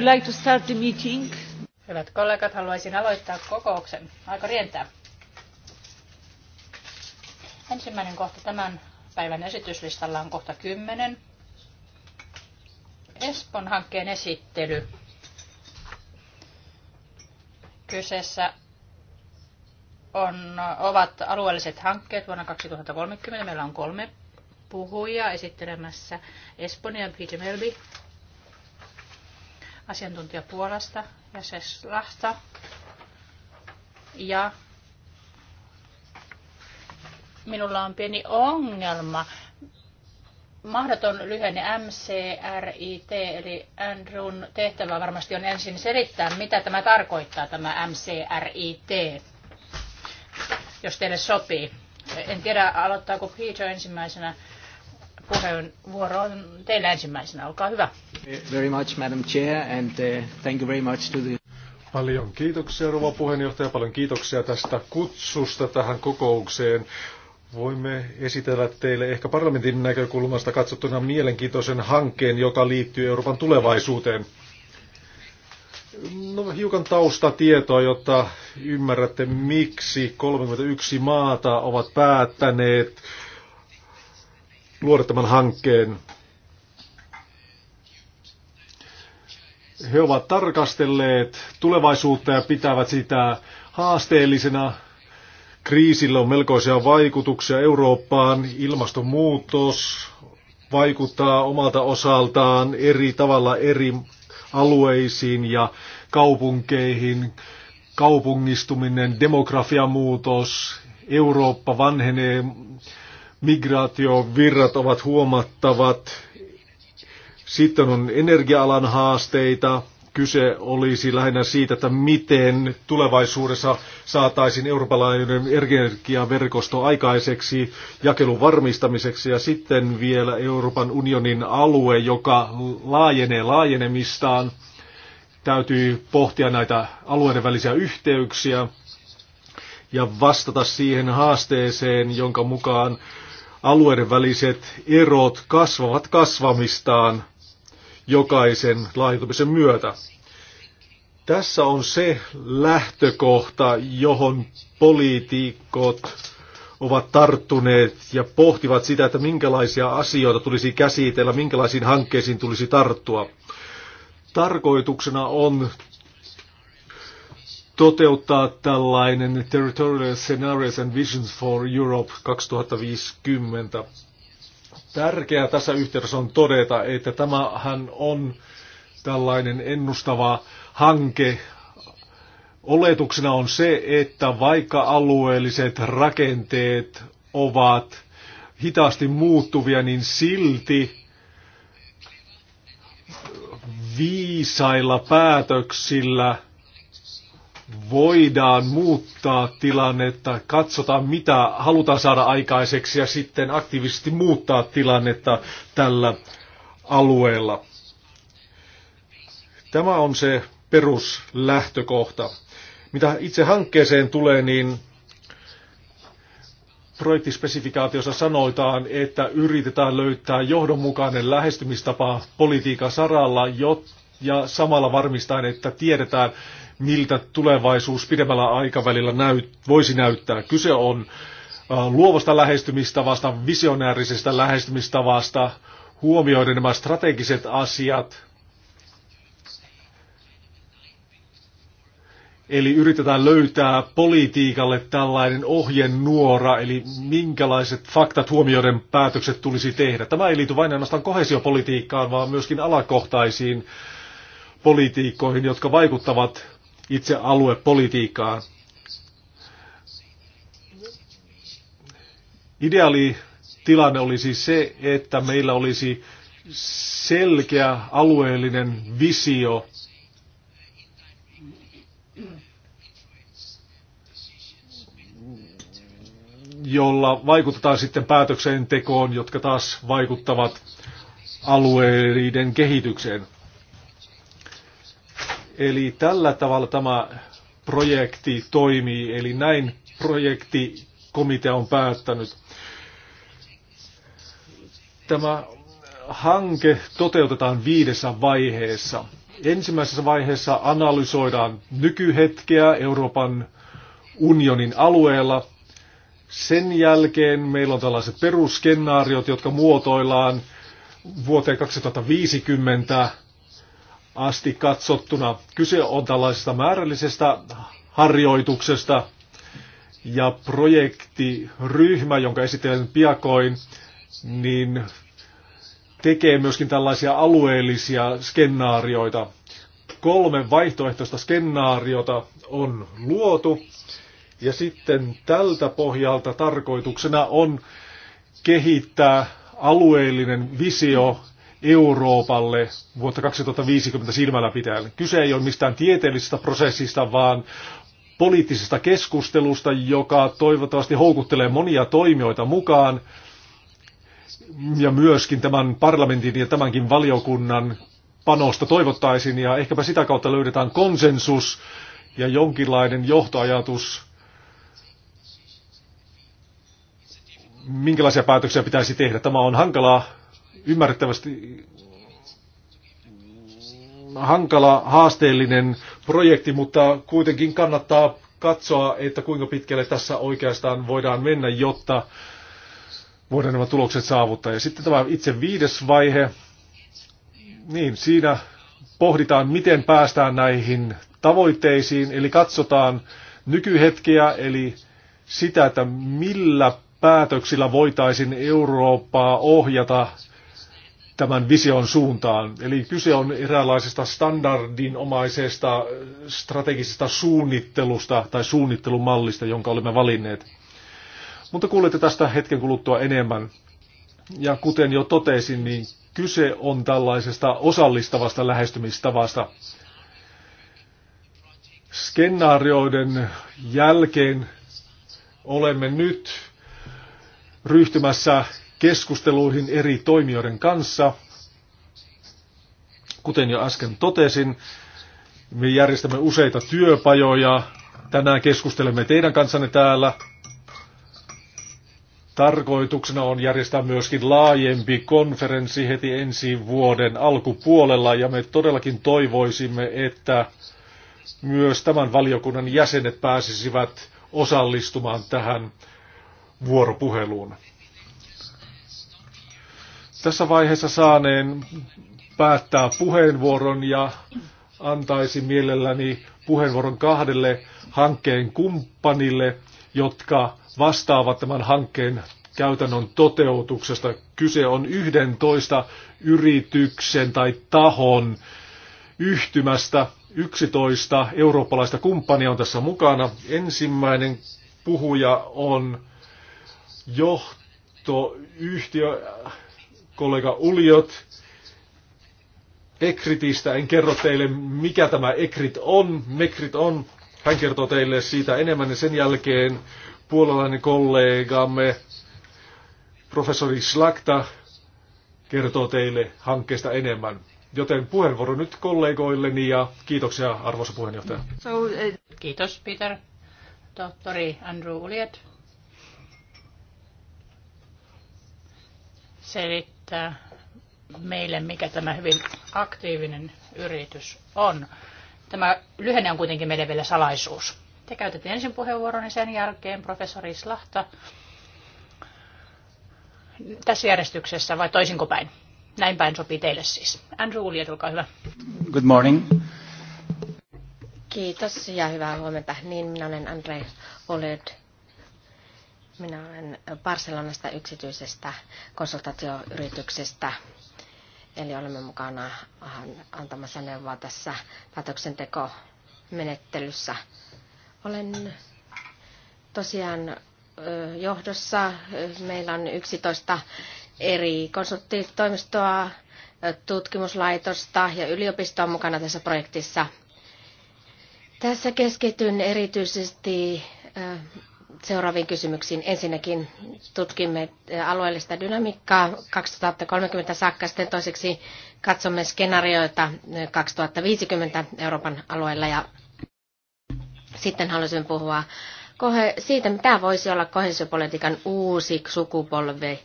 like to start the meeting. Hyvät kollegat, haluaisin aloittaa kokouksen. Aika rientää. Ensimmäinen kohta tämän päivän esityslistalla on kohta 10. Espon hankkeen esittely. Kyseessä on, ovat alueelliset hankkeet vuonna 2030. Meillä on kolme puhujaa esittelemässä Espanjan Peter Melby, asiantuntija Puolasta ja Seslasta ja minulla on pieni ongelma. Mahdoton lyhenne MCRIT, eli Andrewn tehtävä varmasti on ensin selittää, mitä tämä tarkoittaa, tämä MCRIT, jos teille sopii. En tiedä, aloittaako Peter ensimmäisenä puheenvuoro on teillä ensimmäisenä. Olkaa hyvä. Very much, Madam Chair, and uh, thank you very much to the... Paljon kiitoksia, rouva puheenjohtaja. Paljon kiitoksia tästä kutsusta tähän kokoukseen. Voimme esitellä teille ehkä parlamentin näkökulmasta katsottuna mielenkiintoisen hankkeen, joka liittyy Euroopan tulevaisuuteen. No, hiukan taustatietoa, jotta ymmärrätte, miksi 31 maata ovat päättäneet luoda tämän hankkeen. He ovat tarkastelleet tulevaisuutta ja pitävät sitä haasteellisena. Kriisillä on melkoisia vaikutuksia Eurooppaan. Ilmastonmuutos vaikuttaa omalta osaltaan eri tavalla eri alueisiin ja kaupunkeihin. Kaupungistuminen, demografiamuutos, Eurooppa vanhenee migraatiovirrat ovat huomattavat. Sitten on energia-alan haasteita. Kyse olisi lähinnä siitä, että miten tulevaisuudessa saataisiin eurooppalainen energiaverkosto aikaiseksi jakelun varmistamiseksi ja sitten vielä Euroopan unionin alue, joka laajenee laajenemistaan. Täytyy pohtia näitä alueiden välisiä yhteyksiä ja vastata siihen haasteeseen, jonka mukaan alueiden väliset erot kasvavat kasvamistaan jokaisen laajentumisen myötä. Tässä on se lähtökohta, johon poliitikot ovat tarttuneet ja pohtivat sitä, että minkälaisia asioita tulisi käsitellä, minkälaisiin hankkeisiin tulisi tarttua. Tarkoituksena on toteuttaa tällainen Territorial Scenarios and Visions for Europe 2050. Tärkeää tässä yhteydessä on todeta, että tämähän on tällainen ennustava hanke. Oletuksena on se, että vaikka alueelliset rakenteet ovat hitaasti muuttuvia, niin silti viisailla päätöksillä – voidaan muuttaa tilannetta, katsotaan mitä halutaan saada aikaiseksi ja sitten aktiivisesti muuttaa tilannetta tällä alueella. Tämä on se peruslähtökohta. Mitä itse hankkeeseen tulee, niin projektispesifikaatiossa sanotaan, että yritetään löytää johdonmukainen lähestymistapa politiikan saralla, jotta ja samalla varmistaa, että tiedetään, miltä tulevaisuus pidemmällä aikavälillä näyt, voisi näyttää. Kyse on luovasta lähestymistavasta, visionäärisestä lähestymistavasta, huomioiden nämä strategiset asiat. Eli yritetään löytää politiikalle tällainen ohjenuora, eli minkälaiset faktat huomioiden päätökset tulisi tehdä. Tämä ei liity vain ainoastaan kohesiopolitiikkaan, vaan myöskin alakohtaisiin politiikkoihin, jotka vaikuttavat itse aluepolitiikkaan. Ideaali tilanne olisi siis se, että meillä olisi selkeä alueellinen visio jolla vaikutetaan sitten päätöksentekoon, jotka taas vaikuttavat alueiden kehitykseen. Eli tällä tavalla tämä projekti toimii, eli näin projektikomitea on päättänyt. Tämä hanke toteutetaan viidessä vaiheessa. Ensimmäisessä vaiheessa analysoidaan nykyhetkeä Euroopan unionin alueella. Sen jälkeen meillä on tällaiset perusskenaariot, jotka muotoillaan vuoteen 2050 asti katsottuna. Kyse on tällaisesta määrällisestä harjoituksesta ja projektiryhmä, jonka esitellen piakoin, niin tekee myöskin tällaisia alueellisia skenaarioita. Kolme vaihtoehtoista skenaariota on luotu ja sitten tältä pohjalta tarkoituksena on kehittää alueellinen visio Euroopalle vuotta 2050 silmällä pitäen. Kyse ei ole mistään tieteellisestä prosessista, vaan poliittisesta keskustelusta, joka toivottavasti houkuttelee monia toimijoita mukaan ja myöskin tämän parlamentin ja tämänkin valiokunnan panosta toivottaisin ja ehkäpä sitä kautta löydetään konsensus ja jonkinlainen johtoajatus, minkälaisia päätöksiä pitäisi tehdä. Tämä on hankalaa ymmärrettävästi hankala, haasteellinen projekti, mutta kuitenkin kannattaa katsoa, että kuinka pitkälle tässä oikeastaan voidaan mennä, jotta voidaan nämä tulokset saavuttaa. Ja sitten tämä itse viides vaihe, niin siinä pohditaan, miten päästään näihin tavoitteisiin, eli katsotaan nykyhetkeä, eli sitä, että millä päätöksillä voitaisiin Eurooppaa ohjata tämän vision suuntaan. Eli kyse on eräänlaisesta standardinomaisesta äh, strategisesta suunnittelusta tai suunnittelumallista, jonka olemme valinneet. Mutta kuulette tästä hetken kuluttua enemmän. Ja kuten jo totesin, niin kyse on tällaisesta osallistavasta lähestymistavasta. Skenaarioiden jälkeen olemme nyt ryhtymässä keskusteluihin eri toimijoiden kanssa. Kuten jo äsken totesin, me järjestämme useita työpajoja. Tänään keskustelemme teidän kanssanne täällä. Tarkoituksena on järjestää myöskin laajempi konferenssi heti ensi vuoden alkupuolella ja me todellakin toivoisimme, että myös tämän valiokunnan jäsenet pääsisivät osallistumaan tähän vuoropuheluun. Tässä vaiheessa saaneen päättää puheenvuoron ja antaisi mielelläni puheenvuoron kahdelle hankkeen kumppanille, jotka vastaavat tämän hankkeen käytännön toteutuksesta. Kyse on 11 yrityksen tai tahon yhtymästä. 11 eurooppalaista kumppania on tässä mukana. Ensimmäinen puhuja on johtoyhtiö kollega Uliot Ekritistä. En kerro teille, mikä tämä Ekrit on. Mekrit on. Hän kertoo teille siitä enemmän ja sen jälkeen puolalainen kollegamme professori Slakta kertoo teille hankkeesta enemmän. Joten puheenvuoro nyt kollegoilleni ja kiitoksia arvoisa puheenjohtaja. So, uh... Kiitos Peter. Tohtori Andrew Uliet, Selit selittää meille, mikä tämä hyvin aktiivinen yritys on. Tämä lyhenne on kuitenkin meille vielä salaisuus. Te käytätte ensin puheenvuoron ja sen jälkeen professori Slahta tässä järjestyksessä vai toisinko päin? Näin päin sopii teille siis. Andrew Uliet, olkaa hyvä. Good morning. Kiitos ja hyvää huomenta. Niin, minä olen Andre Oled minä olen Barcelonasta yksityisestä konsultaatioyrityksestä, eli olemme mukana antamassa neuvoa tässä päätöksentekomenettelyssä. Olen tosiaan johdossa. Meillä on 11 eri konsulttitoimistoa, tutkimuslaitosta ja yliopistoa mukana tässä projektissa. Tässä keskityn erityisesti seuraaviin kysymyksiin. Ensinnäkin tutkimme äh, alueellista dynamiikkaa 2030 saakka, sitten toiseksi katsomme skenaarioita 2050 äh, Euroopan alueella ja sitten haluaisin puhua siitä, mitä voisi olla kohesiopolitiikan uusi sukupolvi.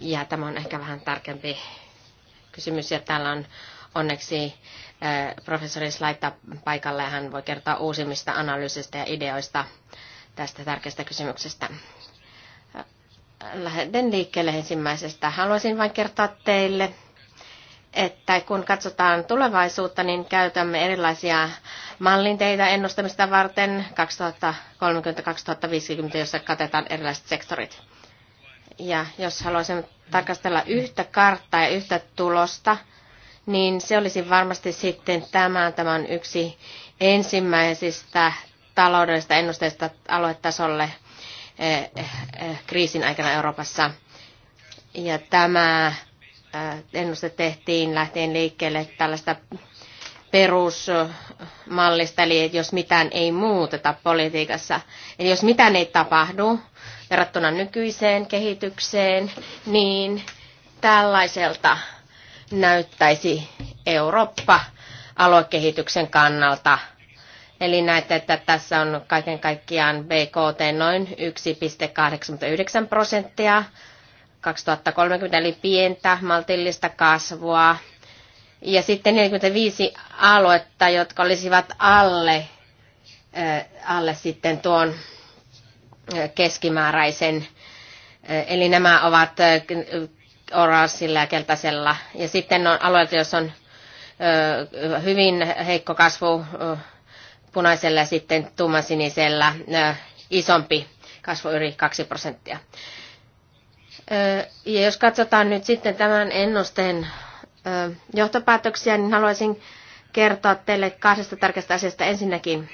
Ja tämä on ehkä vähän tarkempi kysymys ja täällä on onneksi äh, professori Slaita paikalla ja hän voi kertoa uusimmista analyysistä ja ideoista tästä tärkeästä kysymyksestä. Lähden liikkeelle ensimmäisestä. Haluaisin vain kertoa teille, että kun katsotaan tulevaisuutta, niin käytämme erilaisia mallinteita ennustamista varten 2030-2050, jossa katetaan erilaiset sektorit. Ja jos haluaisin tarkastella yhtä karttaa ja yhtä tulosta, niin se olisi varmasti sitten tämän, tämän on yksi ensimmäisistä taloudellista ennusteista aluetasolle eh, eh, kriisin aikana Euroopassa. Ja tämä eh, ennuste tehtiin lähtien liikkeelle tällaista perusmallista, eli jos mitään ei muuteta politiikassa, eli jos mitään ei tapahdu verrattuna nykyiseen kehitykseen, niin tällaiselta näyttäisi Eurooppa aluekehityksen kannalta – Eli näette, että tässä on kaiken kaikkiaan BKT noin 1,89 prosenttia 2030, eli pientä maltillista kasvua. Ja sitten 45 aluetta, jotka olisivat alle, äh, alle sitten tuon äh, keskimääräisen. Äh, eli nämä ovat oranssilla ja keltaisella. Ja sitten on alueet, jos on hyvin heikko kasvu punaisella ja sitten tummansinisellä isompi kasvu yli 2 prosenttia. Ja jos katsotaan nyt sitten tämän ennusteen johtopäätöksiä, niin haluaisin kertoa teille kahdesta tärkeästä asiasta. Ensinnäkin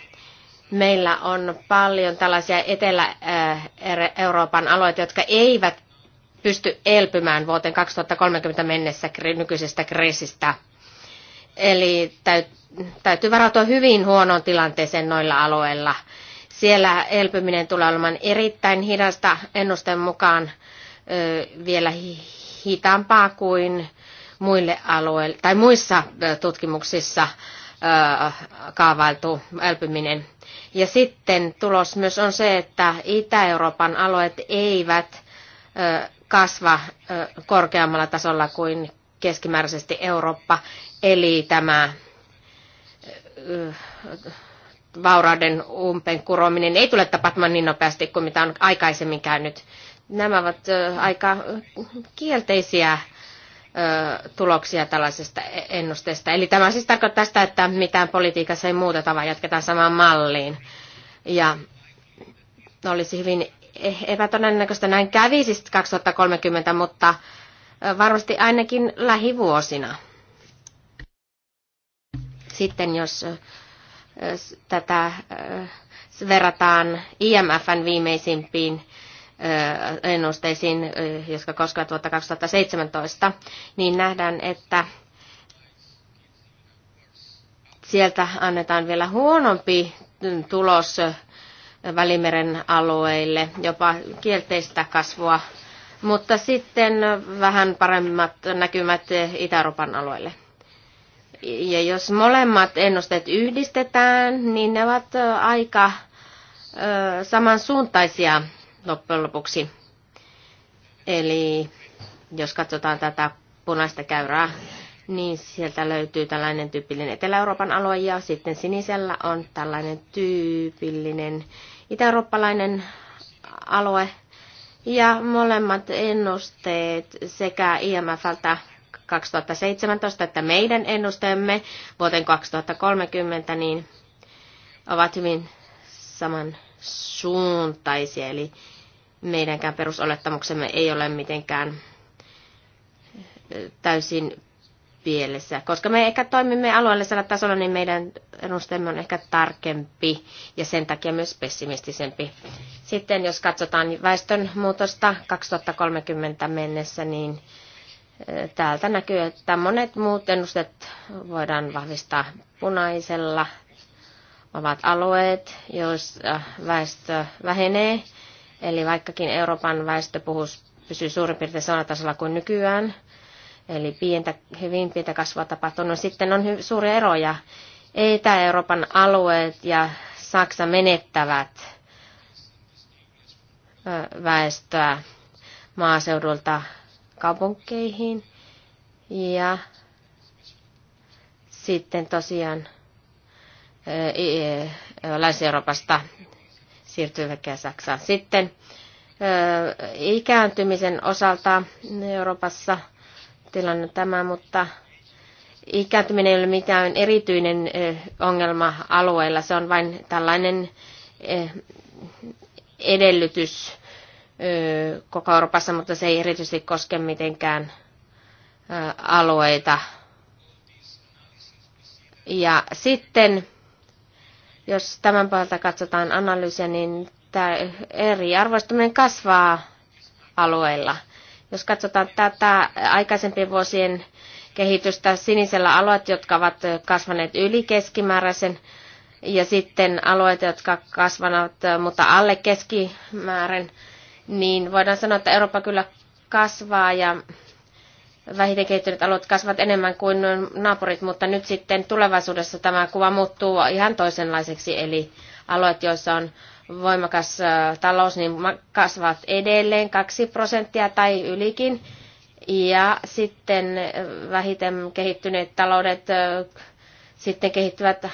meillä on paljon tällaisia Etelä-Euroopan alueita, jotka eivät pysty elpymään vuoteen 2030 mennessä nykyisestä kriisistä. Eli täytyy varautua hyvin huonoon tilanteeseen noilla alueilla. Siellä elpyminen tulee olemaan erittäin hidasta ennusten mukaan vielä hitaampaa kuin muille alueille tai muissa tutkimuksissa kaavailtu elpyminen. Ja sitten tulos myös on se, että Itä-Euroopan alueet eivät kasva korkeammalla tasolla kuin keskimääräisesti Eurooppa. Eli tämä vaurauden umpeen kurominen ei tule tapahtumaan niin nopeasti kuin mitä on aikaisemmin käynyt. Nämä ovat aika kielteisiä tuloksia tällaisesta ennusteesta. Eli tämä siis tarkoittaa sitä, että mitään politiikassa ei muuteta, vaan jatketaan samaan malliin. Ja olisi hyvin epätodennäköistä näin kävisi 2030, mutta varmasti ainakin lähivuosina. Sitten jos tätä verrataan IMFn viimeisimpiin ennusteisiin, jotka koskevat vuotta 2017, niin nähdään, että sieltä annetaan vielä huonompi tulos Välimeren alueille, jopa kielteistä kasvua, mutta sitten vähän paremmat näkymät Itä-Euroopan alueille. Ja jos molemmat ennusteet yhdistetään, niin ne ovat aika samansuuntaisia loppujen lopuksi. Eli jos katsotaan tätä punaista käyrää, niin sieltä löytyy tällainen tyypillinen Etelä-Euroopan alue ja sitten sinisellä on tällainen tyypillinen itä-eurooppalainen alue. Ja molemmat ennusteet sekä IMFltä 2017 että meidän ennusteemme vuoteen 2030 niin ovat hyvin samansuuntaisia, eli meidänkään perusolettamuksemme ei ole mitenkään täysin pielessä. Koska me ehkä toimimme alueellisella tasolla, niin meidän ennusteemme on ehkä tarkempi ja sen takia myös pessimistisempi. Sitten jos katsotaan väestönmuutosta 2030 mennessä, niin Täältä näkyy, että monet muut ennustet voidaan vahvistaa punaisella. Ovat alueet, joissa väestö vähenee. Eli vaikkakin Euroopan väestöpuhus pysyy suurin piirtein samalla tasolla kuin nykyään, eli pientä, hyvin pientä kasvua tapahtunut, no sitten on suuria eroja. Etä-Euroopan alueet ja Saksa menettävät väestöä maaseudulta kaupunkeihin ja sitten tosiaan eh, eh, Länsi-Euroopasta siirtyväkään Saksaan. Sitten eh, ikääntymisen osalta Euroopassa tilanne tämä, mutta ikääntyminen ei ole mitään erityinen ongelma alueella. Se on vain tällainen edellytys koko Euroopassa, mutta se ei erityisesti koske mitenkään alueita. Ja sitten, jos tämän puolelta katsotaan analyysiä, niin tämä eriarvoistuminen kasvaa alueilla. Jos katsotaan tätä aikaisempien vuosien kehitystä sinisellä alueet, jotka ovat kasvaneet yli keskimääräisen, ja sitten alueet, jotka kasvavat, mutta alle keskimäärän, niin voidaan sanoa, että Eurooppa kyllä kasvaa ja vähiten kehittyneet alueet kasvavat enemmän kuin naapurit, mutta nyt sitten tulevaisuudessa tämä kuva muuttuu ihan toisenlaiseksi, eli alueet, joissa on voimakas talous, niin kasvavat edelleen 2 prosenttia tai ylikin. Ja sitten vähiten kehittyneet taloudet sitten kehittyvät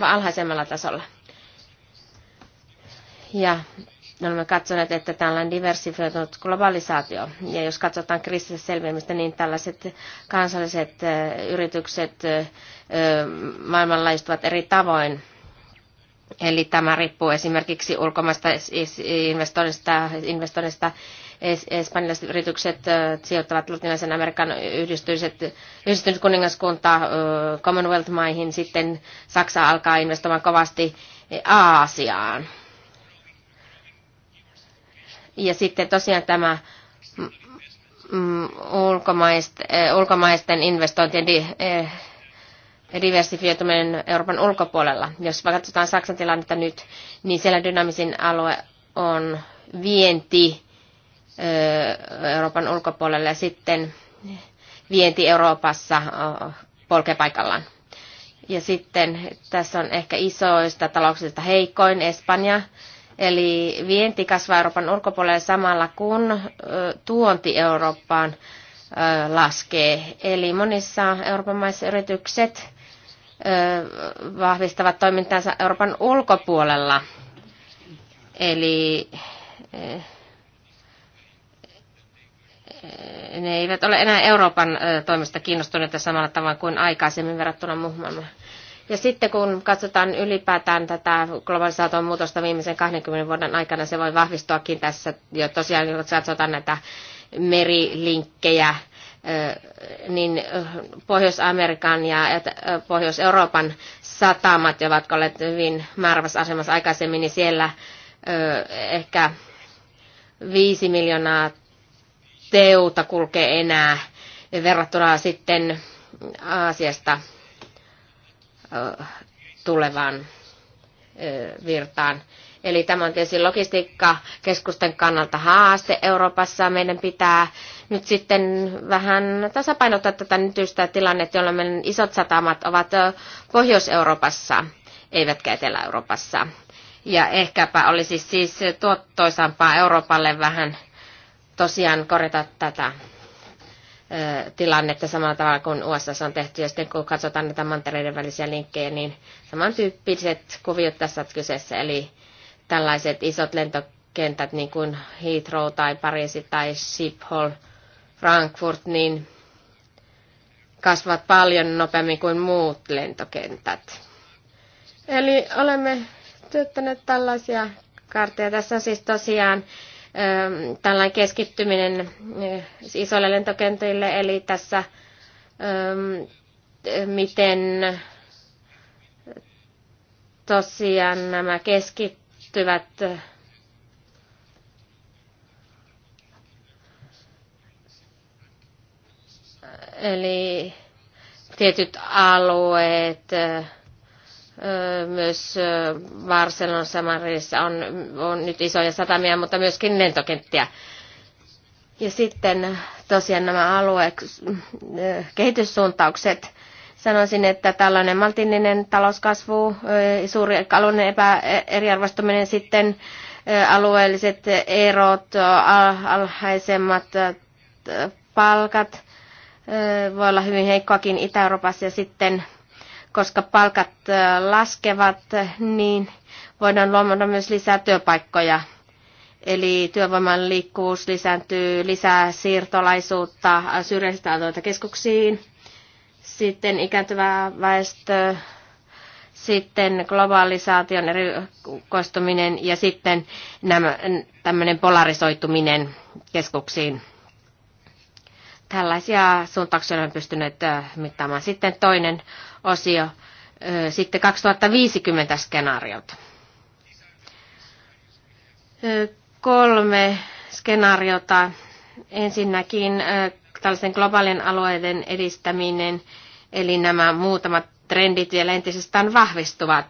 alhaisemmalla tasolla. Ja olemme katsoneet, että tällainen diversifioitunut globalisaatio, ja jos katsotaan kriisistä selviämistä, niin tällaiset kansalliset yritykset maailmanlaistuvat eri tavoin. Eli tämä riippuu esimerkiksi ulkomaista investoinnista, investoinnista espanjalaiset yritykset sijoittavat latinalaisen Amerikan yhdistynyt, yhdistynyt kuningaskunta Commonwealth-maihin, sitten Saksa alkaa investoimaan kovasti Aasiaan. Ja sitten tosiaan tämä mm, mm, eh, ulkomaisten investointien eh, diversifioituminen Euroopan ulkopuolella. Jos katsotaan Saksan tilannetta nyt, niin siellä dynaamisin alue on vienti eh, Euroopan ulkopuolelle ja sitten vienti Euroopassa polkee paikallaan. Ja sitten tässä on ehkä isoista talouksista heikoin Espanja, Eli vienti kasvaa Euroopan ulkopuolelle samalla kun tuonti Eurooppaan laskee. Eli monissa Euroopan maissa yritykset vahvistavat toimintansa Euroopan ulkopuolella. Eli ne eivät ole enää Euroopan toimista kiinnostuneita samalla tavalla kuin aikaisemmin verrattuna muuhun maailmaan. Ja sitten kun katsotaan ylipäätään tätä globalisaation muutosta viimeisen 20 vuoden aikana, se voi vahvistuakin tässä jo tosiaan, kun katsotaan näitä merilinkkejä, niin Pohjois-Amerikan ja Pohjois-Euroopan satamat, ovat olleet hyvin määrävässä asemassa aikaisemmin, niin siellä ehkä viisi miljoonaa teuta kulkee enää verrattuna sitten Aasiasta tulevaan virtaan. Eli tämä on tietysti logistiikkakeskusten kannalta haaste Euroopassa. Meidän pitää nyt sitten vähän tasapainottaa tätä nykyistä tilannetta, jolloin meidän isot satamat ovat Pohjois-Euroopassa, eivätkä Etelä-Euroopassa. Ja ehkäpä olisi siis tuottoisampaa Euroopalle vähän tosiaan korjata tätä tilannetta samalla tavalla kuin USA on tehty. Ja sitten kun katsotaan näitä mantereiden välisiä linkkejä, niin samantyyppiset kuviot tässä on kyseessä. Eli tällaiset isot lentokentät niin kuin Heathrow tai Pariisi tai Schiphol, Frankfurt, niin kasvavat paljon nopeammin kuin muut lentokentät. Eli olemme työttäneet tällaisia kartteja. Tässä on siis tosiaan tällainen keskittyminen isoille lentokentille, eli tässä miten tosiaan nämä keskittyvät eli tietyt alueet, myös Barcelonassa Madridissa on, on nyt isoja satamia, mutta myöskin lentokenttiä. Ja sitten tosiaan nämä alueet, kehityssuuntaukset. Sanoisin, että tällainen maltillinen talouskasvu, suuri alueen epäeriarvostuminen sitten, alueelliset erot, alhaisemmat palkat, voi olla hyvin heikkoakin Itä-Euroopassa ja sitten koska palkat laskevat, niin voidaan luomata myös lisää työpaikkoja. Eli työvoiman liikkuvuus lisääntyy, lisää siirtolaisuutta syrjäisistä alueilta keskuksiin, sitten ikääntyvä väestö, sitten globalisaation erikoistuminen ja sitten nämä, tämmöinen polarisoituminen keskuksiin tällaisia suuntauksia on pystynyt äh, mittaamaan. Sitten toinen osio, äh, sitten 2050 skenaariot. Äh, kolme skenaariota. Ensinnäkin tällaisen globaalin alueiden edistäminen, eli nämä muutamat trendit vielä entisestään vahvistuvat,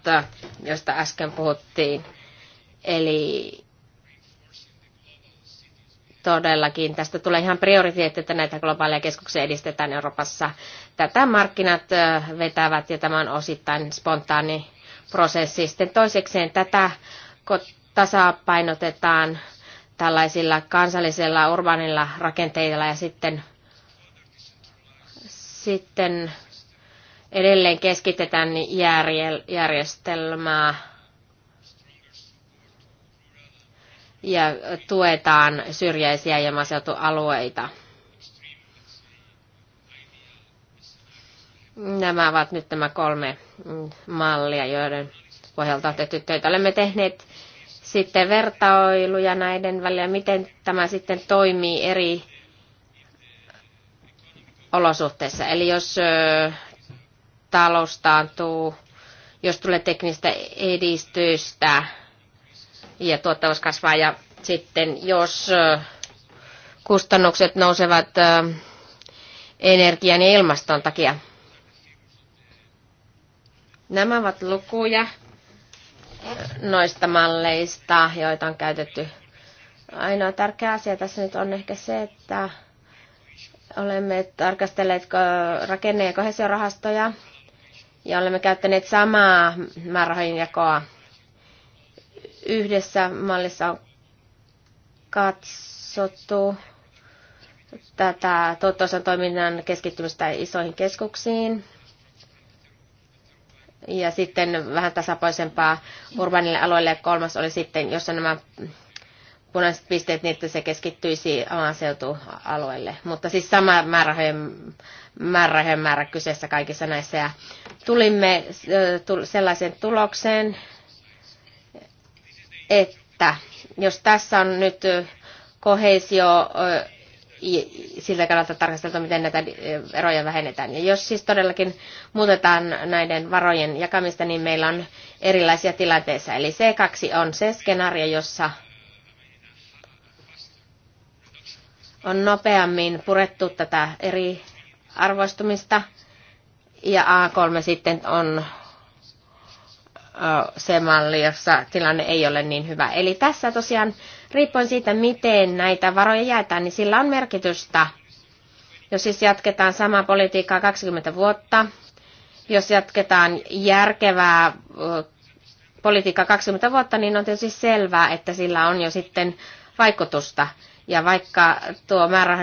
josta äsken puhuttiin. Eli todellakin tästä tulee ihan prioriteetti, että näitä globaaleja keskuksia edistetään Euroopassa. Tätä markkinat vetävät ja tämä on osittain spontaani prosessi. Sitten toisekseen tätä tasapainotetaan tällaisilla kansallisilla urbanilla rakenteilla ja sitten, sitten edelleen keskitetään järjestelmää ja tuetaan syrjäisiä ja maaseutualueita. Nämä ovat nyt nämä kolme mallia, joiden pohjalta on tehty töitä. Olemme tehneet sitten vertailuja näiden välillä, miten tämä sitten toimii eri olosuhteissa. Eli jos talous taantuu, jos tulee teknistä edistystä, ja tuottavuus kasvaa. Ja sitten jos kustannukset nousevat energian ja ilmaston takia. Nämä ovat lukuja noista malleista, joita on käytetty. Ainoa tärkeä asia tässä nyt on ehkä se, että olemme tarkastelleet rakenne- ja kohesiorahastoja ja olemme käyttäneet samaa määrärahojen jakoa yhdessä mallissa on katsottu tätä tuottoisen toiminnan keskittymistä isoihin keskuksiin ja sitten vähän tasapaisempaa urbanille alueille. Kolmas oli sitten, jossa nämä punaiset pisteet, niin että se keskittyisi maaseutualueelle. Mutta siis sama määrähojen, määrärahojen määrä kyseessä kaikissa näissä. Ja tulimme sellaisen tulokseen, että jos tässä on nyt kohesio sillä kannalta tarkasteltu, miten näitä eroja vähennetään. Ja jos siis todellakin muutetaan näiden varojen jakamista, niin meillä on erilaisia tilanteita. Eli C2 on se skenaario, jossa on nopeammin purettu tätä eri arvoistumista, ja A3 sitten on se malli, jossa tilanne ei ole niin hyvä. Eli tässä tosiaan riippuen siitä, miten näitä varoja jaetaan, niin sillä on merkitystä. Jos siis jatketaan samaa politiikkaa 20 vuotta, jos jatketaan järkevää politiikkaa 20 vuotta, niin on tietysti selvää, että sillä on jo sitten vaikutusta. Ja vaikka tuo määrä,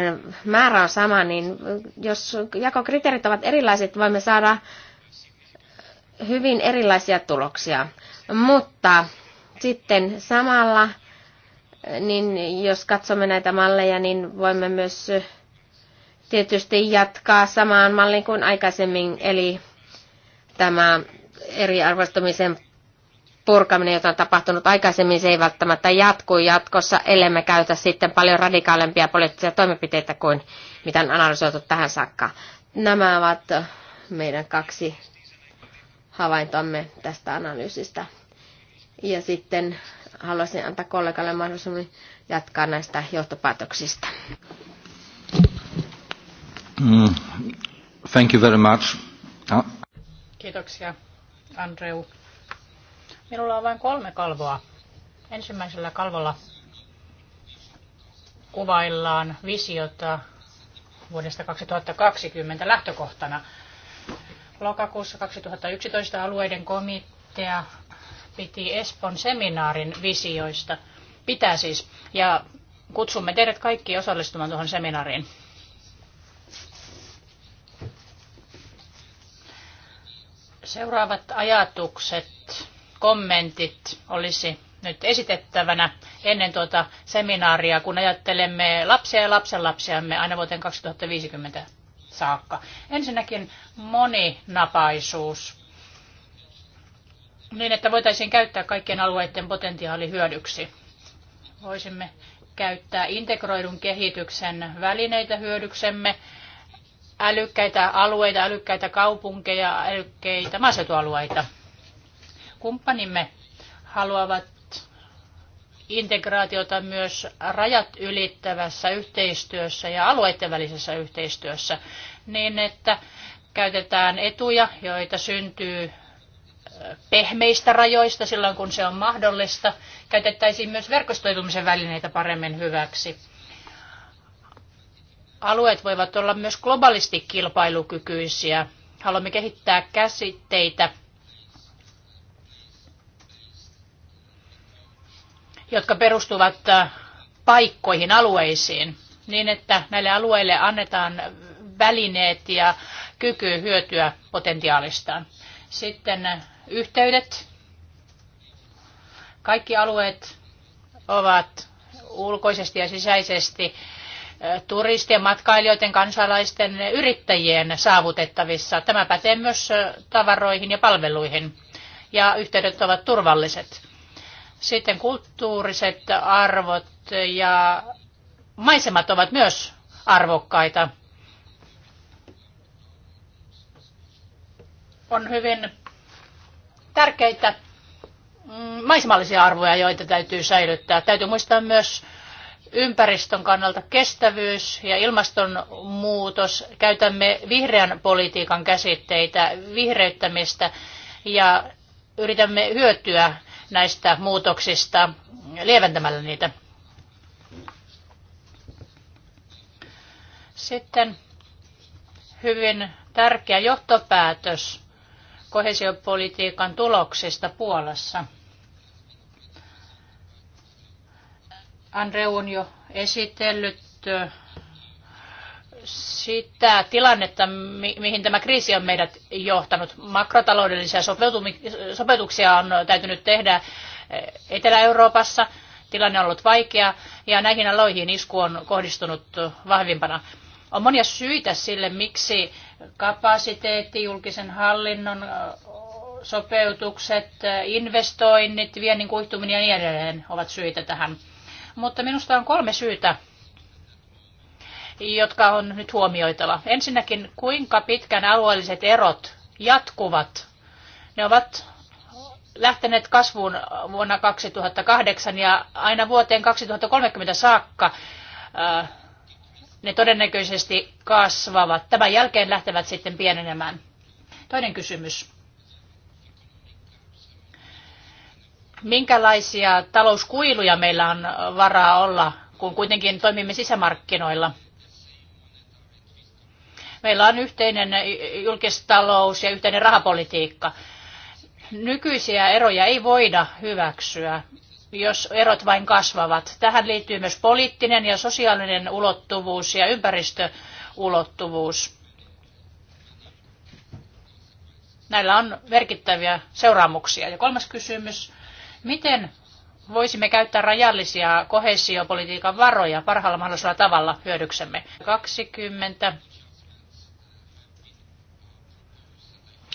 määrä on sama, niin jos jakokriteerit ovat erilaiset, voimme saada hyvin erilaisia tuloksia. Mutta sitten samalla, niin jos katsomme näitä malleja, niin voimme myös tietysti jatkaa samaan malliin kuin aikaisemmin, eli tämä eriarvoistumisen purkaminen, jota on tapahtunut aikaisemmin, se ei välttämättä jatku jatkossa, ellei me käytä sitten paljon radikaalempia poliittisia toimenpiteitä kuin mitä on analysoitu tähän saakka. Nämä ovat meidän kaksi havaintomme tästä analyysistä. Ja sitten haluaisin antaa kollegalle mahdollisuuden jatkaa näistä johtopäätöksistä. Mm. Thank you very much. Ah. Kiitoksia, Andreu. Minulla on vain kolme kalvoa. Ensimmäisellä kalvolla kuvaillaan visiota vuodesta 2020 lähtökohtana – Lokakuussa 2011 alueiden komitea piti Espon seminaarin visioista. Pitää siis. Ja kutsumme teidät kaikki osallistumaan tuohon seminaariin. Seuraavat ajatukset, kommentit olisi nyt esitettävänä ennen tuota seminaaria, kun ajattelemme lapsia ja lapsenlapsiamme aina vuoteen 2050 saakka. Ensinnäkin moninapaisuus niin, että voitaisiin käyttää kaikkien alueiden potentiaali hyödyksi. Voisimme käyttää integroidun kehityksen välineitä hyödyksemme, älykkäitä alueita, älykkäitä kaupunkeja, älykkäitä maaseutualueita. Kumppanimme haluavat integraatiota myös rajat ylittävässä yhteistyössä ja alueiden välisessä yhteistyössä niin, että käytetään etuja, joita syntyy pehmeistä rajoista silloin, kun se on mahdollista. Käytettäisiin myös verkostoitumisen välineitä paremmin hyväksi. Alueet voivat olla myös globaalisti kilpailukykyisiä. Haluamme kehittää käsitteitä jotka perustuvat äh, paikkoihin, alueisiin, niin että näille alueille annetaan välineet ja kyky hyötyä potentiaalistaan. Sitten äh, yhteydet. Kaikki alueet ovat ulkoisesti ja sisäisesti äh, turistien, matkailijoiden, kansalaisten, yrittäjien saavutettavissa. Tämä pätee myös tavaroihin ja palveluihin. Ja yhteydet ovat turvalliset. Sitten kulttuuriset arvot ja maisemat ovat myös arvokkaita. On hyvin tärkeitä mm, maisemallisia arvoja, joita täytyy säilyttää. Täytyy muistaa myös ympäristön kannalta kestävyys ja ilmastonmuutos. Käytämme vihreän politiikan käsitteitä, vihreyttämistä ja yritämme hyötyä näistä muutoksista lieventämällä niitä. Sitten hyvin tärkeä johtopäätös kohesiopolitiikan tuloksista Puolassa. Andreu on jo esitellyt sitä tilannetta, mi- mihin tämä kriisi on meidät johtanut. Makrotaloudellisia sopeutuksia on täytynyt tehdä eh, Etelä-Euroopassa. Tilanne on ollut vaikea ja näihin aloihin isku on kohdistunut vahvimpana. On monia syitä sille, miksi kapasiteetti, julkisen hallinnon eh, sopeutukset, eh, investoinnit, viennin kuihtuminen ja niin edelleen ovat syitä tähän. Mutta minusta on kolme syytä jotka on nyt huomioitava. Ensinnäkin, kuinka pitkän alueelliset erot jatkuvat? Ne ovat lähteneet kasvuun vuonna 2008 ja aina vuoteen 2030 saakka äh, ne todennäköisesti kasvavat. Tämän jälkeen lähtevät sitten pienenemään. Toinen kysymys. Minkälaisia talouskuiluja meillä on varaa olla, kun kuitenkin toimimme sisämarkkinoilla? Meillä on yhteinen julkistalous ja yhteinen rahapolitiikka. Nykyisiä eroja ei voida hyväksyä, jos erot vain kasvavat. Tähän liittyy myös poliittinen ja sosiaalinen ulottuvuus ja ympäristöulottuvuus. Näillä on merkittäviä seuraamuksia. Ja kolmas kysymys. Miten voisimme käyttää rajallisia kohesiopolitiikan varoja parhaalla mahdollisella tavalla hyödyksemme. 20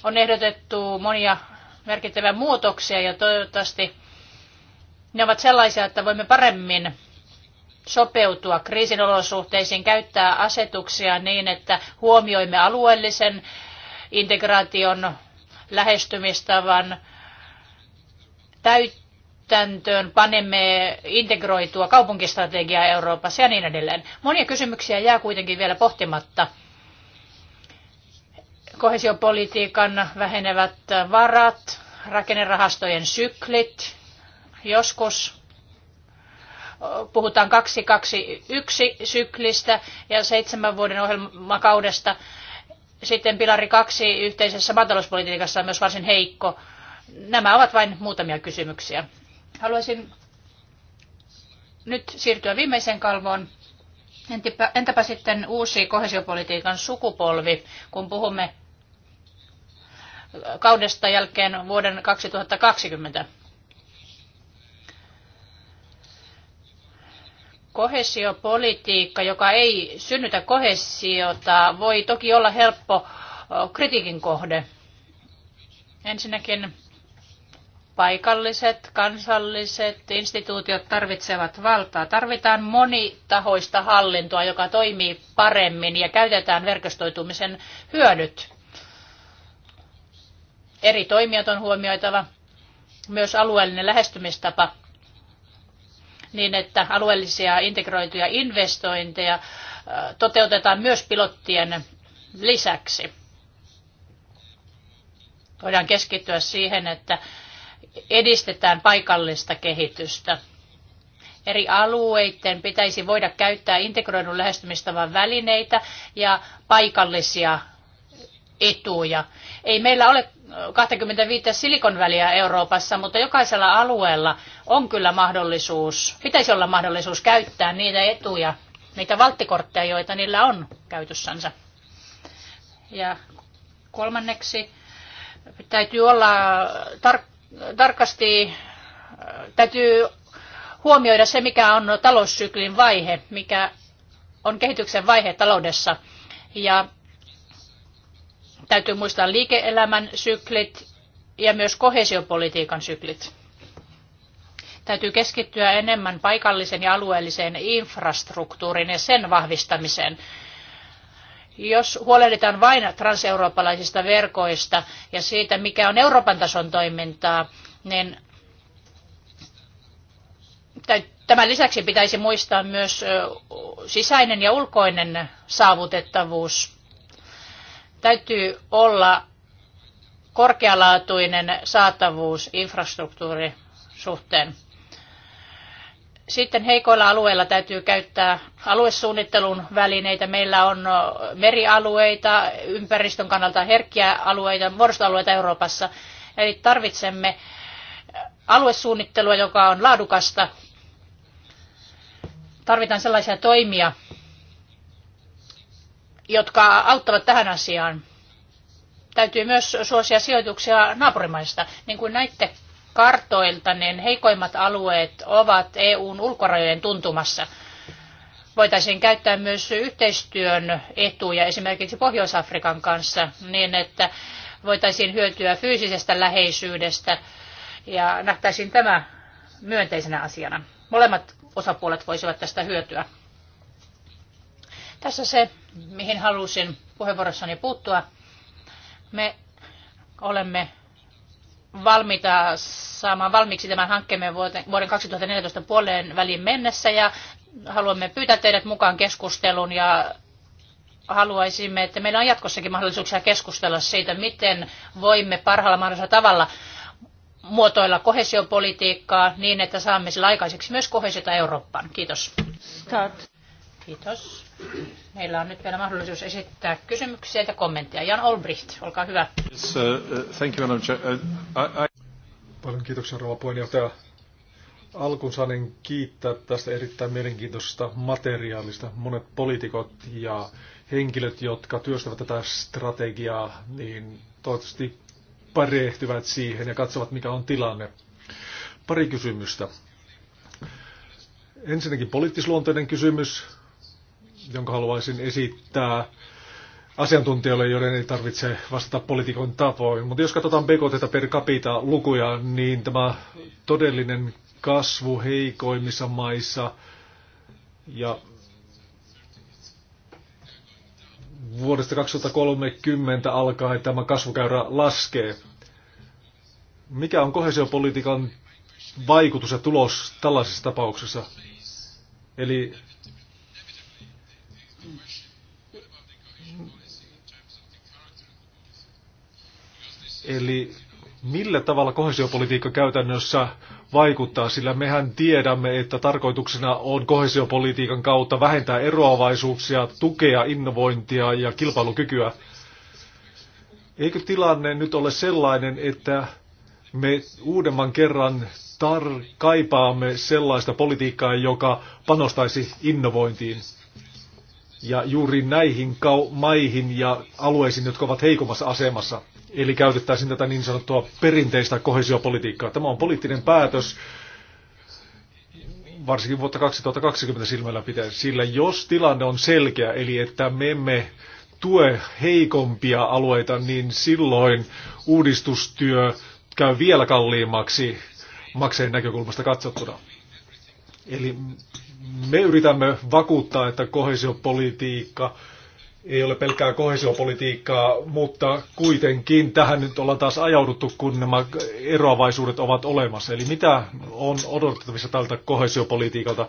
on ehdotettu monia merkittäviä muutoksia ja toivottavasti ne ovat sellaisia, että voimme paremmin sopeutua kriisin olosuhteisiin, käyttää asetuksia niin, että huomioimme alueellisen integraation lähestymistavan, täytäntöön panemme integroitua kaupunkistrategiaa Euroopassa ja niin edelleen. Monia kysymyksiä jää kuitenkin vielä pohtimatta kohesiopolitiikan vähenevät varat, rakennerahastojen syklit. Joskus puhutaan 221 syklistä ja seitsemän vuoden ohjelmakaudesta. Sitten pilari kaksi yhteisessä maatalouspolitiikassa on myös varsin heikko. Nämä ovat vain muutamia kysymyksiä. Haluaisin nyt siirtyä viimeiseen kalvoon. Entäpä sitten uusi kohesiopolitiikan sukupolvi, kun puhumme kaudesta jälkeen vuoden 2020. Kohesiopolitiikka, joka ei synnytä kohesiota, voi toki olla helppo kritiikin kohde. Ensinnäkin paikalliset, kansalliset instituutiot tarvitsevat valtaa. Tarvitaan monitahoista hallintoa, joka toimii paremmin ja käytetään verkostoitumisen hyödyt. Eri toimijat on huomioitava, myös alueellinen lähestymistapa, niin että alueellisia integroituja investointeja toteutetaan myös pilottien lisäksi. Voidaan keskittyä siihen, että edistetään paikallista kehitystä. Eri alueiden pitäisi voida käyttää integroidun lähestymistavan välineitä ja paikallisia etuja. Ei meillä ole 25 silikonväliä Euroopassa, mutta jokaisella alueella on kyllä mahdollisuus, pitäisi olla mahdollisuus käyttää niitä etuja, niitä valttikortteja, joita niillä on käytössänsä. Ja kolmanneksi täytyy olla tar- tarkasti, täytyy huomioida se, mikä on taloussyklin vaihe, mikä on kehityksen vaihe taloudessa. Ja Täytyy muistaa liike-elämän syklit ja myös kohesiopolitiikan syklit. Täytyy keskittyä enemmän paikallisen ja alueelliseen infrastruktuuriin ja sen vahvistamiseen jos huolehditaan vain transeurooppalaisista verkoista ja siitä, mikä on Euroopan tason toimintaa, niin tämän lisäksi pitäisi muistaa myös sisäinen ja ulkoinen saavutettavuus. Täytyy olla korkealaatuinen saatavuus infrastruktuuri suhteen. Sitten heikoilla alueilla täytyy käyttää aluesuunnittelun välineitä. Meillä on merialueita, ympäristön kannalta herkkiä alueita, vuoristoalueita Euroopassa. Eli tarvitsemme aluesuunnittelua, joka on laadukasta. Tarvitaan sellaisia toimia, jotka auttavat tähän asiaan. Täytyy myös suosia sijoituksia naapurimaista. Niin kuin näitte kartoilta, niin heikoimmat alueet ovat EUn ulkorajojen tuntumassa. Voitaisiin käyttää myös yhteistyön etuja esimerkiksi Pohjois-Afrikan kanssa niin, että voitaisiin hyötyä fyysisestä läheisyydestä ja nähtäisiin tämä myönteisenä asiana. Molemmat osapuolet voisivat tästä hyötyä. Tässä se, mihin halusin puheenvuorossani puuttua. Me olemme valmiita saamaan valmiiksi tämän hankkeemme vuoden 2014 puoleen väliin mennessä ja haluamme pyytää teidät mukaan keskustelun ja haluaisimme, että meillä on jatkossakin mahdollisuuksia keskustella siitä, miten voimme parhaalla mahdollisella tavalla muotoilla kohesiopolitiikkaa niin, että saamme sillä aikaiseksi myös kohesiota Eurooppaan. Kiitos. Start. Kiitos. Meillä on nyt vielä mahdollisuus esittää kysymyksiä ja kommentteja. Jan Olbricht, olkaa hyvä. Yes, uh, uh thank you, Uh, I, I... Paljon kiitoksia, rouva puheenjohtaja. Alkuun saanen niin kiittää tästä erittäin mielenkiintoisesta materiaalista. Monet poliitikot ja henkilöt, jotka työstävät tätä strategiaa, niin toivottavasti perehtyvät siihen ja katsovat, mikä on tilanne. Pari kysymystä. Ensinnäkin poliittisluonteinen kysymys jonka haluaisin esittää asiantuntijoille, joiden ei tarvitse vastata poliitikon tavoin. Mutta jos katsotaan BKT per capita lukuja, niin tämä todellinen kasvu heikoimmissa maissa ja vuodesta 2030 alkaen tämä kasvukäyrä laskee. Mikä on kohesiopolitiikan vaikutus ja tulos tällaisessa tapauksessa? Eli Eli millä tavalla kohesiopolitiikka käytännössä vaikuttaa, sillä mehän tiedämme, että tarkoituksena on kohesiopolitiikan kautta vähentää eroavaisuuksia, tukea innovointia ja kilpailukykyä. Eikö tilanne nyt ole sellainen, että me uudemman kerran tar- kaipaamme sellaista politiikkaa, joka panostaisi innovointiin? ja juuri näihin maihin ja alueisiin, jotka ovat heikommassa asemassa. Eli käytettäisiin tätä niin sanottua perinteistä kohesiopolitiikkaa. Tämä on poliittinen päätös, varsinkin vuotta 2020 silmällä pitää, sillä jos tilanne on selkeä, eli että me emme tue heikompia alueita, niin silloin uudistustyö käy vielä kalliimmaksi makseen näkökulmasta katsottuna. Eli me yritämme vakuuttaa, että kohesiopolitiikka ei ole pelkkää kohesiopolitiikkaa, mutta kuitenkin tähän nyt ollaan taas ajauduttu, kun nämä eroavaisuudet ovat olemassa. Eli mitä on odotettavissa tältä kohesiopolitiikalta?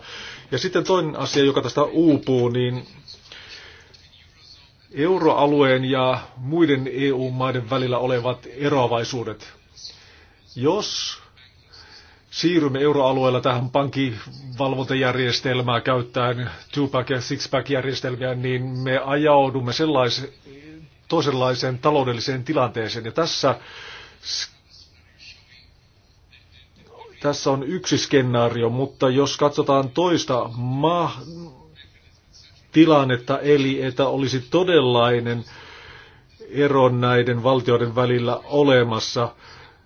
Ja sitten toinen asia, joka tästä uupuu, niin euroalueen ja muiden EU-maiden välillä olevat eroavaisuudet. Jos siirrymme euroalueella tähän pankkivalvontajärjestelmää käyttäen, two-pack ja six-pack järjestelmiä, niin me ajaudumme sellaisen toisenlaiseen taloudelliseen tilanteeseen. Ja tässä, tässä on yksi skenaario, mutta jos katsotaan toista ma- tilannetta, eli että olisi todellainen ero näiden valtioiden välillä olemassa,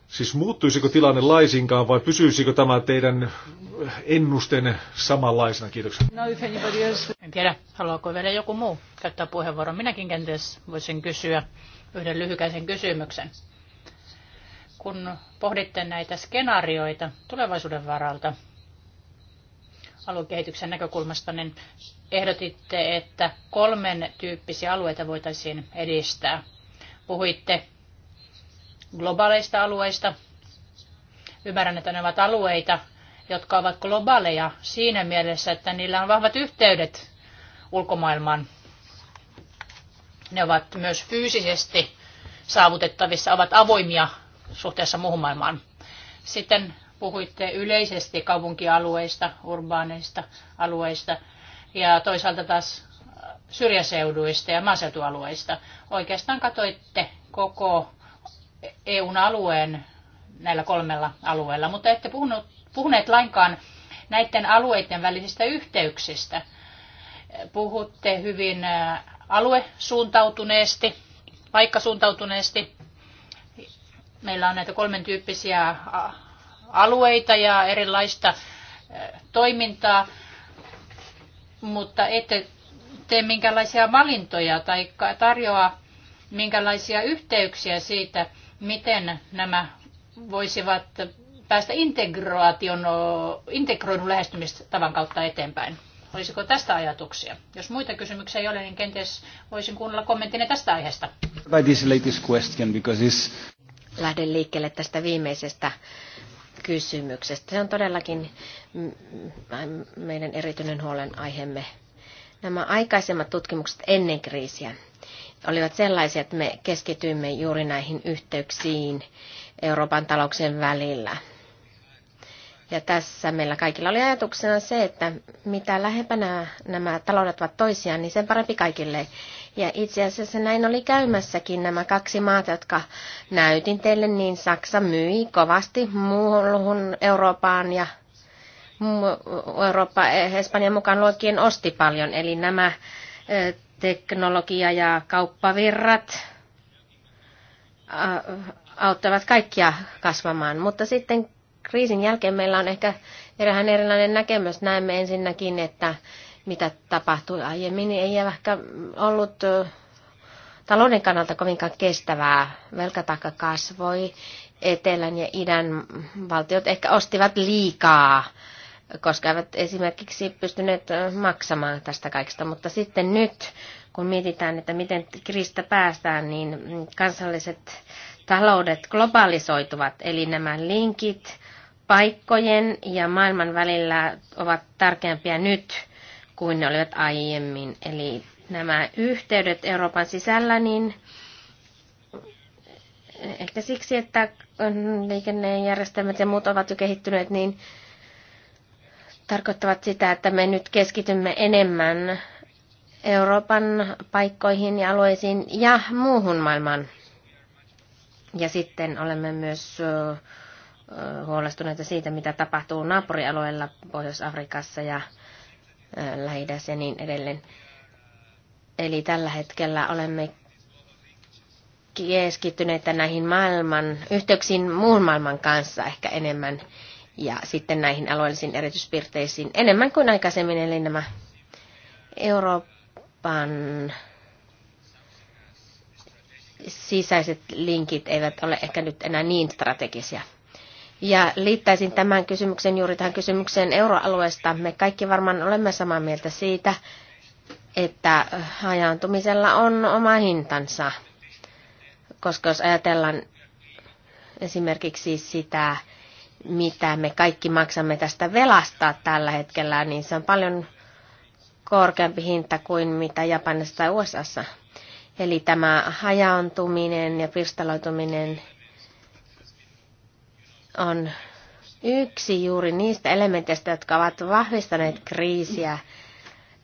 Siis muuttuisiko tilanne laisinkaan vai pysyisikö tämä teidän ennusten samanlaisena? Kiitoksia. No, en tiedä, haluaako vielä joku muu käyttää puheenvuoron. Minäkin kenties voisin kysyä yhden lyhykäisen kysymyksen. Kun pohditte näitä skenaarioita tulevaisuuden varalta aluekehityksen näkökulmasta, niin ehdotitte, että kolmen tyyppisiä alueita voitaisiin edistää. Puhuitte globaaleista alueista. Ymmärrän, että ne ovat alueita, jotka ovat globaaleja siinä mielessä, että niillä on vahvat yhteydet ulkomaailmaan. Ne ovat myös fyysisesti saavutettavissa, ovat avoimia suhteessa muuhun maailmaan. Sitten puhuitte yleisesti kaupunkialueista, urbaaneista alueista ja toisaalta taas syrjäseuduista ja maaseutualueista. Oikeastaan katoitte koko EUn e alueen näillä kolmella alueella, mutta ette puhunut, puhuneet lainkaan näiden alueiden välisistä yhteyksistä. Puhutte hyvin aluesuuntautuneesti, paikkasuuntautuneesti. Meillä on näitä kolmen tyyppisiä alueita ja erilaista toimintaa, mutta ette tee minkälaisia valintoja tai tarjoa minkälaisia yhteyksiä siitä – miten nämä voisivat päästä integraation, integroidun lähestymistavan kautta eteenpäin. Olisiko tästä ajatuksia? Jos muita kysymyksiä ei ole, niin kenties voisin kuunnella kommenttinne tästä aiheesta. this latest question, because this... Lähden liikkeelle tästä viimeisestä kysymyksestä. Se on todellakin meidän erityinen huolenaiheemme. Nämä aikaisemmat tutkimukset ennen kriisiä olivat sellaisia, että me keskityimme juuri näihin yhteyksiin Euroopan talouksien välillä. Ja tässä meillä kaikilla oli ajatuksena se, että mitä lähempänä nämä taloudet ovat toisiaan, niin sen parempi kaikille. Ja itse asiassa näin oli käymässäkin nämä kaksi maata, jotka näytin teille, niin Saksa myi kovasti muuhun Eurooppaan ja Eurooppa, Espanja mukaan luokkien osti paljon. Eli nämä eh, teknologia ja kauppavirrat auttavat kaikkia kasvamaan. Mutta sitten kriisin jälkeen meillä on ehkä erään erilainen näkemys. Näemme ensinnäkin, että mitä tapahtui aiemmin, ei ehkä ollut talouden kannalta kovinkaan kestävää. Velkataakka kasvoi, etelän ja idän valtiot ehkä ostivat liikaa koska eivät esimerkiksi pystyneet maksamaan tästä kaikesta. Mutta sitten nyt, kun mietitään, että miten kriisistä päästään, niin mm, kansalliset taloudet globalisoituvat, eli nämä linkit paikkojen ja maailman välillä ovat tärkeämpiä nyt kuin ne olivat aiemmin. Eli nämä yhteydet Euroopan sisällä, niin ehkä siksi, että mm, liikennejärjestelmät ja muut ovat jo kehittyneet, niin tarkoittavat sitä, että me nyt keskitymme enemmän Euroopan paikkoihin ja alueisiin ja muuhun maailmaan. Ja sitten olemme myös huolestuneita siitä, mitä tapahtuu naapurialueella Pohjois-Afrikassa ja lähi ja niin edelleen. Eli tällä hetkellä olemme keskittyneitä näihin maailman yhteyksiin muun maailman kanssa ehkä enemmän ja sitten näihin alueellisiin erityispiirteisiin enemmän kuin aikaisemmin, eli nämä Euroopan sisäiset linkit eivät ole ehkä nyt enää niin strategisia. Ja liittäisin tämän kysymyksen juuri tähän kysymykseen euroalueesta. Me kaikki varmaan olemme samaa mieltä siitä, että hajaantumisella on oma hintansa. Koska jos ajatellaan esimerkiksi sitä mitä me kaikki maksamme tästä velasta tällä hetkellä, niin se on paljon korkeampi hinta kuin mitä Japanissa tai USAssa. Eli tämä hajaantuminen ja pirstaloituminen on yksi juuri niistä elementeistä, jotka ovat vahvistaneet kriisiä.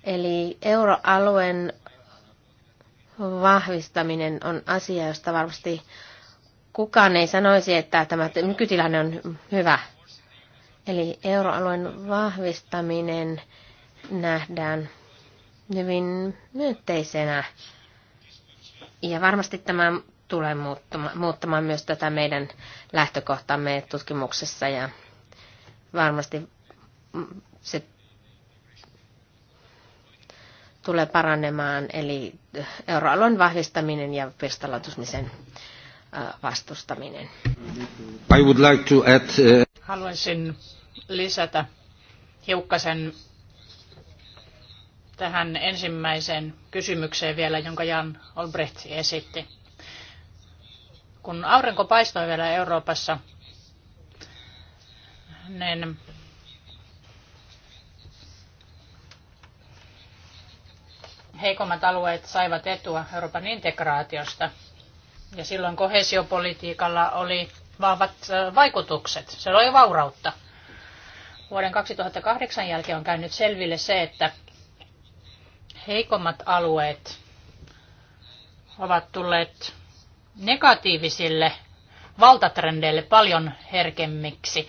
Eli euroalueen vahvistaminen on asia, josta varmasti kukaan ei sanoisi, että tämä nykytilanne on hyvä. Eli euroalueen vahvistaminen nähdään hyvin myönteisenä. Ja varmasti tämä tulee muuttamaan, myös tätä meidän lähtökohtamme tutkimuksessa ja varmasti se tulee paranemaan, eli euroalueen vahvistaminen ja pirstaloitumisen vastustaminen. I would like to add, uh... Haluaisin lisätä hiukkasen tähän ensimmäiseen kysymykseen vielä, jonka Jan Olbrecht esitti. Kun aurinko paistoi vielä Euroopassa, niin heikommat alueet saivat etua Euroopan integraatiosta – ja silloin kohesiopolitiikalla oli vahvat vaikutukset. Se oli vaurautta. Vuoden 2008 jälkeen on käynyt selville se, että heikommat alueet ovat tulleet negatiivisille valtatrendeille paljon herkemmiksi.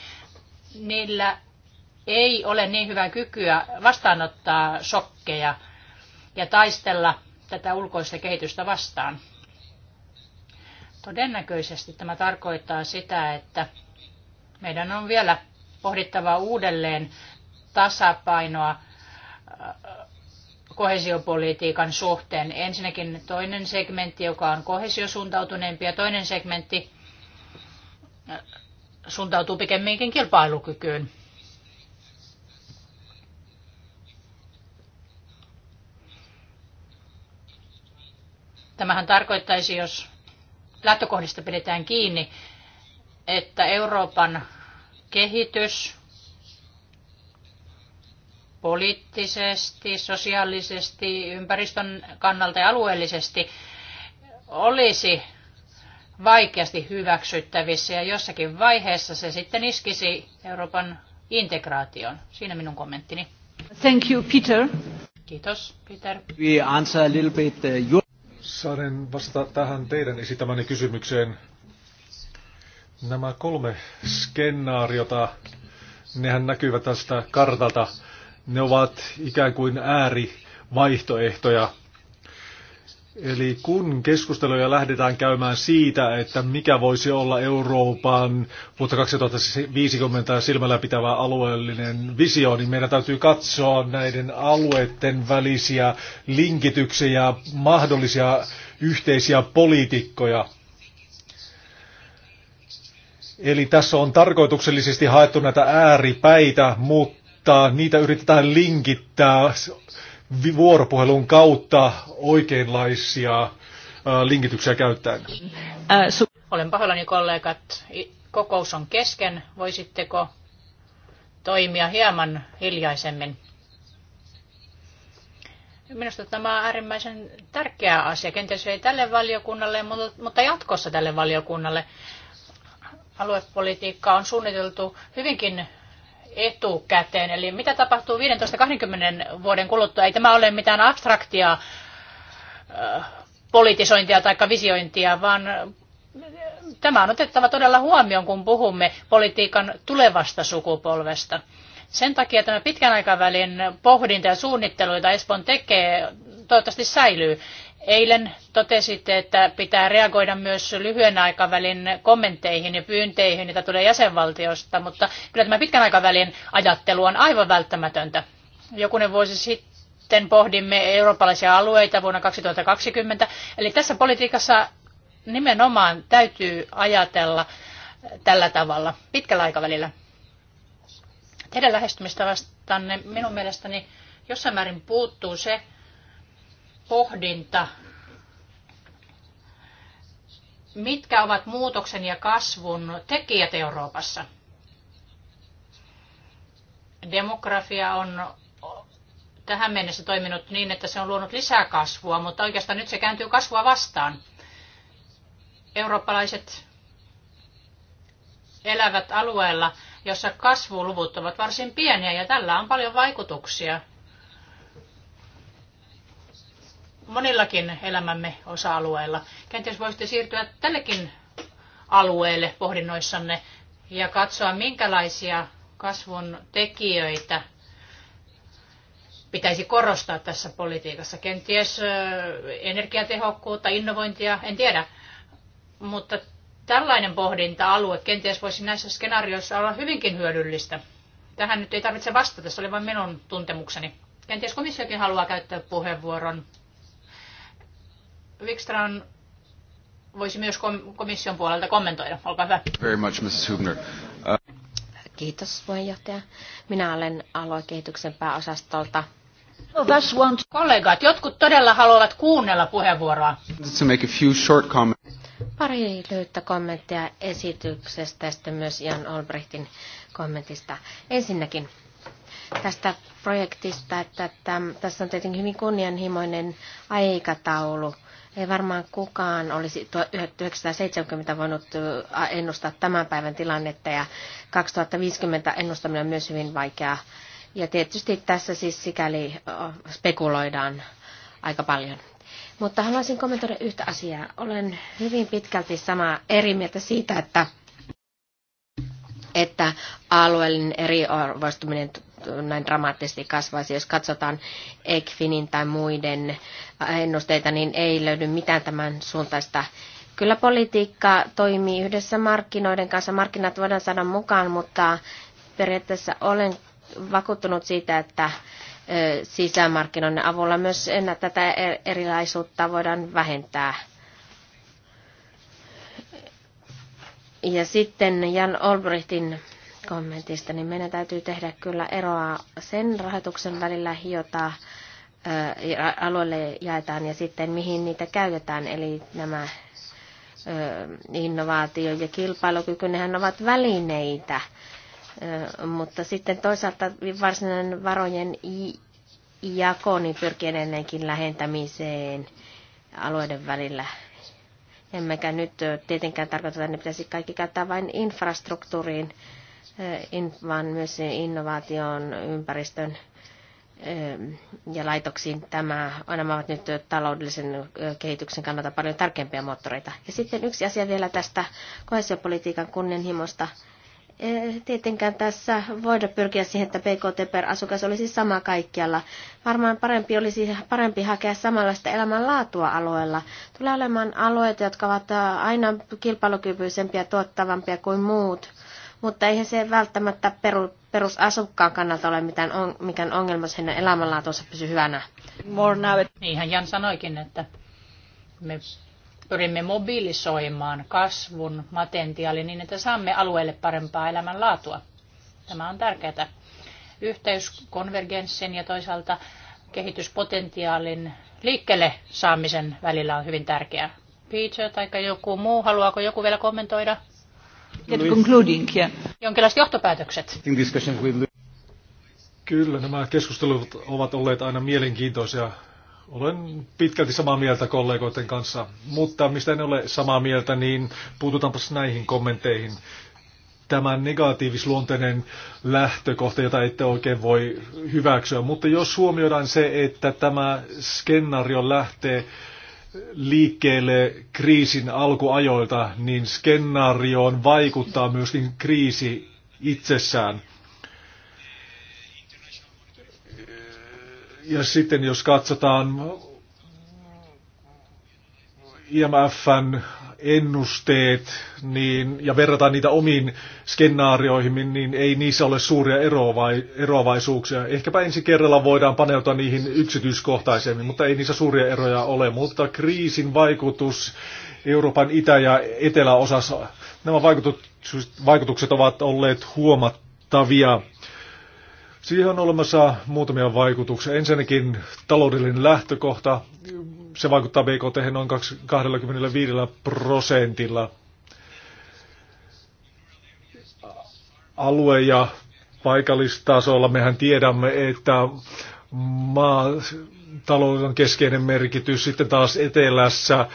Niillä ei ole niin hyvää kykyä vastaanottaa shokkeja ja taistella tätä ulkoista kehitystä vastaan. Todennäköisesti tämä tarkoittaa sitä, että meidän on vielä pohdittava uudelleen tasapainoa äh, kohesiopolitiikan suhteen. Ensinnäkin toinen segmentti, joka on kohesiosuuntautuneempi ja toinen segmentti äh, suuntautuu pikemminkin kilpailukykyyn. Tämähän tarkoittaisi, jos lähtökohdista pidetään kiinni, että Euroopan kehitys poliittisesti, sosiaalisesti, ympäristön kannalta ja alueellisesti olisi vaikeasti hyväksyttävissä ja jossakin vaiheessa se sitten iskisi Euroopan integraation. Siinä minun kommenttini. Thank you, Peter. Kiitos, Peter. We answer a little bit, uh, your... Saaden vastata tähän teidän esittämäni kysymykseen. Nämä kolme skenaariota, nehän näkyvät tästä kartalta. Ne ovat ikään kuin äärivaihtoehtoja. Eli kun keskusteluja lähdetään käymään siitä, että mikä voisi olla Euroopan vuotta 2050 silmällä pitävä alueellinen visio, niin meidän täytyy katsoa näiden alueiden välisiä linkityksiä, mahdollisia yhteisiä poliitikkoja. Eli tässä on tarkoituksellisesti haettu näitä ääripäitä, mutta niitä yritetään linkittää vuoropuhelun kautta oikeinlaisia äh, linkityksiä käyttäen. Äh, Olen pahoillani kollegat, kokous on kesken. Voisitteko toimia hieman hiljaisemmin? Minusta tämä on äärimmäisen tärkeä asia, kenties ei tälle valiokunnalle, mutta jatkossa tälle valiokunnalle. Aluepolitiikka on suunniteltu hyvinkin etukäteen. Eli mitä tapahtuu 15-20 vuoden kuluttua? Ei tämä ole mitään abstraktia äh, politisointia tai visiointia, vaan äh, tämä on otettava todella huomioon, kun puhumme politiikan tulevasta sukupolvesta. Sen takia tämä pitkän aikavälin pohdinta ja suunnittelu, jota Espoon tekee, toivottavasti säilyy. Eilen totesitte, että pitää reagoida myös lyhyen aikavälin kommentteihin ja pyynteihin, joita tulee jäsenvaltiosta, mutta kyllä tämä pitkän aikavälin ajattelu on aivan välttämätöntä. Jokunen vuosi sitten pohdimme eurooppalaisia alueita vuonna 2020, eli tässä politiikassa nimenomaan täytyy ajatella tällä tavalla pitkällä aikavälillä. Teidän lähestymistavastanne minun mielestäni jossain määrin puuttuu se, pohdinta, mitkä ovat muutoksen ja kasvun tekijät Euroopassa. Demografia on tähän mennessä toiminut niin, että se on luonut lisää kasvua, mutta oikeastaan nyt se kääntyy kasvua vastaan. Eurooppalaiset elävät alueella, jossa kasvuluvut ovat varsin pieniä ja tällä on paljon vaikutuksia monillakin elämämme osa-alueilla. Kenties voisitte siirtyä tällekin alueelle pohdinnoissanne ja katsoa, minkälaisia kasvun tekijöitä pitäisi korostaa tässä politiikassa. Kenties energiatehokkuutta, innovointia, en tiedä. Mutta tällainen pohdinta-alue kenties voisi näissä skenaarioissa olla hyvinkin hyödyllistä. Tähän nyt ei tarvitse vastata, se oli vain minun tuntemukseni. Kenties komissiokin haluaa käyttää puheenvuoron Wikström voisi myös komission puolelta kommentoida. Olkaa hyvä. Very much, Mrs. Hubner. Uh... Kiitos, puheenjohtaja. Minä olen aluekehityksen pääosastolta. Oh, Kollegat, jotkut todella haluavat kuunnella puheenvuoroa. To make a few short comments. Pari lyhyttä kommenttia esityksestä ja sitten myös Jan Olbrechtin kommentista. Ensinnäkin tästä projektista, että täm, tässä on tietenkin hyvin kunnianhimoinen aikataulu ei varmaan kukaan olisi 1970 voinut ennustaa tämän päivän tilannetta ja 2050 ennustaminen on myös hyvin vaikeaa. Ja tietysti tässä siis sikäli spekuloidaan aika paljon. Mutta haluaisin kommentoida yhtä asiaa. Olen hyvin pitkälti samaa eri mieltä siitä, että, että alueellinen eriarvoistuminen näin dramaattisesti kasvaisi. Jos katsotaan ECFINin tai muiden ennusteita, niin ei löydy mitään tämän suuntaista Kyllä politiikka toimii yhdessä markkinoiden kanssa. Markkinat voidaan saada mukaan, mutta periaatteessa olen vakuuttunut siitä, että sisämarkkinoiden avulla myös tätä e-, erilaisuutta voidaan vähentää. Ja sitten Jan Olbrichtin kommentista, niin meidän täytyy tehdä kyllä eroa sen rahoituksen välillä, jota alueelle jaetaan ja sitten mihin niitä käytetään, eli nämä innovaatio ja kilpailukyky, nehän ovat välineitä, mutta sitten toisaalta varsinainen varojen jako niin pyrkii edelleenkin lähentämiseen alueiden välillä. Emmekä nyt tietenkään tarkoita, että ne pitäisi kaikki käyttää vain infrastruktuuriin, Eh, vaan myös innovaation ympäristön eh, ja laitoksiin tämä, nämä ovat nyt taloudellisen eh, kehityksen kannalta paljon tärkeimpiä moottoreita. Ja sitten yksi asia vielä tästä kohesiopolitiikan kunnianhimosta. Tietenkään tässä voida pyrkiä siihen, että PKT per asukas olisi sama kaikkialla. Varmaan parempi olisi parempi hakea samanlaista elämänlaatua alueella. Tulee olemaan alueita, jotka ovat aina kilpailukykyisempiä ja tuottavampia kuin muut – mutta eihän se välttämättä peru, perusasukkaan kannalta ole mitään on, mikään ongelma, jos hänen elämänlaatunsa pysyy hyvänä. More now. Niinhän Jan sanoikin, että me pyrimme mobilisoimaan kasvun matentiaali niin, että saamme alueelle parempaa elämänlaatua. Tämä on tärkeää. Yhteys konvergenssin ja toisaalta kehityspotentiaalin liikkeelle saamisen välillä on hyvin tärkeää. Peter tai joku muu, haluaako joku vielä kommentoida? get concluding, yeah. Jonkinlaiset johtopäätökset. Kyllä, nämä keskustelut ovat olleet aina mielenkiintoisia. Olen pitkälti samaa mieltä kollegoiden kanssa, mutta mistä en ole samaa mieltä, niin puututaanpa näihin kommentteihin. Tämä negatiivisluonteinen lähtökohta, jota ette oikein voi hyväksyä, mutta jos huomioidaan se, että tämä skenaario lähtee liikkeelle kriisin alkuajoilta, niin skenaarioon vaikuttaa myöskin kriisi itsessään. Ja sitten jos katsotaan IMFn ennusteet niin, ja verrataan niitä omiin skenaarioihin, niin ei niissä ole suuria eroavaisuuksia. Ehkäpä ensi kerralla voidaan paneutua niihin yksityiskohtaisemmin, mutta ei niissä suuria eroja ole. Mutta kriisin vaikutus Euroopan itä- ja eteläosassa, nämä vaikutukset ovat olleet huomattavia. Siihen on olemassa muutamia vaikutuksia. Ensinnäkin taloudellinen lähtökohta se vaikuttaa BKT noin 25 prosentilla. Alue- ja paikallistasolla mehän tiedämme, että maatalouden keskeinen merkitys sitten taas etelässä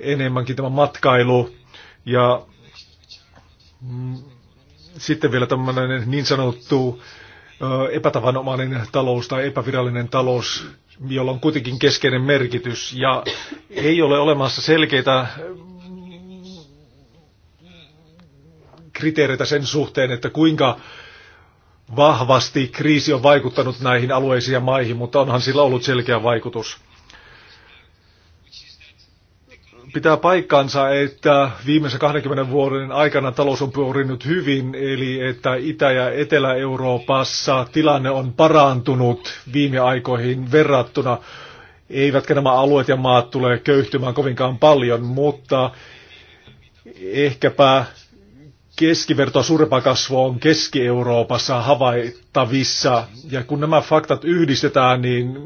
enemmänkin tämä matkailu ja mm, sitten vielä tämmöinen niin sanottu epätavanomainen talous tai epävirallinen talous jolla on kuitenkin keskeinen merkitys ja ei ole olemassa selkeitä mm, kriteereitä sen suhteen, että kuinka vahvasti kriisi on vaikuttanut näihin alueisiin ja maihin, mutta onhan sillä ollut selkeä vaikutus. Pitää paikkansa, että viimeisen 20 vuoden aikana talous on pyörinyt hyvin, eli että Itä- ja Etelä-Euroopassa tilanne on parantunut viime aikoihin verrattuna. Eivätkä nämä alueet ja maat tule köyhtymään kovinkaan paljon, mutta ehkäpä keskivertoa suurempaa kasvua on Keski-Euroopassa havaittavissa. Ja kun nämä faktat yhdistetään, niin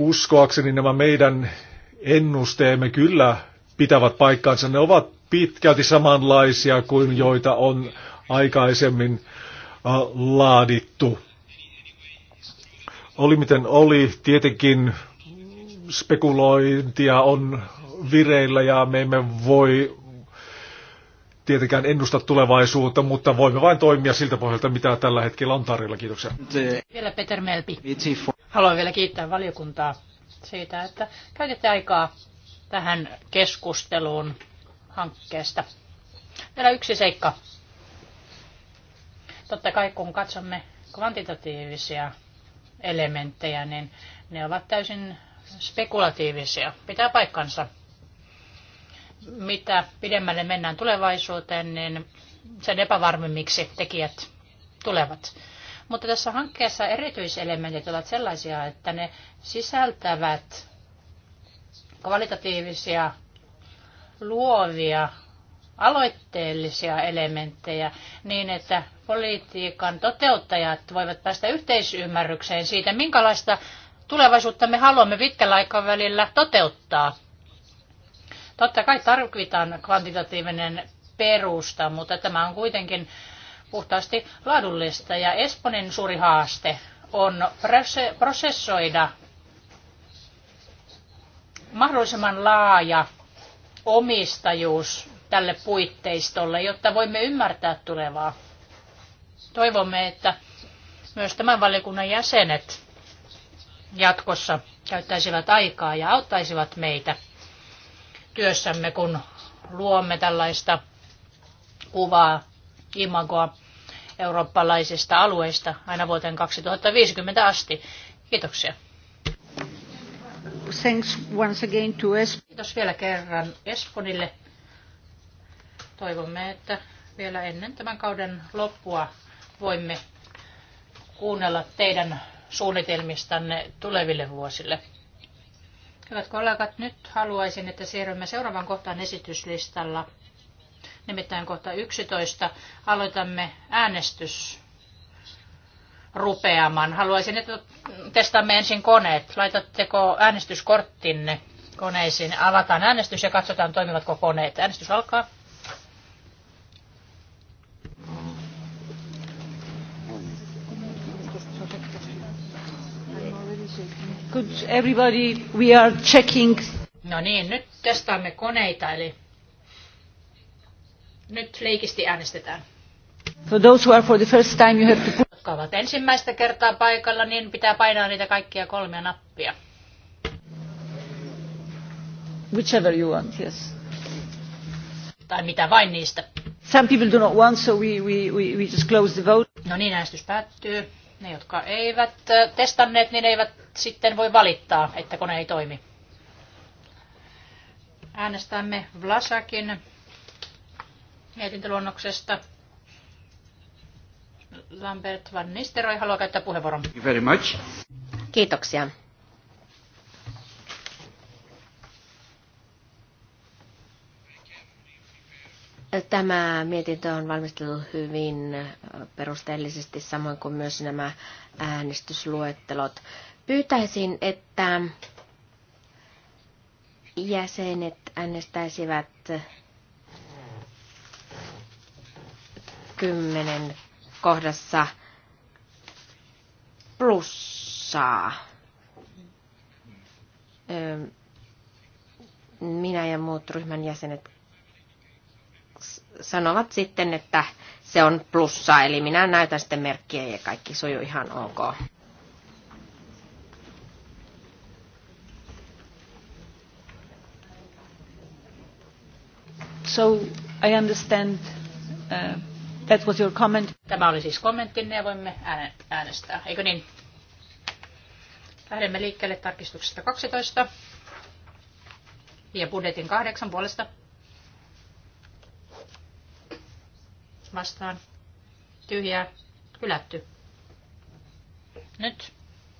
uskoakseni nämä meidän ennusteemme kyllä pitävät paikkaansa. Ne ovat pitkälti samanlaisia kuin joita on aikaisemmin äh, laadittu. Oli miten oli, tietenkin spekulointia on vireillä ja me emme voi tietenkään ennusta tulevaisuutta, mutta voimme vain toimia siltä pohjalta, mitä tällä hetkellä on tarjolla. Kiitoksia. Vielä Peter Melpi. Haluan vielä kiittää valiokuntaa siitä, että käytitte aikaa tähän keskusteluun hankkeesta. Vielä yksi seikka. Totta kai kun katsomme kvantitatiivisia elementtejä, niin ne ovat täysin spekulatiivisia. Pitää paikkansa mitä pidemmälle mennään tulevaisuuteen, niin sen epävarmimmiksi tekijät tulevat. Mutta tässä hankkeessa erityiselementit ovat sellaisia, että ne sisältävät kvalitatiivisia, luovia, aloitteellisia elementtejä niin, että politiikan toteuttajat voivat päästä yhteisymmärrykseen siitä, minkälaista tulevaisuutta me haluamme pitkällä aikavälillä toteuttaa – Totta kai tarvitaan kvantitatiivinen perusta, mutta tämä on kuitenkin puhtaasti laadullista. Ja Esponin suuri haaste on prosessoida mahdollisimman laaja omistajuus tälle puitteistolle, jotta voimme ymmärtää tulevaa. Toivomme, että myös tämän valiokunnan jäsenet jatkossa käyttäisivät aikaa ja auttaisivat meitä – työssämme, kun luomme tällaista kuvaa, imagoa eurooppalaisista alueista aina vuoteen 2050 asti. Kiitoksia. Thanks once again to es- Kiitos vielä kerran Esponille. Toivomme, että vielä ennen tämän kauden loppua voimme kuunnella teidän suunnitelmistanne tuleville vuosille. Hyvät kollegat, nyt haluaisin, että siirrymme seuraavaan kohtaan esityslistalla. Nimittäin kohta 11 aloitamme äänestys rupeaman. Haluaisin, että testaamme ensin koneet. Laitatteko äänestyskorttinne koneisiin? Avataan äänestys ja katsotaan, toimivatko koneet. Äänestys alkaa. Could everybody, we are checking. No niin, nyt testaamme koneita, eli nyt leikisti äänestetään. For those who are for the first time, you have to put... Jotka ovat ensimmäistä kertaa paikalla, niin pitää painaa niitä kaikkia kolmea nappia. Whichever you want, yes. Tai mitä vain niistä. Some people do not want, so we, we, we, we just close the vote. No niin, äänestys päättyy. Ne, jotka eivät testanneet, niin eivät sitten voi valittaa, että kone ei toimi. Äänestämme Vlasakin mietintöluonnoksesta. Lambert van Nisteroi haluaa käyttää puheenvuoron. Very much. Kiitoksia. Tämä mietintö on valmisteltu hyvin perusteellisesti, samoin kuin myös nämä äänestysluettelot. Pyytäisin, että jäsenet äänestäisivät kymmenen kohdassa plussaa. Minä ja muut ryhmän jäsenet sanovat sitten, että se on plussa, eli minä näytän sitten merkkiä ja kaikki sujuu ihan ok. So I understand uh, that was your comment. Tämä oli siis kommenttinne ja voimme äänestää, eikö niin? Lähdemme liikkeelle tarkistuksesta 12 ja budjetin kahdeksan puolesta vastaan tyhjää hylätty. Nyt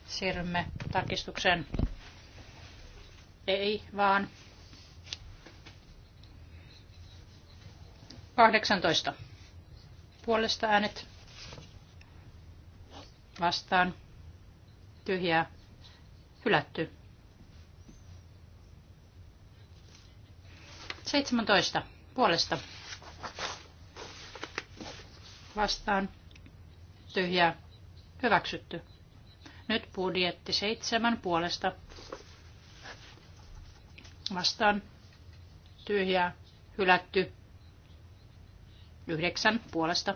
siirrymme tarkistukseen. Ei, vaan 18. Puolesta äänet vastaan tyhjää hylätty. 17. Puolesta vastaan tyhjää hyväksytty. Nyt budjetti seitsemän puolesta vastaan tyhjää hylätty. Yhdeksän puolesta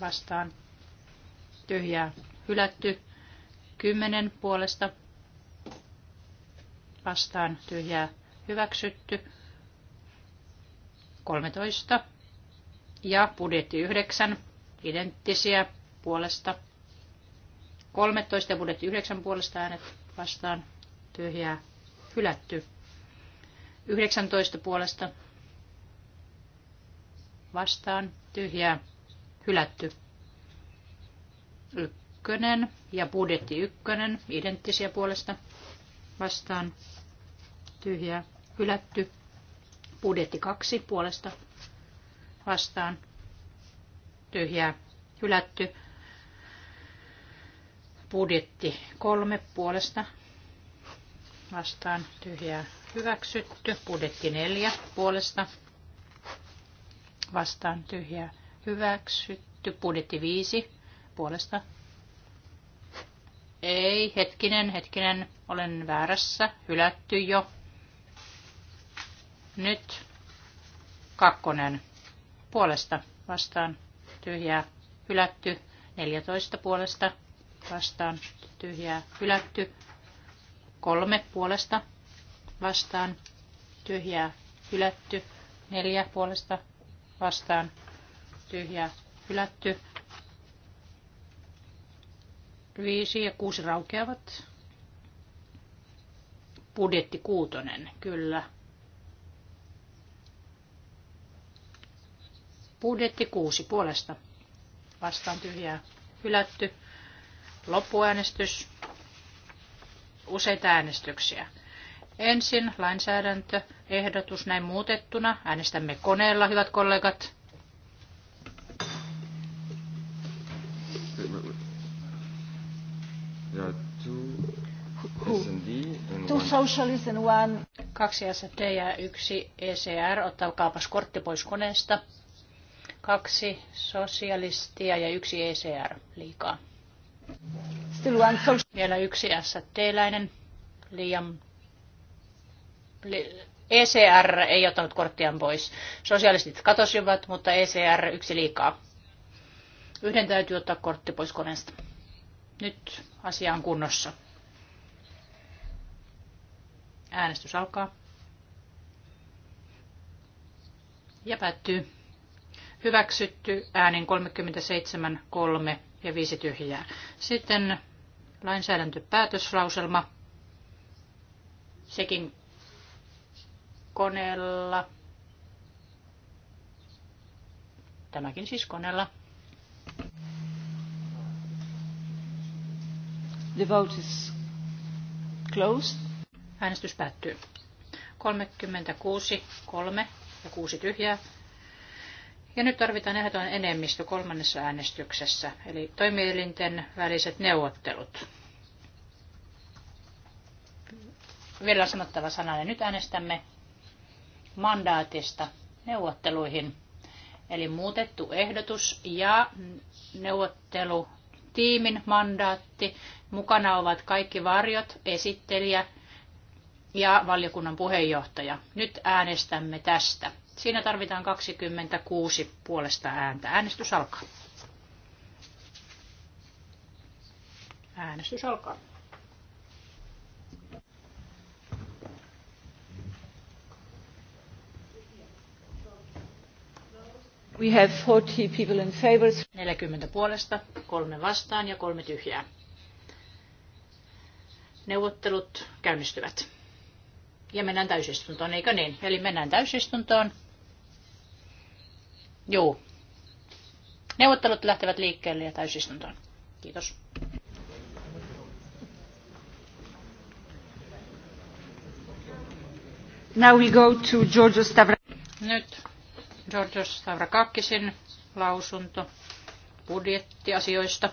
vastaan tyhjää hylätty. Kymmenen puolesta vastaan tyhjää hyväksytty. 13 ja budjetti 9 identtisiä puolesta. 13 ja budjetti 9 puolesta äänet vastaan tyhjää hylätty. 19 puolesta vastaan tyhjää hylätty. Ykkönen ja budjetti ykkönen identtisiä puolesta vastaan tyhjää hylätty. Budjetti kaksi puolesta vastaan tyhjää hylätty. Budjetti kolme puolesta vastaan tyhjää hyväksytty. Budjetti neljä puolesta vastaan tyhjää hyväksytty. Budjetti viisi puolesta. Ei, hetkinen, hetkinen, olen väärässä, hylätty jo. Nyt kakkonen puolesta vastaan tyhjää hylätty. 14 puolesta vastaan tyhjää hylätty. 3 puolesta vastaan tyhjää hylätty. 4 puolesta vastaan tyhjää hylätty. 5 ja 6 raukeavat. Budjetti kuutonen, kyllä. Budjetti kuusi puolesta. Vastaan tyhjää. Hylätty. Loppuäänestys. Useita äänestyksiä. Ensin lainsäädäntö, ehdotus näin muutettuna. Äänestämme koneella, hyvät kollegat. Kaksi SD ja yksi ECR. Ottakaapas kortti pois koneesta. Kaksi sosialistia ja yksi ECR liikaa. Still one social- Vielä yksi ST-läinen liian... ECR ei ottanut korttiaan pois. Sosialistit katosivat, mutta ECR yksi liikaa. Yhden täytyy ottaa kortti pois koneesta. Nyt asia on kunnossa. Äänestys alkaa. Ja päättyy hyväksytty äänin 37, 3 ja 5 tyhjää. Sitten lainsäädäntöpäätöslauselma. Sekin koneella. Tämäkin siis koneella. The vote is closed. Äänestys päättyy. 36, 3 ja 6 tyhjää. Ja nyt tarvitaan ehdoton enemmistö kolmannessa äänestyksessä, eli toimielinten väliset neuvottelut. Vielä sanottava sananen. Nyt äänestämme mandaatista neuvotteluihin, eli muutettu ehdotus ja neuvottelutiimin mandaatti. Mukana ovat kaikki varjot, esittelijä ja valiokunnan puheenjohtaja. Nyt äänestämme tästä. Siinä tarvitaan 26 puolesta ääntä. Äänestys alkaa. Äänestys alkaa. We have 40 people in favor. 40 puolesta, kolme vastaan ja kolme tyhjää. Neuvottelut käynnistyvät ja mennään täysistuntoon, eikö niin? Eli mennään täysistuntoon. Joo. Neuvottelut lähtevät liikkeelle ja täysistuntoon. Kiitos. Now we go to Georgios Stavra. Nyt Georgios Stavrakakisin lausunto budjettiasioista.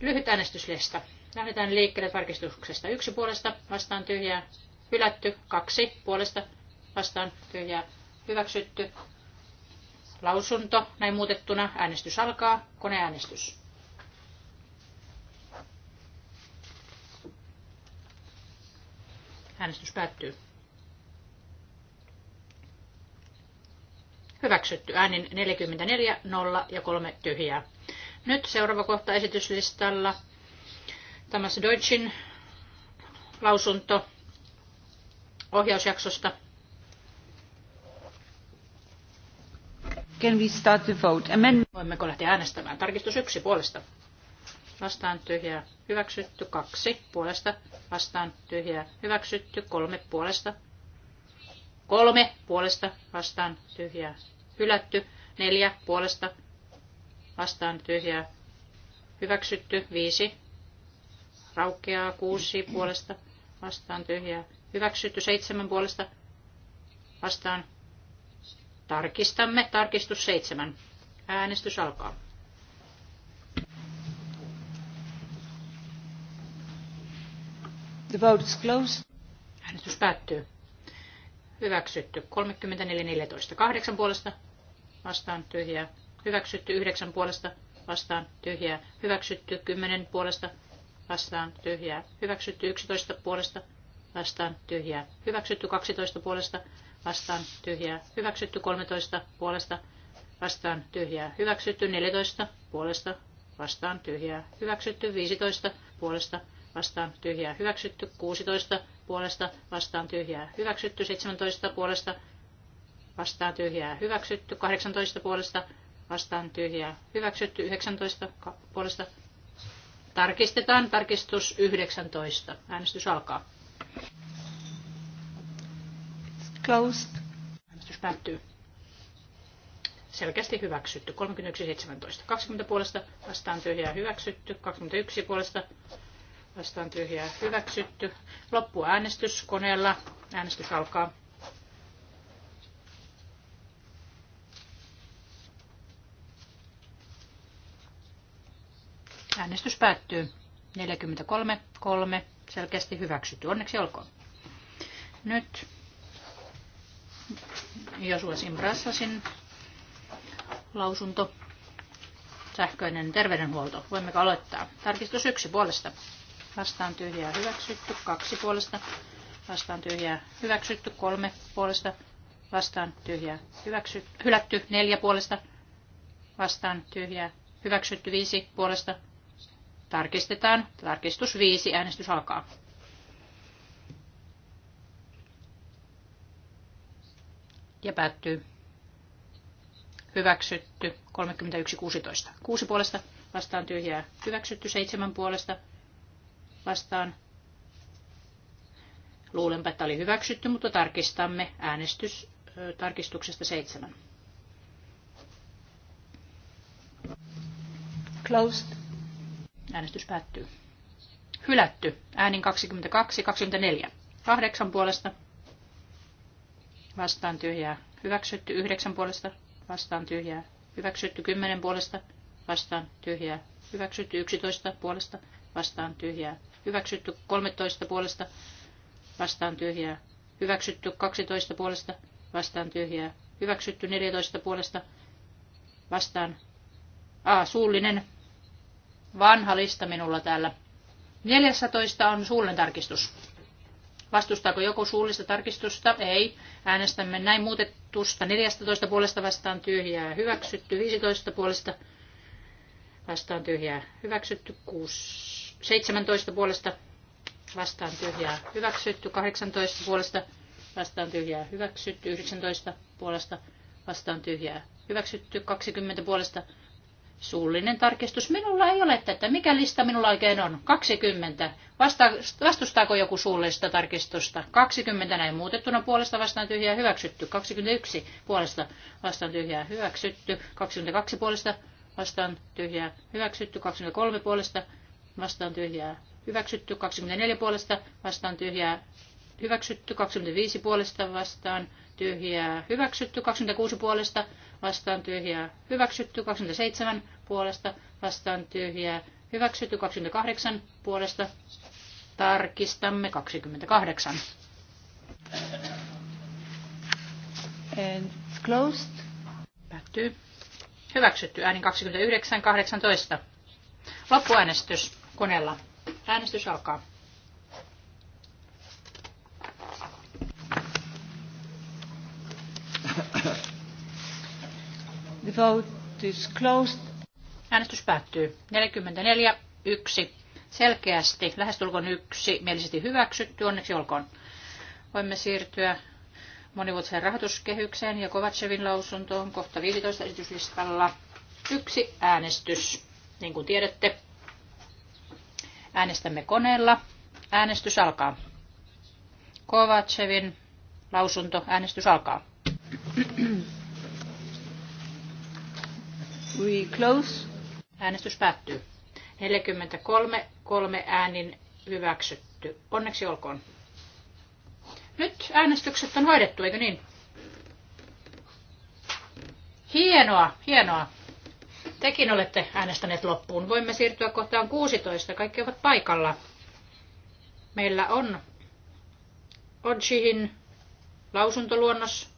Lyhyt äänestyslista. Lähdetään liikkeelle tarkistuksesta yksi puolesta, vastaan tyhjää, hylätty, kaksi puolesta, vastaan tyhjää, hyväksytty. Lausunto näin muutettuna, äänestys alkaa, koneäänestys. Äänestys päättyy. Hyväksytty äänin 44, 0 ja 3 tyhjää. Nyt seuraava kohta esityslistalla Thomas Deutschin lausunto ohjausjaksosta. Can we start the vote? Amend- Voimmeko lähteä äänestämään? Tarkistus yksi puolesta. Vastaan tyhjää. Hyväksytty. Kaksi puolesta. Vastaan tyhjää. Hyväksytty. Kolme puolesta. Kolme puolesta. Vastaan tyhjää. Hylätty. Neljä puolesta. Vastaan tyhjää. Hyväksytty. Viisi raukeaa, kuusi puolesta vastaan tyhjää, hyväksytty, seitsemän puolesta vastaan. Tarkistamme, tarkistus seitsemän. Äänestys alkaa. The vote is closed. Äänestys päättyy. Hyväksytty 34.14. kahdeksan puolesta vastaan tyhjää. Hyväksytty yhdeksän puolesta vastaan tyhjää. Hyväksytty kymmenen puolesta vastaan tyhjää. Hyväksytty 11 puolesta vastaan tyhjää. Hyväksytty 12 puolesta vastaan tyhjää. Hyväksytty 13 puolesta vastaan tyhjää. Hyväksytty 14 puolesta vastaan tyhjää. Hyväksytty 15 puolesta vastaan tyhjää. Hyväksytty 16 puolesta vastaan tyhjää. Hyväksytty 17 puolesta vastaan tyhjää. Hyväksytty 18 puolesta vastaan tyhjää. Hyväksytty 19 puolesta Tarkistetaan tarkistus 19. Äänestys alkaa. Closed. Äänestys päättyy. Selkeästi hyväksytty. 31.17. 20 puolesta vastaan tyhjää hyväksytty. 21 puolesta vastaan tyhjää hyväksytty. Loppuäänestys koneella. Äänestys alkaa. Äänestys päättyy 43, 3, selkeästi hyväksytty. Onneksi olkoon. Nyt Josua Simbrassasin lausunto, sähköinen terveydenhuolto. Voimmeko aloittaa? Tarkistus yksi puolesta. Vastaan tyhjää hyväksytty. Kaksi puolesta. Vastaan tyhjää hyväksytty. Kolme puolesta. Vastaan tyhjää hyväksytty. Hylätty. Neljä puolesta. Vastaan tyhjää hyväksytty. Viisi puolesta Tarkistetaan. Tarkistus 5. Äänestys alkaa. Ja päättyy. Hyväksytty. 31.16. 6 puolesta vastaan tyhjää. Hyväksytty. 7 puolesta vastaan. Luulenpa, että oli hyväksytty, mutta tarkistamme äänestys tarkistuksesta 7. Closed Äänestys päättyy. Hylätty. Äänin 22-24. Kahdeksan puolesta. Vastaan tyhjää. Hyväksytty. Yhdeksän puolesta. Vastaan tyhjää. Hyväksytty. Kymmenen puolesta. Vastaan tyhjää. Hyväksytty. Yksitoista puolesta. Vastaan tyhjää. Hyväksytty. Kolmetoista puolesta. Vastaan tyhjää. Hyväksytty. Kaksitoista puolesta. Vastaan tyhjää. Hyväksytty. Neljätoista puolesta. Vastaan. A. Suullinen Vanha lista minulla täällä. 14 on suullinen tarkistus. Vastustaako joku suullista tarkistusta? Ei. Äänestämme näin muutetusta 14 puolesta vastaan tyhjää hyväksytty, 15 puolesta vastaan tyhjää hyväksytty, 6, 17 puolesta vastaan tyhjää hyväksytty, 18 puolesta vastaan tyhjää hyväksytty, 19 puolesta vastaan tyhjää hyväksytty, 20 puolesta Suullinen tarkistus. Minulla ei ole tätä. Mikä lista minulla oikein on? 20. Vasta, vastustaako joku suullista tarkistusta? 20 näin muutettuna puolesta vastaan tyhjää hyväksytty. 21 puolesta vastaan tyhjää hyväksytty. 22 puolesta vastaan tyhjää hyväksytty. 23 puolesta vastaan tyhjää hyväksytty. 24 puolesta vastaan tyhjää hyväksytty. 25 puolesta vastaan tyhjää hyväksytty. 26 puolesta vastaan tyhjää hyväksytty, 27 puolesta vastaan tyhjää hyväksytty, 28 puolesta tarkistamme 28. And closed. Päättyy. Hyväksytty äänin 29.18. Loppuäänestys koneella. Äänestys alkaa. The vote is closed. Äänestys päättyy. 44, 1. Selkeästi, lähestulkoon yksi, mielisesti hyväksytty, onneksi olkoon. Voimme siirtyä monivuotiseen rahoituskehykseen ja Kovatsevin lausuntoon kohta 15 esityslistalla. Yksi äänestys, niin kuin tiedätte. Äänestämme koneella. Äänestys alkaa. Kovatsevin lausunto. Äänestys alkaa. We close. Äänestys päättyy. 43, kolme äänin hyväksytty. Onneksi olkoon. Nyt äänestykset on hoidettu, eikö niin? Hienoa, hienoa. Tekin olette äänestäneet loppuun. Voimme siirtyä kohtaan 16. Kaikki ovat paikalla. Meillä on Odshihin lausuntoluonnos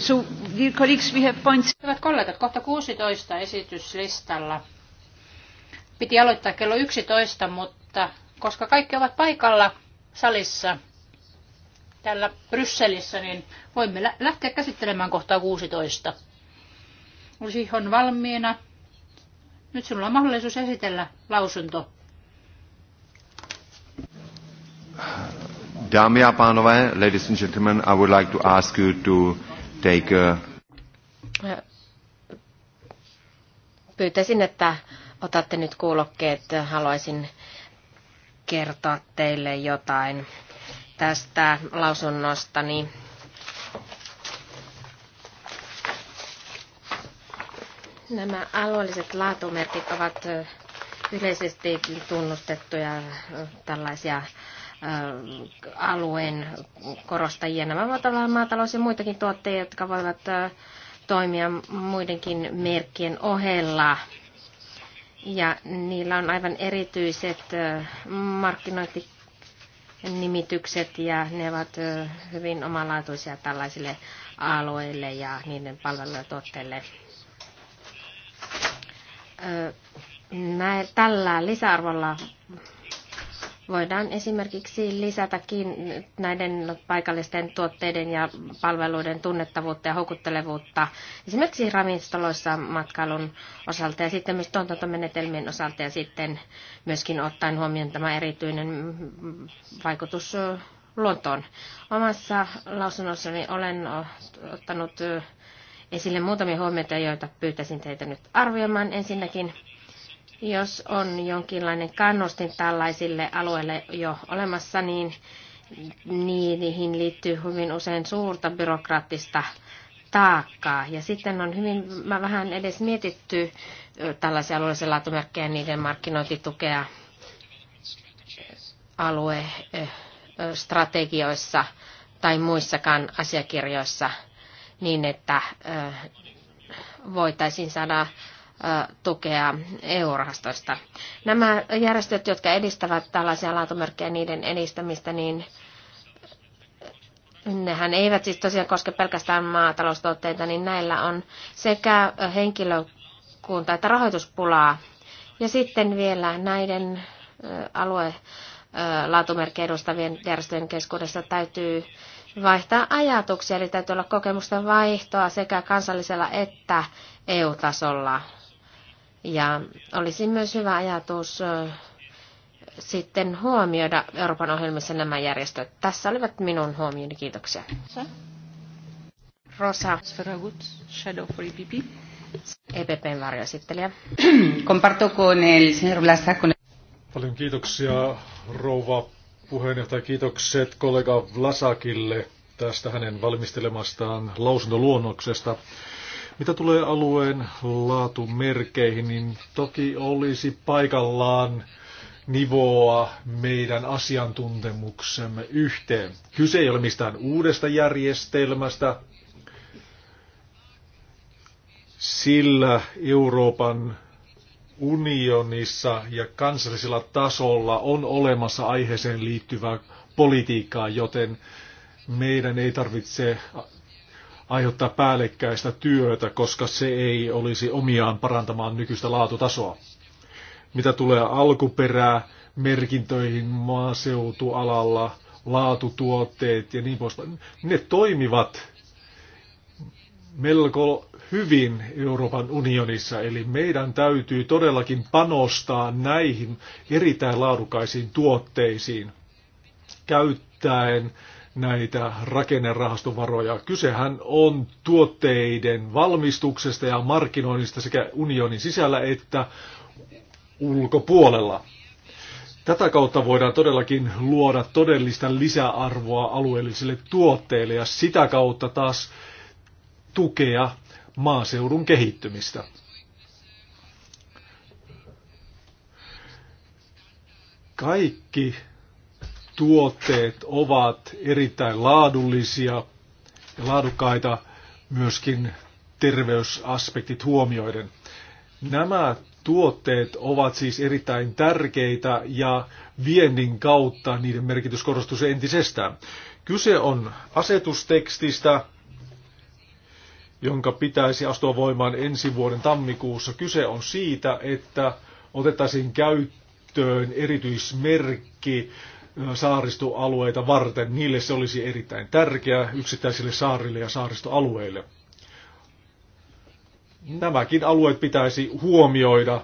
So, dear colleagues, we have points. Hyvät kollegat, kohta 16 esityslistalla. Piti aloittaa kello 11, mutta koska kaikki ovat paikalla salissa täällä Brysselissä, niin voimme lähteä käsittelemään kohtaa 16. Olisi on valmiina. Nyt sinulla on mahdollisuus esitellä lausunto. Dámy a pánové, ladies and gentlemen, I would like to ask you to Teikö? Pyytäisin, että otatte nyt kuulokkeet. Haluaisin kertoa teille jotain tästä lausunnostani. Nämä alueelliset laatumerkit ovat yleisesti tunnustettuja tällaisia Äh, alueen korostajia. Nämä voivat olla maatalous ja muitakin tuotteita, jotka voivat äh, toimia muidenkin merkkien ohella. Ja niillä on aivan erityiset äh, markkinointinimitykset ja ne ovat hyvin omalaatuisia tällaisille alueille ja niiden palveluille tuotteille. tällä lisäarvolla voidaan esimerkiksi lisätäkin näiden paikallisten tuotteiden ja palveluiden tunnettavuutta ja houkuttelevuutta esimerkiksi ravintoloissa matkailun osalta ja sitten myös tuotantomenetelmien osalta ja sitten myöskin ottaen huomioon tämä erityinen vaikutus luontoon. Omassa lausunnossani olen ottanut esille muutamia huomioita, joita pyytäisin teitä nyt arvioimaan. Ensinnäkin jos on jonkinlainen kannustin tällaisille alueille jo olemassa, niin niihin liittyy hyvin usein suurta byrokraattista taakkaa. Ja sitten on hyvin mä vähän edes mietitty tällaisia alueellisia laatumerkkejä, niiden markkinointitukea aluestrategioissa tai muissakaan asiakirjoissa niin, että voitaisiin saada tukea EU-rahastoista. Nämä järjestöt, jotka edistävät tällaisia laatumerkkejä niiden edistämistä, niin nehän eivät siis tosiaan koske pelkästään maataloustuotteita, niin näillä on sekä henkilökunta että rahoituspulaa. Ja sitten vielä näiden alue laatumerkkejä edustavien järjestöjen keskuudessa täytyy vaihtaa ajatuksia, eli täytyy olla kokemusten vaihtoa sekä kansallisella että EU-tasolla ja olisi myös hyvä ajatus sitten huomioida Euroopan ohjelmissa nämä järjestöt. Tässä olivat minun huomioni. Kiitoksia. Rosa. Shadow for EPP. EPPn varjoesittelijä. Comparto con el señor Blasa con... Paljon kiitoksia rouva puheenjohtaja. Kiitokset kollega Vlasakille tästä hänen valmistelemastaan lausuntoluonnoksesta. Mitä tulee alueen laatumerkeihin, niin toki olisi paikallaan nivoa meidän asiantuntemuksemme yhteen. Kyse ei ole mistään uudesta järjestelmästä, sillä Euroopan unionissa ja kansallisella tasolla on olemassa aiheeseen liittyvää politiikkaa, joten meidän ei tarvitse aiheuttaa päällekkäistä työtä, koska se ei olisi omiaan parantamaan nykyistä laatutasoa. Mitä tulee alkuperää, merkintöihin maaseutualalla, laatutuotteet ja niin poispäin, ne toimivat melko hyvin Euroopan unionissa, eli meidän täytyy todellakin panostaa näihin erittäin laadukkaisiin tuotteisiin käyttäen näitä rakennerahastovaroja. Kysehän on tuotteiden valmistuksesta ja markkinoinnista sekä unionin sisällä että ulkopuolella. Tätä kautta voidaan todellakin luoda todellista lisäarvoa alueellisille tuotteille ja sitä kautta taas tukea maaseudun kehittymistä. Kaikki tuotteet ovat erittäin laadullisia ja laadukkaita myöskin terveysaspektit huomioiden. Nämä tuotteet ovat siis erittäin tärkeitä ja viennin kautta niiden merkitys korostuu entisestään. Kyse on asetustekstistä, jonka pitäisi astua voimaan ensi vuoden tammikuussa. Kyse on siitä, että otettaisiin käyttöön erityismerkki saaristoalueita varten. Niille se olisi erittäin tärkeää yksittäisille saarille ja saaristoalueille. Nämäkin alueet pitäisi huomioida.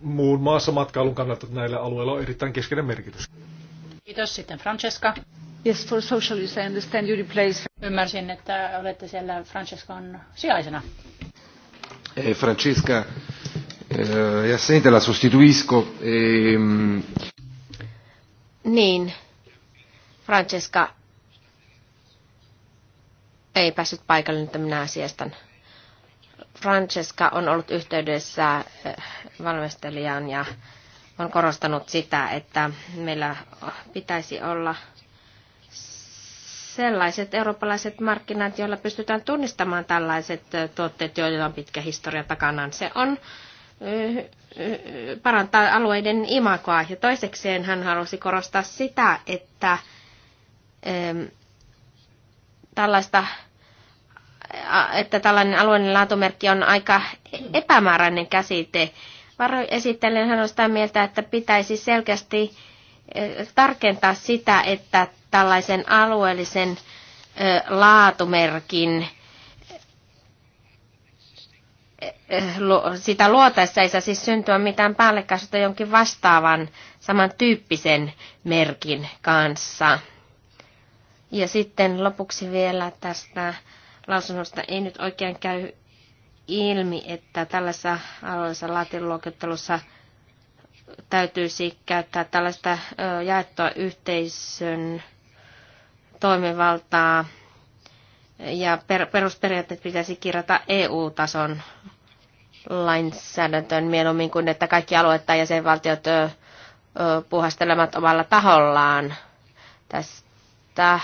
Muun maassa matkailun kannalta näillä alueilla on erittäin keskeinen merkitys. Kiitos sitten Francesca. Yes, for socialists I understand you replace... Ymmärsin, että olette siellä Francescon sijaisena. Hey, eh, Francesca, È eh, e assente, la sostituisco. Ehm... Niin, Francesca ei päässyt paikalle, että minä asiastan. Francesca on ollut yhteydessä eh, valmistelijaan ja on korostanut sitä, että meillä pitäisi olla sellaiset eurooppalaiset markkinat, joilla pystytään tunnistamaan tällaiset eh, tuotteet, joilla on pitkä historia takanaan. Se on parantaa alueiden imakoa. Ja toisekseen hän halusi korostaa sitä, että tällaista että tällainen alueellinen laatumerkki on aika epämääräinen käsite. Varoesittelijän hän on sitä mieltä, että pitäisi selkeästi e, tarkentaa sitä, että tällaisen alueellisen e, laatumerkin sitä luotaessa ei saa siis syntyä mitään päällekkäisyyttä jonkin vastaavan samantyyppisen merkin kanssa. Ja sitten lopuksi vielä tästä lausunnosta ei nyt oikein käy ilmi, että tällaisessa alueellisessa laatiluokittelussa täytyisi käyttää tällaista jaettua yhteisön toimivaltaa ja per, perusperiaatteet pitäisi kirjata EU-tason lainsäädäntöön mieluummin kuin, että kaikki alueet tai jäsenvaltiot ö, puhastelemat omalla tahollaan. Tästä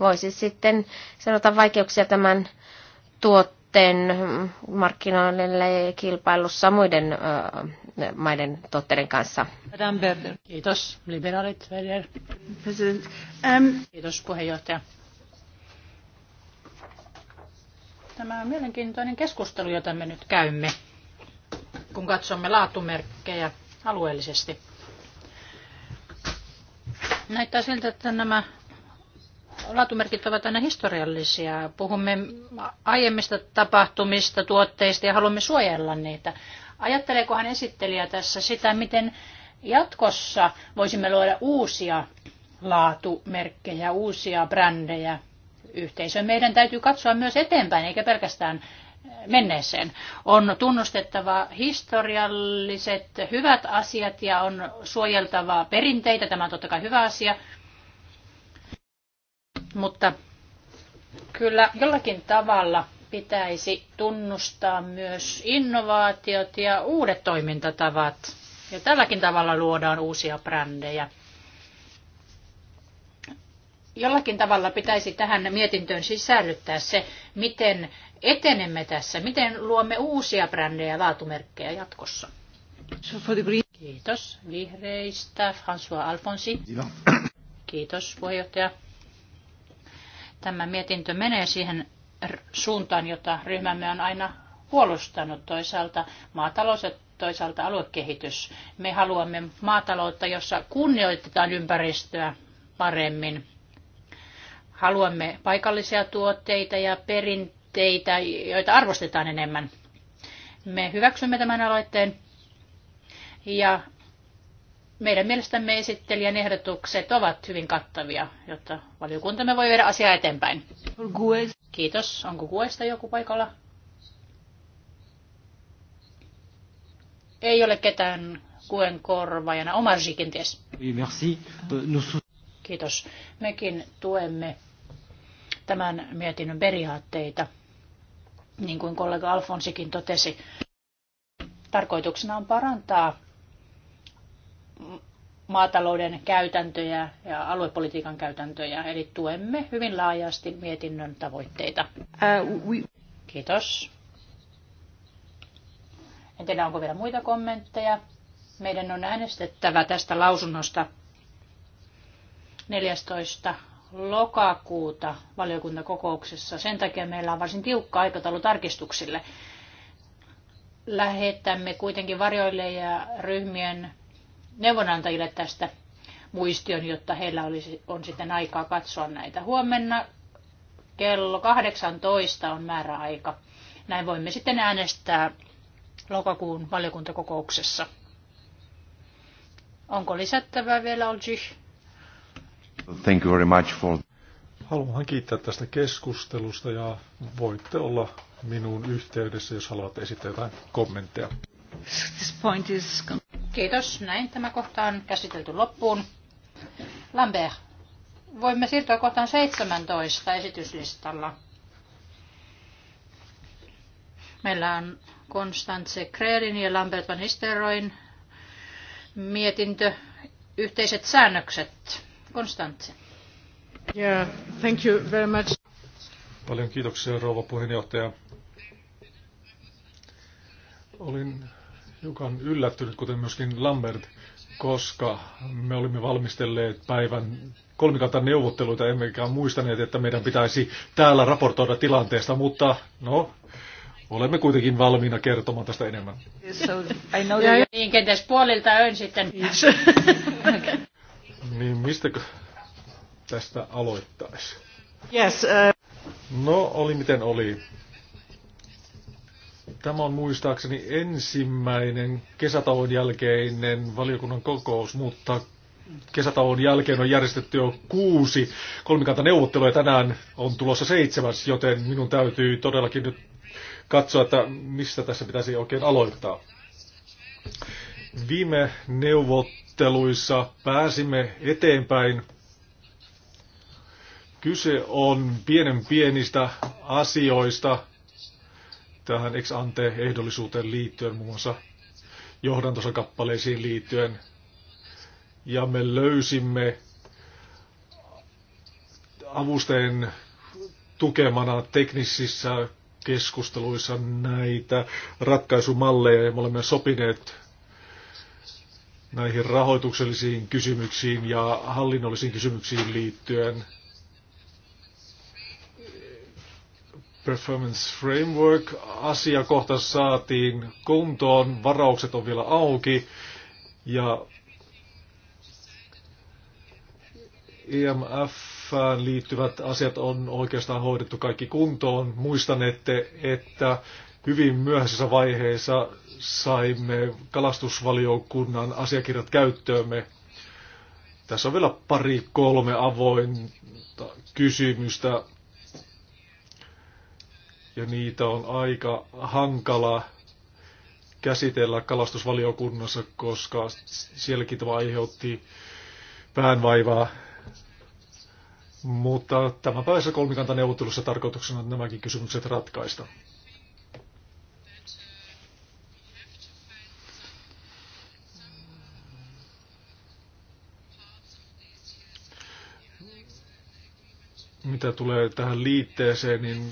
voisi sitten sanota vaikeuksia tämän tuotteen markkinoille kilpailussa muiden ö, maiden tuotteiden kanssa. Kiitos, liberaalit. President. Um... Kiitos, puheenjohtaja. Tämä on mielenkiintoinen keskustelu, jota me nyt käymme, kun katsomme laatumerkkejä alueellisesti. Näyttää siltä, että nämä laatumerkit ovat aina historiallisia. Puhumme aiemmista tapahtumista, tuotteista ja haluamme suojella niitä. Ajatteleekohan esittelijä tässä sitä, miten jatkossa voisimme luoda uusia laatumerkkejä, uusia brändejä, yhteisöön. Meidän täytyy katsoa myös eteenpäin, eikä pelkästään menneeseen. On tunnustettava historialliset hyvät asiat ja on suojeltava perinteitä. Tämä on totta kai hyvä asia. Mutta kyllä jollakin tavalla pitäisi tunnustaa myös innovaatiot ja uudet toimintatavat. Ja tälläkin tavalla luodaan uusia brändejä jollakin tavalla pitäisi tähän mietintöön siis sisällyttää se, miten etenemme tässä, miten luomme uusia brändejä ja laatumerkkejä jatkossa. Kiitos vihreistä, François Alfonsi. Kiitos puheenjohtaja. Tämä mietintö menee siihen suuntaan, jota ryhmämme on aina puolustanut toisaalta maatalous ja toisaalta aluekehitys. Me haluamme maataloutta, jossa kunnioitetaan ympäristöä paremmin Haluamme paikallisia tuotteita ja perinteitä, joita arvostetaan enemmän. Me hyväksymme tämän aloitteen ja meidän mielestämme esittelijän ehdotukset ovat hyvin kattavia, jotta valiokuntamme voi viedä asiaa eteenpäin. Kiitos. Onko Kuesta joku paikalla? Ei ole ketään kuen korvaajana. Omarji kenties. Euh, Kiitos. Mekin tuemme tämän mietinnön periaatteita, niin kuin kollega Alfonsikin totesi. Tarkoituksena on parantaa maatalouden käytäntöjä ja aluepolitiikan käytäntöjä, eli tuemme hyvin laajasti mietinnön tavoitteita. Uh, Kiitos. En tiedä, onko vielä muita kommentteja. Meidän on äänestettävä tästä lausunnosta 14 lokakuuta valiokuntakokouksessa. Sen takia meillä on varsin tiukka aikataulu tarkistuksille. Lähetämme kuitenkin varjoille ja ryhmien neuvonantajille tästä muistion, jotta heillä olisi, on sitten aikaa katsoa näitä. Huomenna kello 18 on määräaika. Näin voimme sitten äänestää lokakuun valiokuntakokouksessa. Onko lisättävää vielä, Olgi? Thank you very much for... Haluan kiittää tästä keskustelusta ja voitte olla minuun yhteydessä, jos haluatte esittää jotain kommentteja. This point is... Kiitos. Näin tämä kohta on käsitelty loppuun. Lambert, voimme siirtyä kohtaan 17 esityslistalla. Meillä on Konstantse Kreerin ja Lambert van Nistelrooyn mietintö Yhteiset säännökset Konstantse. Yeah, thank you very much. Paljon kiitoksia rouva puheenjohtaja. Olin hiukan yllättynyt, kuten myöskin Lambert, koska me olimme valmistelleet päivän kolmikantan neuvotteluita, emmekä muistaneet, että meidän pitäisi täällä raportoida tilanteesta, mutta no, olemme kuitenkin valmiina kertomaan tästä enemmän. So, I know that... Niin, kenties puolilta sitten. okay. Niin mistä tästä aloittaisi? Yes, uh... No, oli miten oli. Tämä on muistaakseni ensimmäinen kesätauon jälkeinen valiokunnan kokous, mutta kesätauon jälkeen on järjestetty jo kuusi neuvottelua ja tänään on tulossa seitsemäs, joten minun täytyy todellakin nyt katsoa, että mistä tässä pitäisi oikein aloittaa. Viime neuvottelu keskusteluissa pääsimme eteenpäin. Kyse on pienen pienistä asioista tähän ex ante ehdollisuuteen liittyen, muun muassa johdantosakappaleisiin liittyen. Ja me löysimme avusteen tukemana teknisissä keskusteluissa näitä ratkaisumalleja ja me olemme sopineet näihin rahoituksellisiin kysymyksiin ja hallinnollisiin kysymyksiin liittyen Performance Framework asiakohta saatiin kuntoon, varaukset on vielä auki ja IMF e liittyvät asiat on oikeastaan hoidettu kaikki kuntoon. Muistanette, että hyvin myöhäisessä vaiheessa saimme kalastusvaliokunnan asiakirjat käyttöömme. Tässä on vielä pari kolme avointa kysymystä ja niitä on aika hankala käsitellä kalastusvaliokunnassa, koska sielläkin tämä aiheutti päänvaivaa. Mutta tämän päivässä kolmikantaneuvottelussa tarkoituksena on nämäkin kysymykset ratkaista. mitä tulee tähän liitteeseen, niin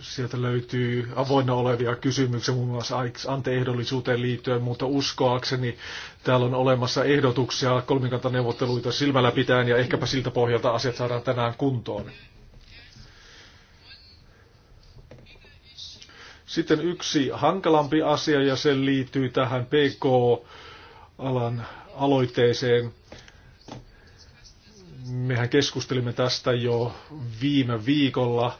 sieltä löytyy avoinna olevia kysymyksiä muun muassa anteehdollisuuteen liittyen, mutta uskoakseni täällä on olemassa ehdotuksia kolmikantaneuvotteluita silmällä pitäen ja ehkäpä siltä pohjalta asiat saadaan tänään kuntoon. Sitten yksi hankalampi asia ja se liittyy tähän PK-alan aloitteeseen. Mehän keskustelimme tästä jo viime viikolla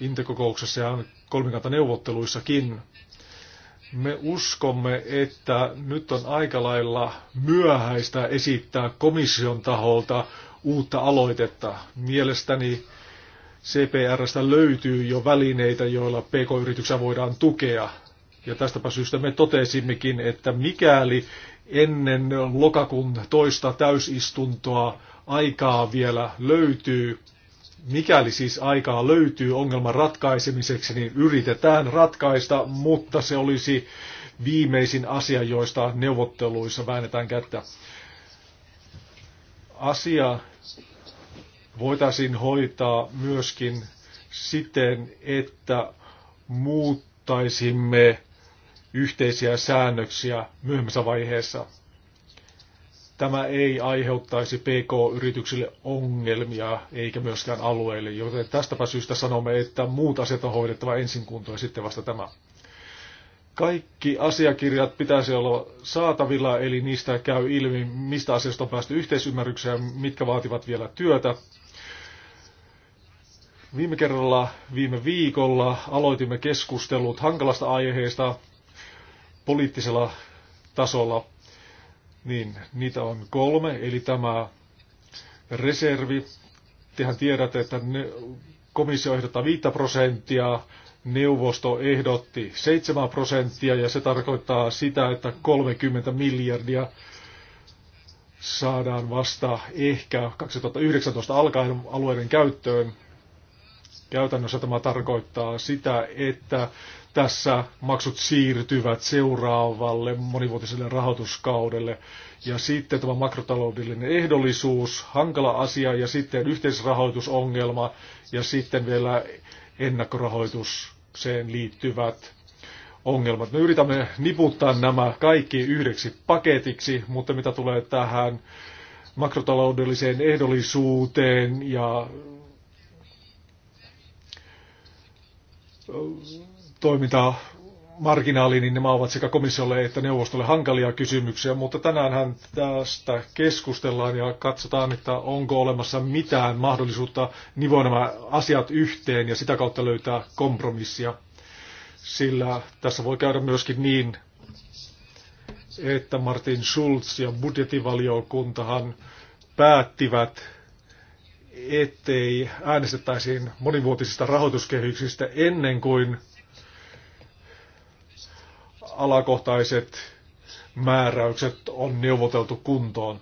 Intekokouksessa ja kolmikantaneuvotteluissakin. Me uskomme, että nyt on aika lailla myöhäistä esittää komission taholta uutta aloitetta. Mielestäni CPRstä löytyy jo välineitä, joilla pk-yrityksiä voidaan tukea. Ja tästäpä syystä me totesimmekin, että mikäli ennen lokakuun toista täysistuntoa aikaa vielä löytyy. Mikäli siis aikaa löytyy ongelman ratkaisemiseksi, niin yritetään ratkaista, mutta se olisi viimeisin asia, joista neuvotteluissa väännetään kättä. Asia voitaisiin hoitaa myöskin siten, että muuttaisimme yhteisiä säännöksiä myöhemmässä vaiheessa. Tämä ei aiheuttaisi PK-yrityksille ongelmia eikä myöskään alueille, joten tästäpä syystä sanomme, että muut asiat on hoidettava ensin kuntoon ja sitten vasta tämä. Kaikki asiakirjat pitäisi olla saatavilla, eli niistä käy ilmi, mistä asiasta on päästy yhteisymmärrykseen ja mitkä vaativat vielä työtä. Viime kerralla, viime viikolla aloitimme keskustelut hankalasta aiheesta, poliittisella tasolla, niin niitä on kolme, eli tämä reservi. Tehän tiedätte, että komissio ehdottaa 5 prosenttia, neuvosto ehdotti 7 prosenttia ja se tarkoittaa sitä, että 30 miljardia saadaan vasta ehkä 2019 alkaen alueiden käyttöön. Käytännössä tämä tarkoittaa sitä, että tässä maksut siirtyvät seuraavalle monivuotiselle rahoituskaudelle. Ja sitten tämä makrotaloudellinen ehdollisuus, hankala asia, ja sitten yhteisrahoitusongelma, ja sitten vielä ennakkorahoitukseen liittyvät ongelmat. Me yritämme niputtaa nämä kaikki yhdeksi paketiksi, mutta mitä tulee tähän makrotaloudelliseen ehdollisuuteen ja toimintaa marginaali, niin nämä ovat sekä komissiolle että neuvostolle hankalia kysymyksiä, mutta tänäänhän tästä keskustellaan ja katsotaan, että onko olemassa mitään mahdollisuutta nivoa nämä asiat yhteen ja sitä kautta löytää kompromissia. Sillä tässä voi käydä myöskin niin, että Martin Schulz ja budjetivaliokuntahan päättivät ettei äänestettäisiin monivuotisista rahoituskehyksistä ennen kuin alakohtaiset määräykset on neuvoteltu kuntoon.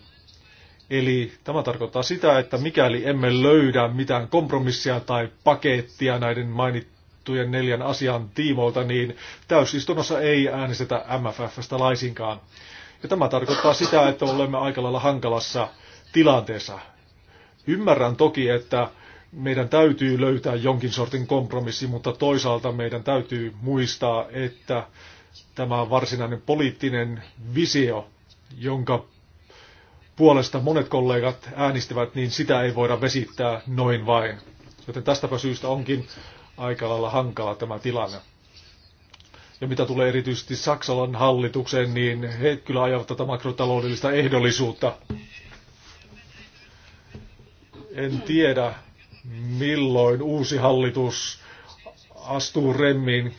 Eli tämä tarkoittaa sitä, että mikäli emme löydä mitään kompromissia tai pakettia näiden mainittujen neljän asian tiimoilta, niin täysistunnossa ei äänestetä MFFstä laisinkaan. Ja tämä tarkoittaa sitä, että olemme aika lailla hankalassa tilanteessa. Ymmärrän toki, että meidän täytyy löytää jonkin sortin kompromissi, mutta toisaalta meidän täytyy muistaa, että tämä varsinainen poliittinen visio, jonka puolesta monet kollegat äänistävät, niin sitä ei voida vesittää noin vain. Joten tästäpä syystä onkin aika lailla hankala tämä tilanne. Ja mitä tulee erityisesti Saksalan hallitukseen, niin he kyllä ajavat tätä makrotaloudellista ehdollisuutta. En tiedä, milloin uusi hallitus astuu remmiin.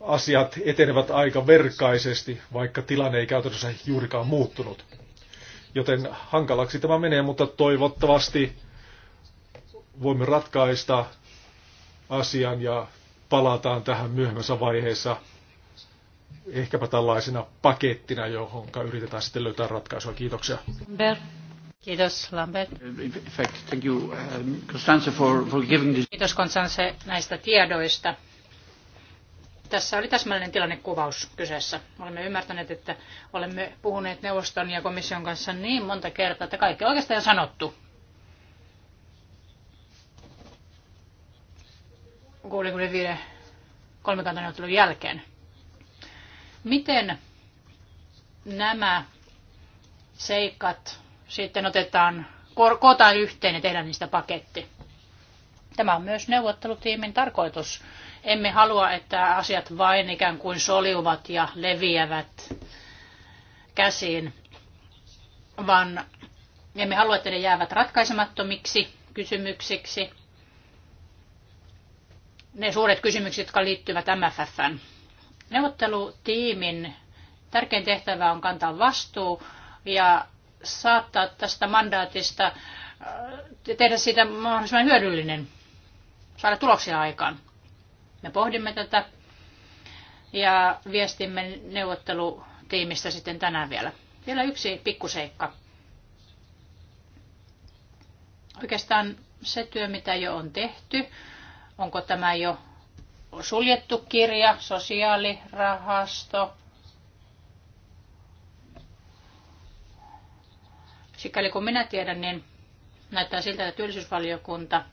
Asiat etenevät aika verkkaisesti, vaikka tilanne ei käytännössä juurikaan muuttunut. Joten hankalaksi tämä menee, mutta toivottavasti voimme ratkaista asian ja palataan tähän myöhemmässä vaiheessa ehkäpä tällaisena pakettina, johon yritetään sitten löytää ratkaisua. Kiitoksia. Ber. Kiitos Lambert. Uh, in fact, thank you, um, Constance, for, giving this. Kiitos näistä tiedoista. Tässä oli täsmällinen tilannekuvaus kyseessä. Olemme ymmärtäneet, että olemme puhuneet neuvoston ja komission kanssa niin monta kertaa, että kaikki on sanottu. Kuulin kuulin viiden kolmikantaneuvottelun jälkeen. Miten nämä seikat sitten otetaan, kootaan yhteen ja tehdään niistä paketti. Tämä on myös neuvottelutiimin tarkoitus. Emme halua, että asiat vain ikään kuin soljuvat ja leviävät käsiin, vaan emme halua, että ne jäävät ratkaisemattomiksi kysymyksiksi. Ne suuret kysymykset, jotka liittyvät MFFn. Neuvottelutiimin tärkein tehtävä on kantaa vastuu ja saattaa tästä mandaatista, äh, tehdä siitä mahdollisimman hyödyllinen, saada tuloksia aikaan. Me pohdimme tätä ja viestimme neuvottelutiimistä sitten tänään vielä. Vielä yksi pikkuseikka. Oikeastaan se työ, mitä jo on tehty, onko tämä jo suljettu kirja, sosiaalirahasto, Sikäli kun minä tiedän, niin näyttää siltä, että työllisyysvaliokunta,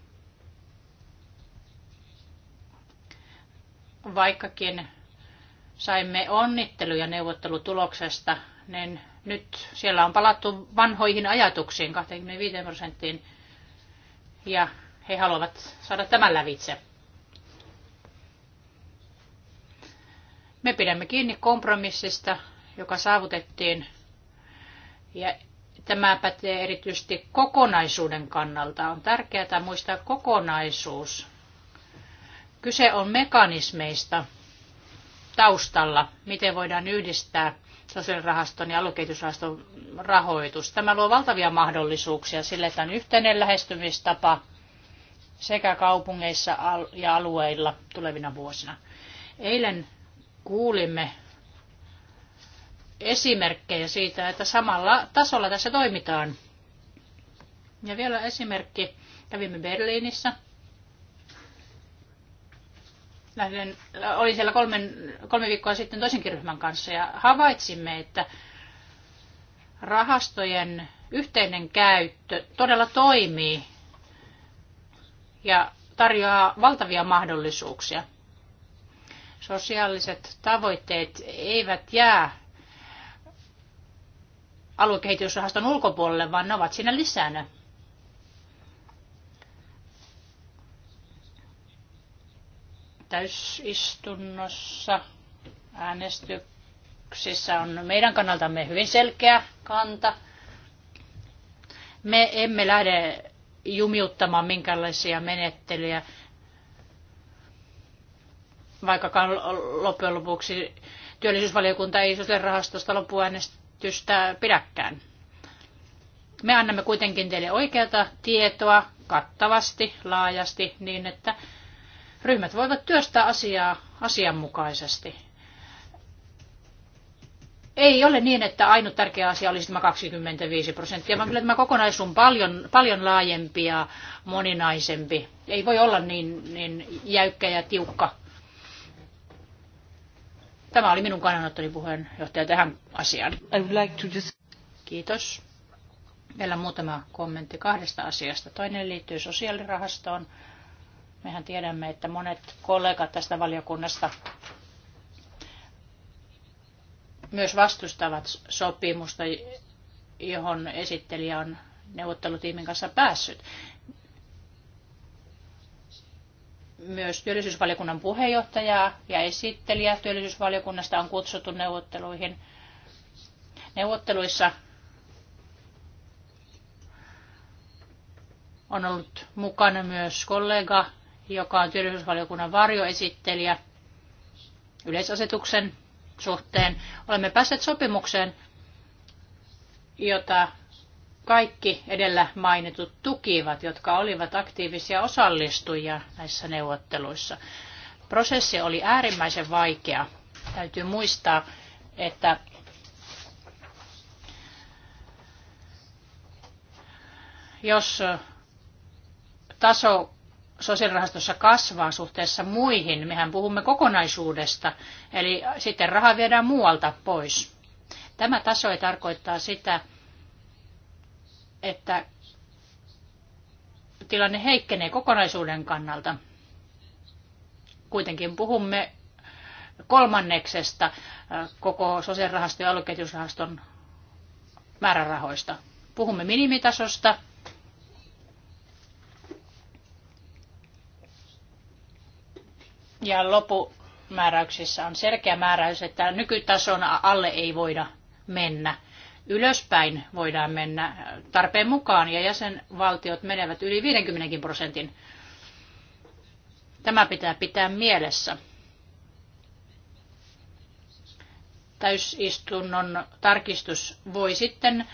vaikkakin saimme onnitteluja neuvottelutuloksesta, niin nyt siellä on palattu vanhoihin ajatuksiin, 25 prosenttiin, ja he haluavat saada tämän lävitse. Me pidämme kiinni kompromissista, joka saavutettiin, ja Tämä pätee erityisesti kokonaisuuden kannalta. On tärkeää muistaa kokonaisuus. Kyse on mekanismeista taustalla, miten voidaan yhdistää sosiaalirahaston ja aluekehitysrahaston rahoitus. Tämä luo valtavia mahdollisuuksia sille, että on yhteinen lähestymistapa sekä kaupungeissa ja alueilla tulevina vuosina. Eilen kuulimme esimerkkejä siitä, että samalla tasolla tässä toimitaan. Ja vielä esimerkki. Kävimme Berliinissä. Lähden, olin siellä kolmen, kolme viikkoa sitten toisenkin ryhmän kanssa ja havaitsimme, että rahastojen yhteinen käyttö todella toimii ja tarjoaa valtavia mahdollisuuksia. Sosiaaliset tavoitteet eivät jää aluekehitysrahaston ulkopuolelle, vaan ne ovat siinä lisänä. Täysistunnossa äänestyksissä on meidän kannaltamme hyvin selkeä kanta. Me emme lähde jumiuttamaan minkälaisia menettelyjä, vaikka loppujen lopuksi työllisyysvaliokunta ei sosiaalirahastosta loppuäänestä selitystä pidäkään. Me annamme kuitenkin teille oikeata tietoa kattavasti, laajasti, niin että ryhmät voivat työstää asiaa asianmukaisesti. Ei ole niin, että ainut tärkeä asia olisi tämä 25 prosenttia, vaan kyllä tämä kokonaisuus on paljon, paljon laajempi ja moninaisempi. Ei voi olla niin, niin jäykkä ja tiukka Tämä oli minun kannanottoni puheenjohtaja tähän asiaan. I would like to just... Kiitos. Vielä muutama kommentti kahdesta asiasta. Toinen liittyy sosiaalirahastoon. Mehän tiedämme, että monet kollegat tästä valiokunnasta myös vastustavat sopimusta, johon esittelijä on neuvottelutiimin kanssa päässyt myös työllisyysvaliokunnan puheenjohtajaa ja esittelijä työllisyysvaliokunnasta on kutsuttu neuvotteluihin. Neuvotteluissa on ollut mukana myös kollega, joka on työllisyysvaliokunnan varjoesittelijä yleisasetuksen suhteen. Olemme päässeet sopimukseen, jota kaikki edellä mainitut tukivat, jotka olivat aktiivisia osallistujia näissä neuvotteluissa. Prosessi oli äärimmäisen vaikea. Täytyy muistaa, että jos taso sosiaalirahastossa kasvaa suhteessa muihin, mehän puhumme kokonaisuudesta, eli sitten raha viedään muualta pois. Tämä taso ei tarkoittaa sitä, että tilanne heikkenee kokonaisuuden kannalta. Kuitenkin puhumme kolmanneksesta äh, koko sosiaalirahaston ja aluekehitysrahaston määrärahoista. Puhumme minimitasosta. Ja lopumääräyksissä on selkeä määräys, että nykytason alle ei voida mennä ylöspäin voidaan mennä tarpeen mukaan ja jäsenvaltiot menevät yli 50 prosentin. Tämä pitää pitää mielessä. Täysistunnon tarkistus voi sitten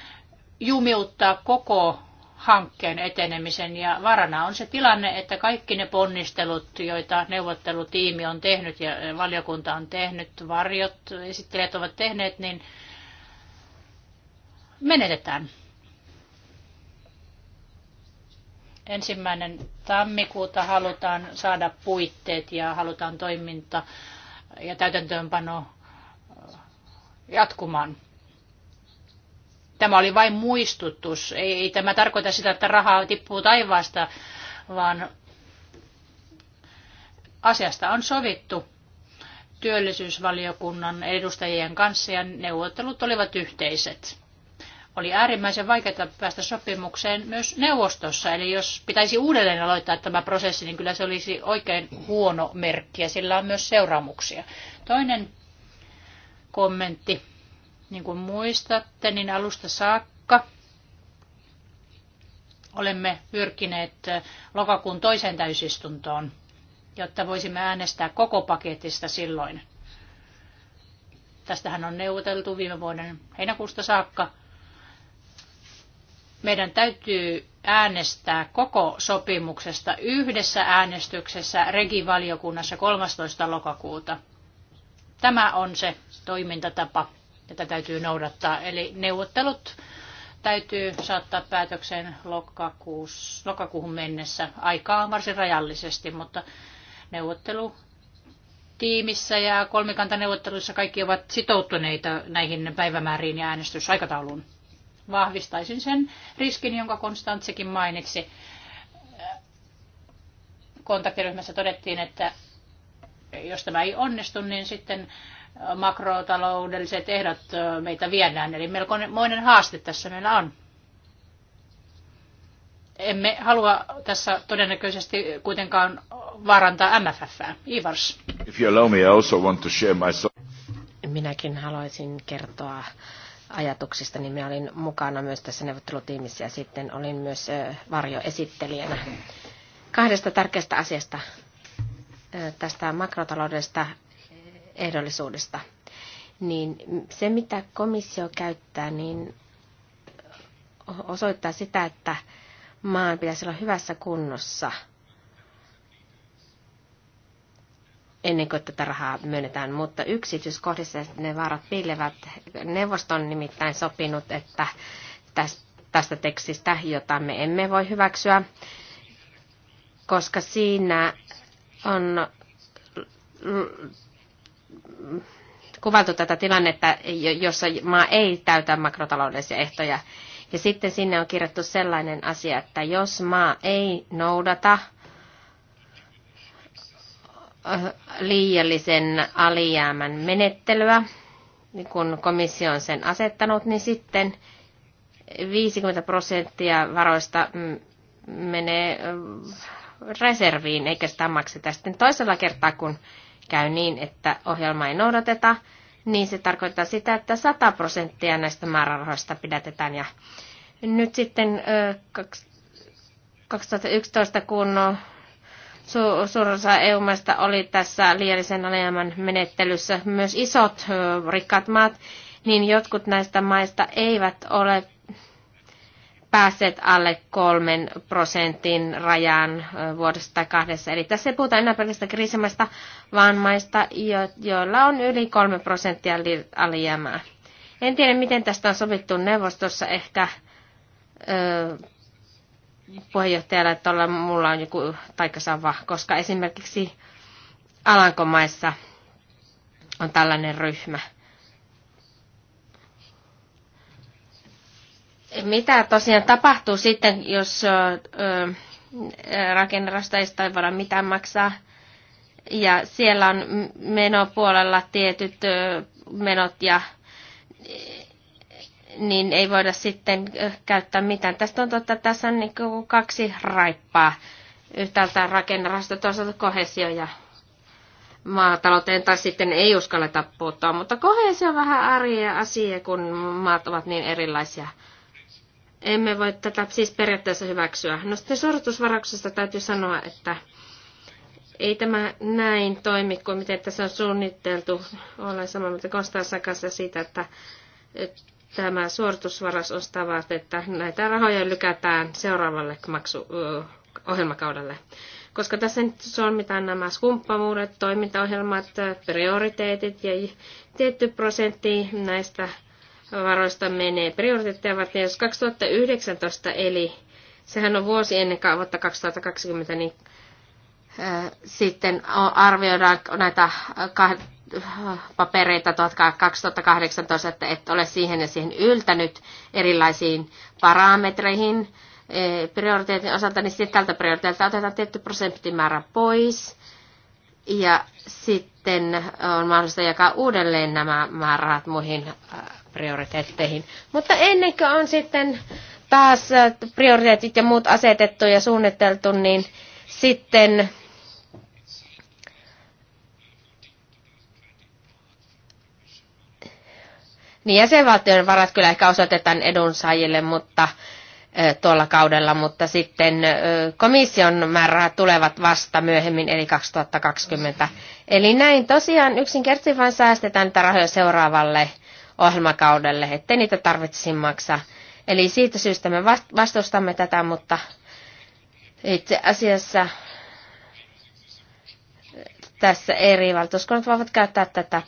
jumiuttaa koko hankkeen etenemisen ja varana on se tilanne, että kaikki ne ponnistelut, joita neuvottelutiimi on tehnyt ja valiokunta on tehnyt, varjot esittelijät ovat tehneet, niin menetetään. Ensimmäinen tammikuuta halutaan saada puitteet ja halutaan toiminta ja täytäntöönpano äh, jatkumaan. Tämä oli vain muistutus. Ei, ei tämä tarkoita sitä, että rahaa tippuu taivaasta, vaan asiasta on sovittu työllisyysvaliokunnan edustajien kanssa ja neuvottelut olivat yhteiset. Oli äärimmäisen vaikeaa päästä sopimukseen myös neuvostossa, eli jos pitäisi uudelleen aloittaa tämä prosessi, niin kyllä se olisi oikein huono merkki ja sillä on myös seuraamuksia. Toinen kommentti, niin kuin muistatte, niin alusta saakka olemme pyrkineet lokakuun toiseen täysistuntoon, jotta voisimme äänestää koko paketista silloin. Tästähän on neuvoteltu viime vuoden heinäkuusta saakka meidän täytyy äänestää koko sopimuksesta yhdessä äänestyksessä regivaliokunnassa 13. lokakuuta. Tämä on se toimintatapa, jota täytyy noudattaa. Eli neuvottelut täytyy saattaa päätökseen lokakuuhun mennessä. Aikaa on varsin rajallisesti, mutta neuvottelu tiimissä ja kolmikantaneuvotteluissa kaikki ovat sitoutuneita näihin päivämääriin ja äänestysaikatauluun vahvistaisin sen riskin, jonka Konstantsekin mainitsi. Kontaktiryhmässä todettiin, että jos tämä ei onnistu, niin sitten makrotaloudelliset ehdot meitä viedään. Eli melkoinen haaste tässä meillä on. Emme halua tässä todennäköisesti kuitenkaan vaarantaa MFFää. Ivars. If you allow me, I also want to share my... Minäkin haluaisin kertoa ajatuksista, niin minä olin mukana myös tässä neuvottelutiimissä ja sitten olin myös varjoesittelijänä kahdesta tärkeästä asiasta tästä makrotaloudesta ehdollisuudesta. Niin se, mitä komissio käyttää, niin osoittaa sitä, että maan pitäisi olla hyvässä kunnossa – ennen kuin tätä rahaa myönnetään, mutta yksityiskohdissa ne vaarat piilevät. Neuvosto on nimittäin sopinut, että tästä tekstistä, jota me emme voi hyväksyä, koska siinä on kuvattu tätä tilannetta, jossa maa ei täytä makrotaloudellisia ehtoja. Ja sitten sinne on kirjattu sellainen asia, että jos maa ei noudata Äh, liiallisen alijäämän menettelyä, niin kun komissio on sen asettanut, niin sitten 50 prosenttia varoista menee äh, reserviin, eikä sitä makseta sitten toisella kertaa, kun käy niin, että ohjelma ei noudateta, niin se tarkoittaa sitä, että 100 prosenttia näistä määrärahoista pidätetään. Ja nyt sitten 2011, äh, kun su- suurin osa EU-maista oli tässä liiallisen alijäämän menettelyssä. Myös isot rikkaat maat, niin jotkut näistä maista eivät ole päässeet alle kolmen prosentin rajaan vuodesta tai kahdessa. Eli tässä ei puhuta enää pelkästään kriisimaista, vaan maista, jo- joilla on yli kolme prosenttia alijäämää. En tiedä, miten tästä on sovittu neuvostossa. Ehkä puheenjohtajalla, että olla, mulla on joku taikasava, koska esimerkiksi Alankomaissa on tällainen ryhmä. Mitä tosiaan tapahtuu sitten, jos ö, rakennerastoista ei voida mitään maksaa? Ja siellä on menopuolella tietyt menot ja niin ei voida sitten käyttää mitään. Tästä on totta, tässä on niin kaksi raippaa. Yhtäältä rakennerahasto, toisaalta kohesio ja maatalouteen, tai sitten ei uskalleta puuttua. Mutta kohesio on vähän arjen asia, kun maat ovat niin erilaisia. Emme voi tätä siis periaatteessa hyväksyä. No sitten suoritusvarauksesta täytyy sanoa, että ei tämä näin toimi kuin miten tässä on suunniteltu. Olen samaa mieltä Konstantin kanssa siitä, että tämä suoritusvaras on sitä varten, että näitä rahoja lykätään seuraavalle maksu, ohjelmakaudelle. Koska tässä nyt on mitään nämä skumppamuudet, toimintaohjelmat, prioriteetit ja tietty prosentti näistä varoista menee prioriteetteja varten. Jos 2019 eli sehän on vuosi ennen vuotta 2020, niin sitten arvioidaan näitä papereita 2018, että et ole siihen ja siihen yltänyt erilaisiin parametreihin e, prioriteetin osalta, niin sitten tältä prioriteetilta otetaan tietty prosenttimäärä pois. Ja sitten on mahdollista jakaa uudelleen nämä määrät muihin prioriteetteihin. Mutta ennen kuin on sitten taas prioriteetit ja muut asetettu ja suunniteltu, niin sitten Niin jäsenvaltioiden varat kyllä ehkä osoitetaan edunsaajille, mutta tuolla kaudella, mutta sitten komission määrärahat tulevat vasta myöhemmin, eli 2020. Eli näin tosiaan yksinkertaisesti vain säästetään niitä rahoja seuraavalle ohjelmakaudelle, ettei niitä tarvitsisi maksaa. Eli siitä syystä me vastustamme tätä, mutta itse asiassa tässä eri valtuuskunnat voivat käyttää tätä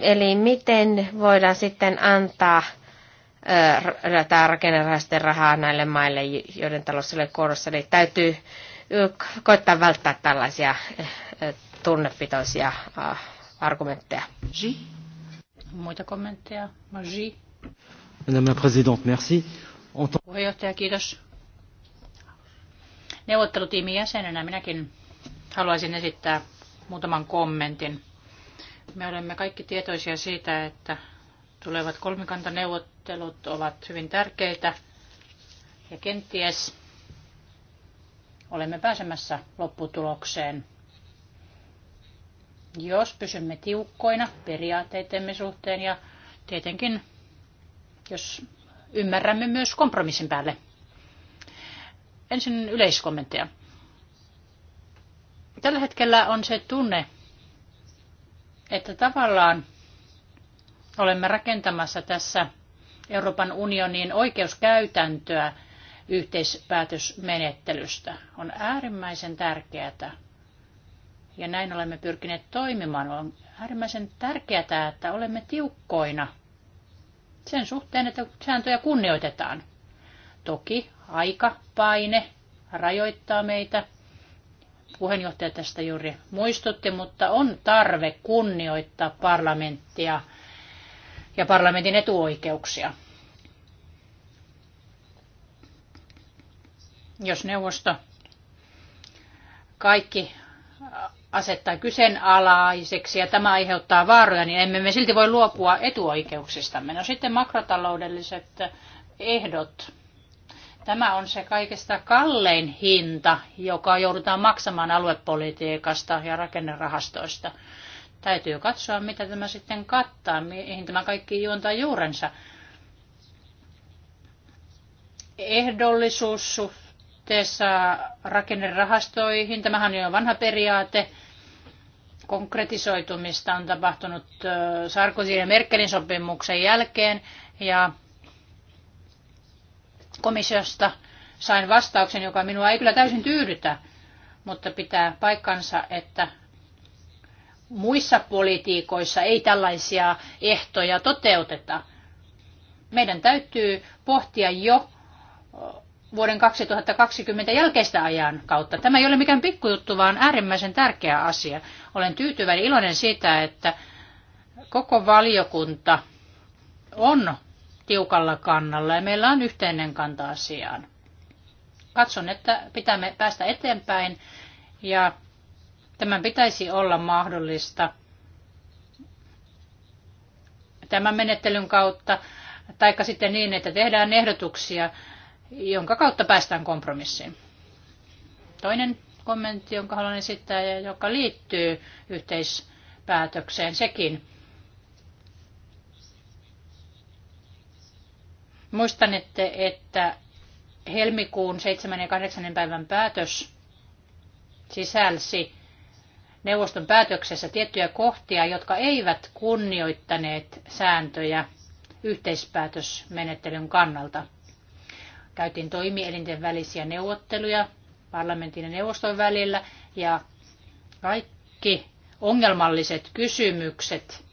Eli miten voidaan sitten antaa tämä rakennerahasten rahaa näille maille, joiden talous oli ole korossa. täytyy koittaa välttää tällaisia tunnepitoisia argumentteja. Ji. Muita kommentteja? Ji. Madame la Présidente, merci. Ent- Puheenjohtaja, kiitos. Neuvottelutiimin jäsenenä minäkin haluaisin esittää muutaman kommentin. Me olemme kaikki tietoisia siitä, että tulevat kolmikantaneuvottelut ovat hyvin tärkeitä ja kenties olemme pääsemässä lopputulokseen. Jos pysymme tiukkoina periaatteidemme suhteen ja tietenkin jos ymmärrämme myös kompromissin päälle. Ensin yleiskommentteja. Tällä hetkellä on se tunne, että tavallaan olemme rakentamassa tässä Euroopan unionin oikeuskäytäntöä yhteispäätösmenettelystä. On äärimmäisen tärkeää, ja näin olemme pyrkineet toimimaan. On äärimmäisen tärkeää, että olemme tiukkoina sen suhteen, että sääntöjä kunnioitetaan. Toki aika, paine rajoittaa meitä, Puheenjohtaja tästä juuri muistutti, mutta on tarve kunnioittaa parlamenttia ja parlamentin etuoikeuksia. Jos neuvosto kaikki asettaa kyseenalaiseksi ja tämä aiheuttaa vaaroja, niin emme me silti voi luopua etuoikeuksistamme. No sitten makrotaloudelliset ehdot. Tämä on se kaikista kallein hinta, joka joudutaan maksamaan aluepolitiikasta ja rakennerahastoista. Täytyy katsoa, mitä tämä sitten kattaa, mihin tämä kaikki juontaa juurensa. Ehdollisuus suhteessa rakennerahastoihin, tämähän on jo vanha periaate, konkretisoitumista on tapahtunut Sarkozy ja Merkelin sopimuksen jälkeen, ja komissiosta sain vastauksen, joka minua ei kyllä täysin tyydytä, mutta pitää paikkansa, että muissa politiikoissa ei tällaisia ehtoja toteuteta. Meidän täytyy pohtia jo vuoden 2020 jälkeistä ajan kautta. Tämä ei ole mikään pikkujuttu, vaan äärimmäisen tärkeä asia. Olen tyytyväinen iloinen siitä, että koko valiokunta on tiukalla kannalla ja meillä on yhteinen kanta asiaan. Katson, että pitämme päästä eteenpäin ja tämän pitäisi olla mahdollista tämän menettelyn kautta, taikka sitten niin, että tehdään ehdotuksia, jonka kautta päästään kompromissiin. Toinen kommentti, jonka haluan esittää ja joka liittyy yhteispäätökseen, sekin että, että helmikuun 7. ja 8. päivän päätös sisälsi neuvoston päätöksessä tiettyjä kohtia, jotka eivät kunnioittaneet sääntöjä yhteispäätösmenettelyn kannalta. Käytiin toimielinten välisiä neuvotteluja parlamentin ja neuvoston välillä ja kaikki ongelmalliset kysymykset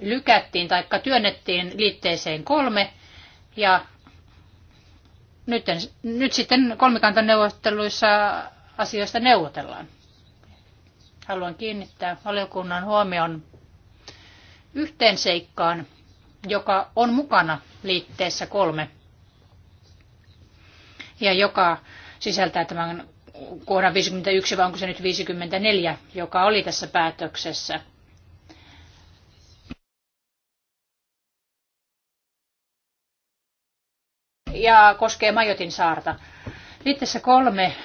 lykättiin tai työnnettiin liitteeseen kolme ja nyt, nyt sitten kolmikantaneuvotteluissa asioista neuvotellaan. Haluan kiinnittää valiokunnan huomion yhteen seikkaan, joka on mukana liitteessä kolme ja joka sisältää tämän kohdan 51 vai onko se nyt 54, joka oli tässä päätöksessä – ja koskee Majotin saarta. Liitteessä kolme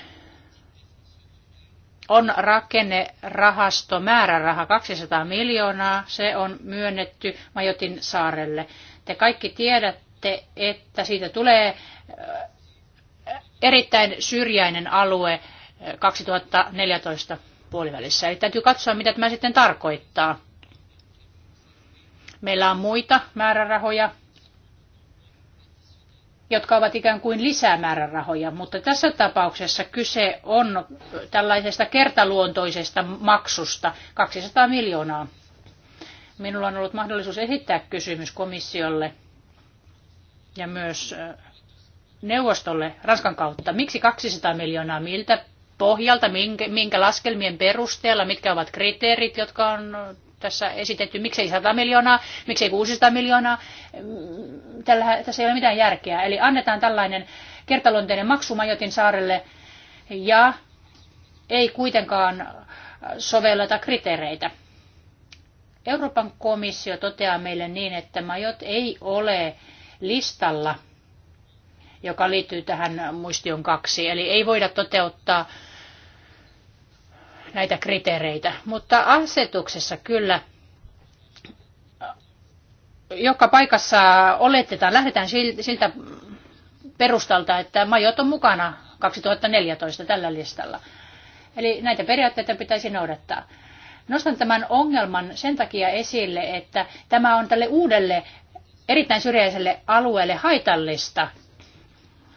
on rakennerahasto määräraha 200 miljoonaa. Se on myönnetty Majotin saarelle. Te kaikki tiedätte, että siitä tulee äh, erittäin syrjäinen alue 2014 äh, puolivälissä. Eli täytyy katsoa, mitä tämä sitten tarkoittaa. Meillä on muita määrärahoja, jotka ovat ikään kuin lisämäärärahoja, mutta tässä tapauksessa kyse on tällaisesta kertaluontoisesta maksusta 200 miljoonaa. Minulla on ollut mahdollisuus esittää kysymys komissiolle ja myös äh, neuvostolle Ranskan kautta. Miksi 200 miljoonaa? Miltä pohjalta, minkä, minkä laskelmien perusteella, mitkä ovat kriteerit, jotka on tässä esitetty, miksei 100 miljoonaa, miksei 600 miljoonaa. Mm, tällä, tässä ei ole mitään järkeä. Eli annetaan tällainen kertaluonteinen maksu Majotin saarelle ja ei kuitenkaan sovelleta kriteereitä. Euroopan komissio toteaa meille niin, että Majot ei ole listalla, joka liittyy tähän muistion kaksi. Eli ei voida toteuttaa näitä kriteereitä, mutta asetuksessa kyllä joka paikassa oletetaan, lähdetään siltä perustalta, että majot on mukana 2014 tällä listalla. Eli näitä periaatteita pitäisi noudattaa. Nostan tämän ongelman sen takia esille, että tämä on tälle uudelle erittäin syrjäiselle alueelle haitallista.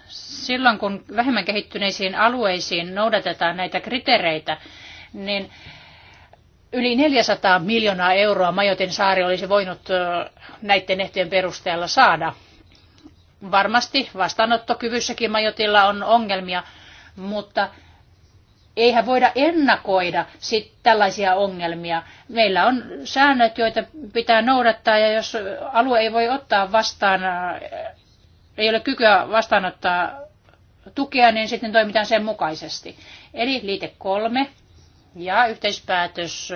Silloin kun vähemmän kehittyneisiin alueisiin noudatetaan näitä kriteereitä, niin yli 400 miljoonaa euroa Majotin saari olisi voinut näiden ehtojen perusteella saada. Varmasti vastaanottokyvyssäkin Majotilla on ongelmia, mutta eihän voida ennakoida sit tällaisia ongelmia. Meillä on säännöt, joita pitää noudattaa, ja jos alue ei voi ottaa vastaan, ei ole kykyä vastaanottaa tukea, niin sitten toimitaan sen mukaisesti. Eli liite kolme, ja yhteispäätös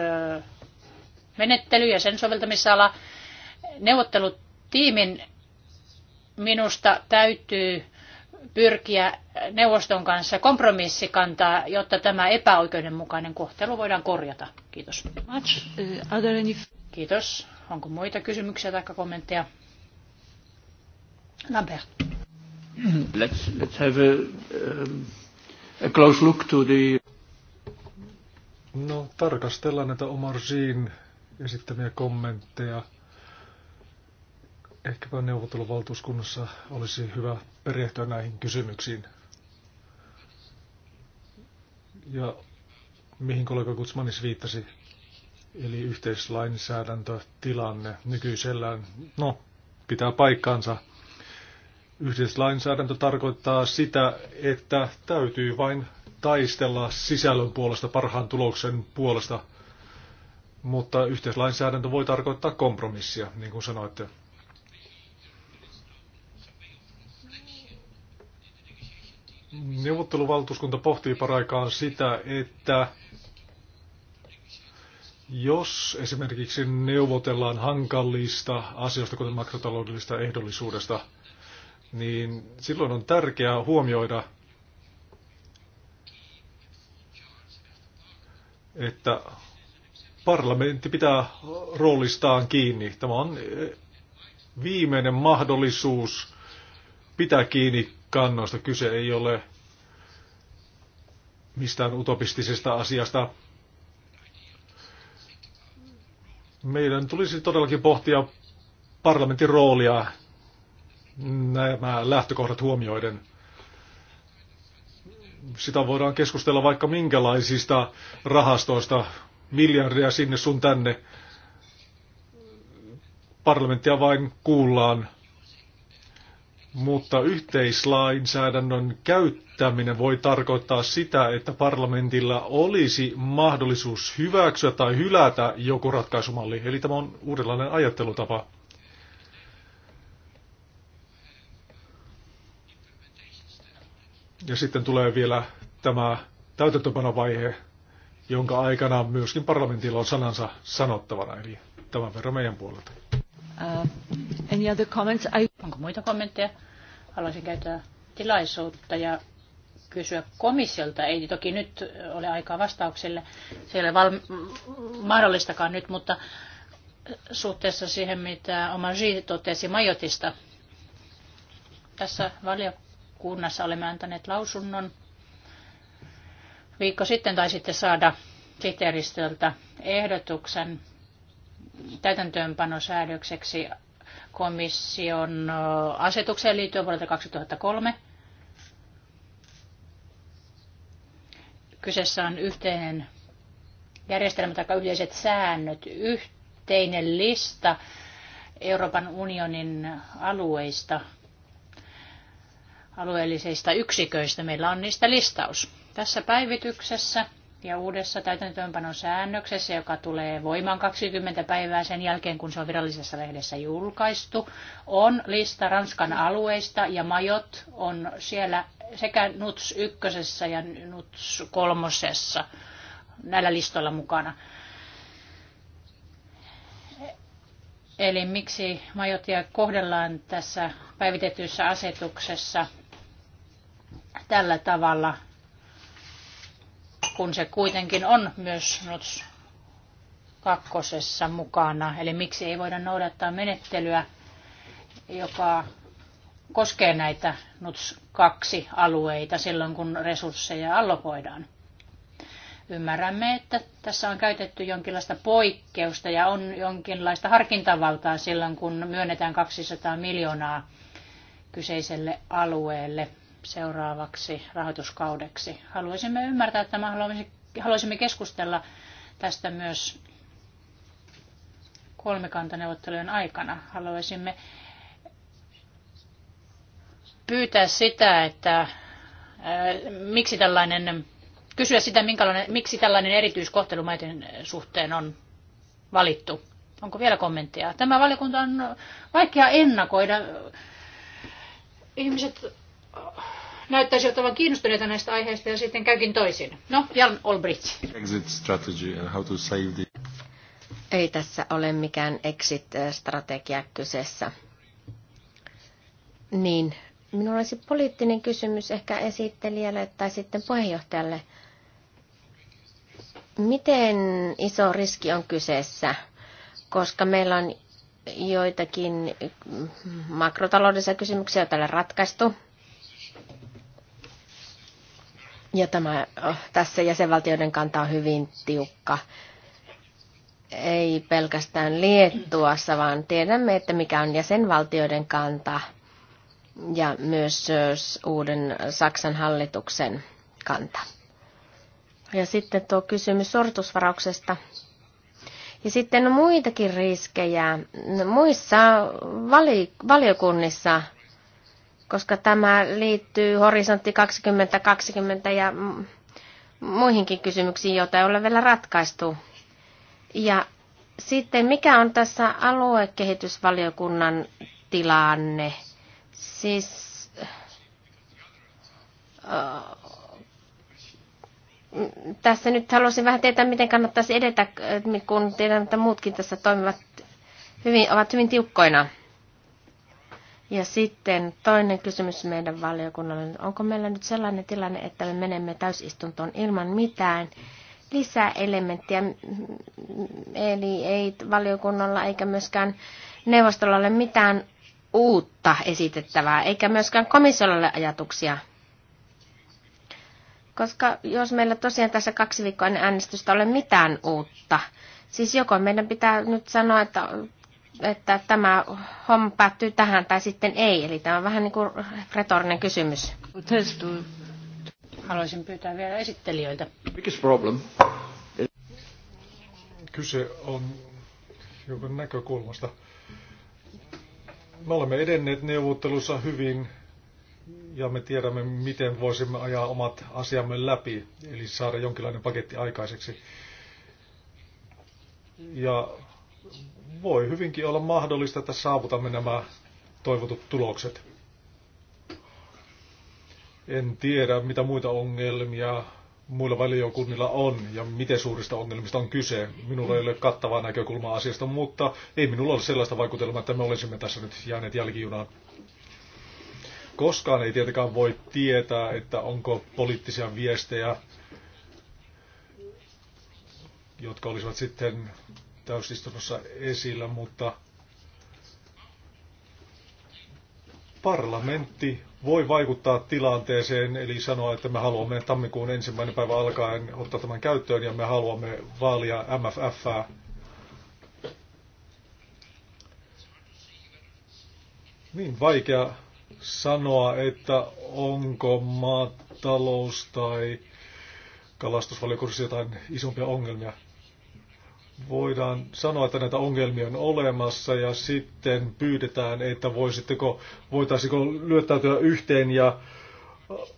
menettely ja sen soveltamisala. Neuvottelutiimin minusta täytyy pyrkiä neuvoston kanssa kompromissikantaa, jotta tämä epäoikeudenmukainen kohtelu voidaan korjata. Kiitos. Uh, Kiitos. Onko muita kysymyksiä tai kommentteja? Lambert. Let's, let's have a, um, a close look to the... No, tarkastellaan näitä Omar Jean esittämiä kommentteja. Ehkäpä neuvotteluvaltuuskunnassa olisi hyvä perehtyä näihin kysymyksiin. Ja mihin kollega Kutsmanis viittasi, eli yhteislainsäädäntötilanne nykyisellään, no, pitää paikkansa. Yhteislainsäädäntö tarkoittaa sitä, että täytyy vain taistella sisällön puolesta, parhaan tuloksen puolesta, mutta yhteislainsäädäntö voi tarkoittaa kompromissia, niin kuin sanoitte. Neuvotteluvaltuuskunta pohtii paraikaan sitä, että jos esimerkiksi neuvotellaan hankalista asioista, kuten makrotaloudellista ehdollisuudesta, niin silloin on tärkeää huomioida että parlamentti pitää roolistaan kiinni. Tämä on eh, viimeinen mahdollisuus pitää kiinni kannoista. Kyse ei ole mistään utopistisesta asiasta. Meidän tulisi todellakin pohtia parlamentin roolia nämä lähtökohdat huomioiden sitä voidaan keskustella vaikka minkälaisista rahastoista, miljardia sinne sun tänne. Parlamenttia vain kuullaan, mutta yhteislainsäädännön käyttäminen voi tarkoittaa sitä, että parlamentilla olisi mahdollisuus hyväksyä tai hylätä joku ratkaisumalli. Eli tämä on uudenlainen ajattelutapa. Ja sitten tulee vielä tämä täytäntöpanovaihe, jonka aikana myöskin parlamentilla on sanansa sanottavana, eli tämän verran meidän puolelta. Uh, any other comments? I... Onko muita kommentteja? Haluaisin käyttää tilaisuutta ja kysyä komissiolta. Ei toki nyt ole aikaa vastauksille, se ei ole val- mahdollistakaan nyt, mutta suhteessa siihen, mitä Omar G. totesi Majotista. Tässä valiokunnassa kunnassa olemme antaneet lausunnon. Viikko sitten taisitte saada sihteeristöltä ehdotuksen täytäntöönpanosäädökseksi komission asetukseen liittyen vuodelta 2003. Kyseessä on yhteinen järjestelmä tai yleiset säännöt, yhteinen lista Euroopan unionin alueista, alueellisista yksiköistä. Meillä on niistä listaus. Tässä päivityksessä ja uudessa täytäntöönpanosäännöksessä, joka tulee voimaan 20 päivää sen jälkeen, kun se on virallisessa lehdessä julkaistu, on lista Ranskan alueista ja majot on siellä sekä NUTS 1 ja NUTS 3 näillä listoilla mukana. Eli miksi majotia kohdellaan tässä päivitetyssä asetuksessa tällä tavalla, kun se kuitenkin on myös NUTS kakkosessa mukana. Eli miksi ei voida noudattaa menettelyä, joka koskee näitä NUTS kaksi alueita silloin, kun resursseja allokoidaan. Ymmärrämme, että tässä on käytetty jonkinlaista poikkeusta ja on jonkinlaista harkintavaltaa silloin, kun myönnetään 200 miljoonaa kyseiselle alueelle seuraavaksi rahoituskaudeksi. Haluaisimme ymmärtää että haluaisimme keskustella tästä myös kolmikantaneuvottelujen aikana. Haluaisimme pyytää sitä, että äh, miksi tällainen, kysyä sitä, minkälainen, miksi tällainen erityiskohtelu maiden suhteen on valittu. Onko vielä kommentteja? Tämä valiokunta on vaikea ennakoida. Ihmiset näyttäisivät olevan kiinnostuneita näistä aiheista ja sitten käykin toisin. No, Jan Olbricht. Exit strategy and how to save the... Ei tässä ole mikään exit-strategia kyseessä. Niin, minulla olisi poliittinen kysymys ehkä esittelijälle tai sitten puheenjohtajalle. Miten iso riski on kyseessä? Koska meillä on joitakin makrotaloudellisia kysymyksiä, tällä ratkaistu ja tämä, oh, tässä jäsenvaltioiden kanta on hyvin tiukka. Ei pelkästään Liettuassa, vaan tiedämme, että mikä on jäsenvaltioiden kanta ja myös uuden Saksan hallituksen kanta. Ja sitten tuo kysymys sortusvarauksesta. Ja sitten on muitakin riskejä muissa valiokunnissa koska tämä liittyy horisontti 2020 ja muihinkin kysymyksiin, joita ei ole vielä ratkaistu. Ja sitten mikä on tässä aluekehitysvaliokunnan tilanne? Siis tässä nyt haluaisin vähän tietää, miten kannattaisi edetä, kun tiedän, että muutkin tässä toimivat hyvin, ovat hyvin tiukkoina. Ja sitten toinen kysymys meidän valiokunnalle. Onko meillä nyt sellainen tilanne, että me menemme täysistuntoon ilman mitään lisäelementtiä, eli ei valiokunnalla eikä myöskään neuvostolla ole mitään uutta esitettävää, eikä myöskään komissiolla ole ajatuksia. Koska jos meillä tosiaan tässä kaksi viikkoa äänestystä ole mitään uutta, siis joko meidän pitää nyt sanoa, että että tämä homma päättyy tähän tai sitten ei. Eli tämä on vähän niin kuin retorinen kysymys. Haluaisin pyytää vielä esittelijöiltä. Biggest problem. Kyse on hiukan näkökulmasta. Me olemme edenneet neuvottelussa hyvin ja me tiedämme, miten voisimme ajaa omat asiamme läpi, eli saada jonkinlainen paketti aikaiseksi. Ja voi hyvinkin olla mahdollista, että saavutamme nämä toivotut tulokset. En tiedä, mitä muita ongelmia muilla valiokunnilla on ja miten suurista ongelmista on kyse. Minulla ei ole kattavaa näkökulmaa asiasta, mutta ei minulla ole sellaista vaikutelmaa, että me olisimme tässä nyt jääneet jälkijunaan. Koskaan ei tietenkään voi tietää, että onko poliittisia viestejä, jotka olisivat sitten täysistunnossa esillä, mutta parlamentti voi vaikuttaa tilanteeseen, eli sanoa, että me haluamme tammikuun ensimmäinen päivä alkaen ottaa tämän käyttöön ja me haluamme vaalia MFF. -ää. Niin vaikea sanoa, että onko maatalous tai kalastusvaliokunnassa jotain isompia ongelmia voidaan sanoa, että näitä ongelmia on olemassa ja sitten pyydetään, että voisitteko, voitaisiko lyöttäytyä yhteen ja äh,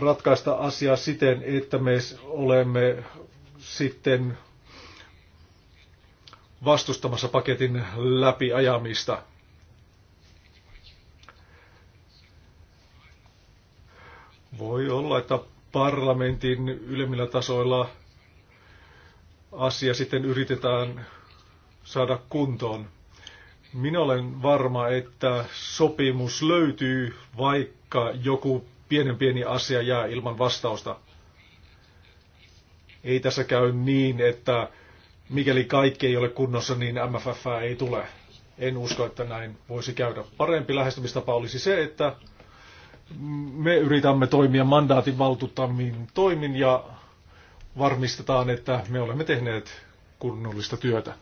ratkaista asiaa siten, että me olemme sitten vastustamassa paketin läpiajamista. Voi olla, että parlamentin ylemmillä tasoilla asia sitten yritetään saada kuntoon. Minä olen varma, että sopimus löytyy, vaikka joku pienen pieni asia jää ilman vastausta. Ei tässä käy niin, että mikäli kaikki ei ole kunnossa, niin MFF ei tule. En usko, että näin voisi käydä. Parempi lähestymistapa olisi se, että me yritämme toimia mandaatin valtuuttamin toimin ja varmistetaan, että me olemme tehneet kunnollista työtä.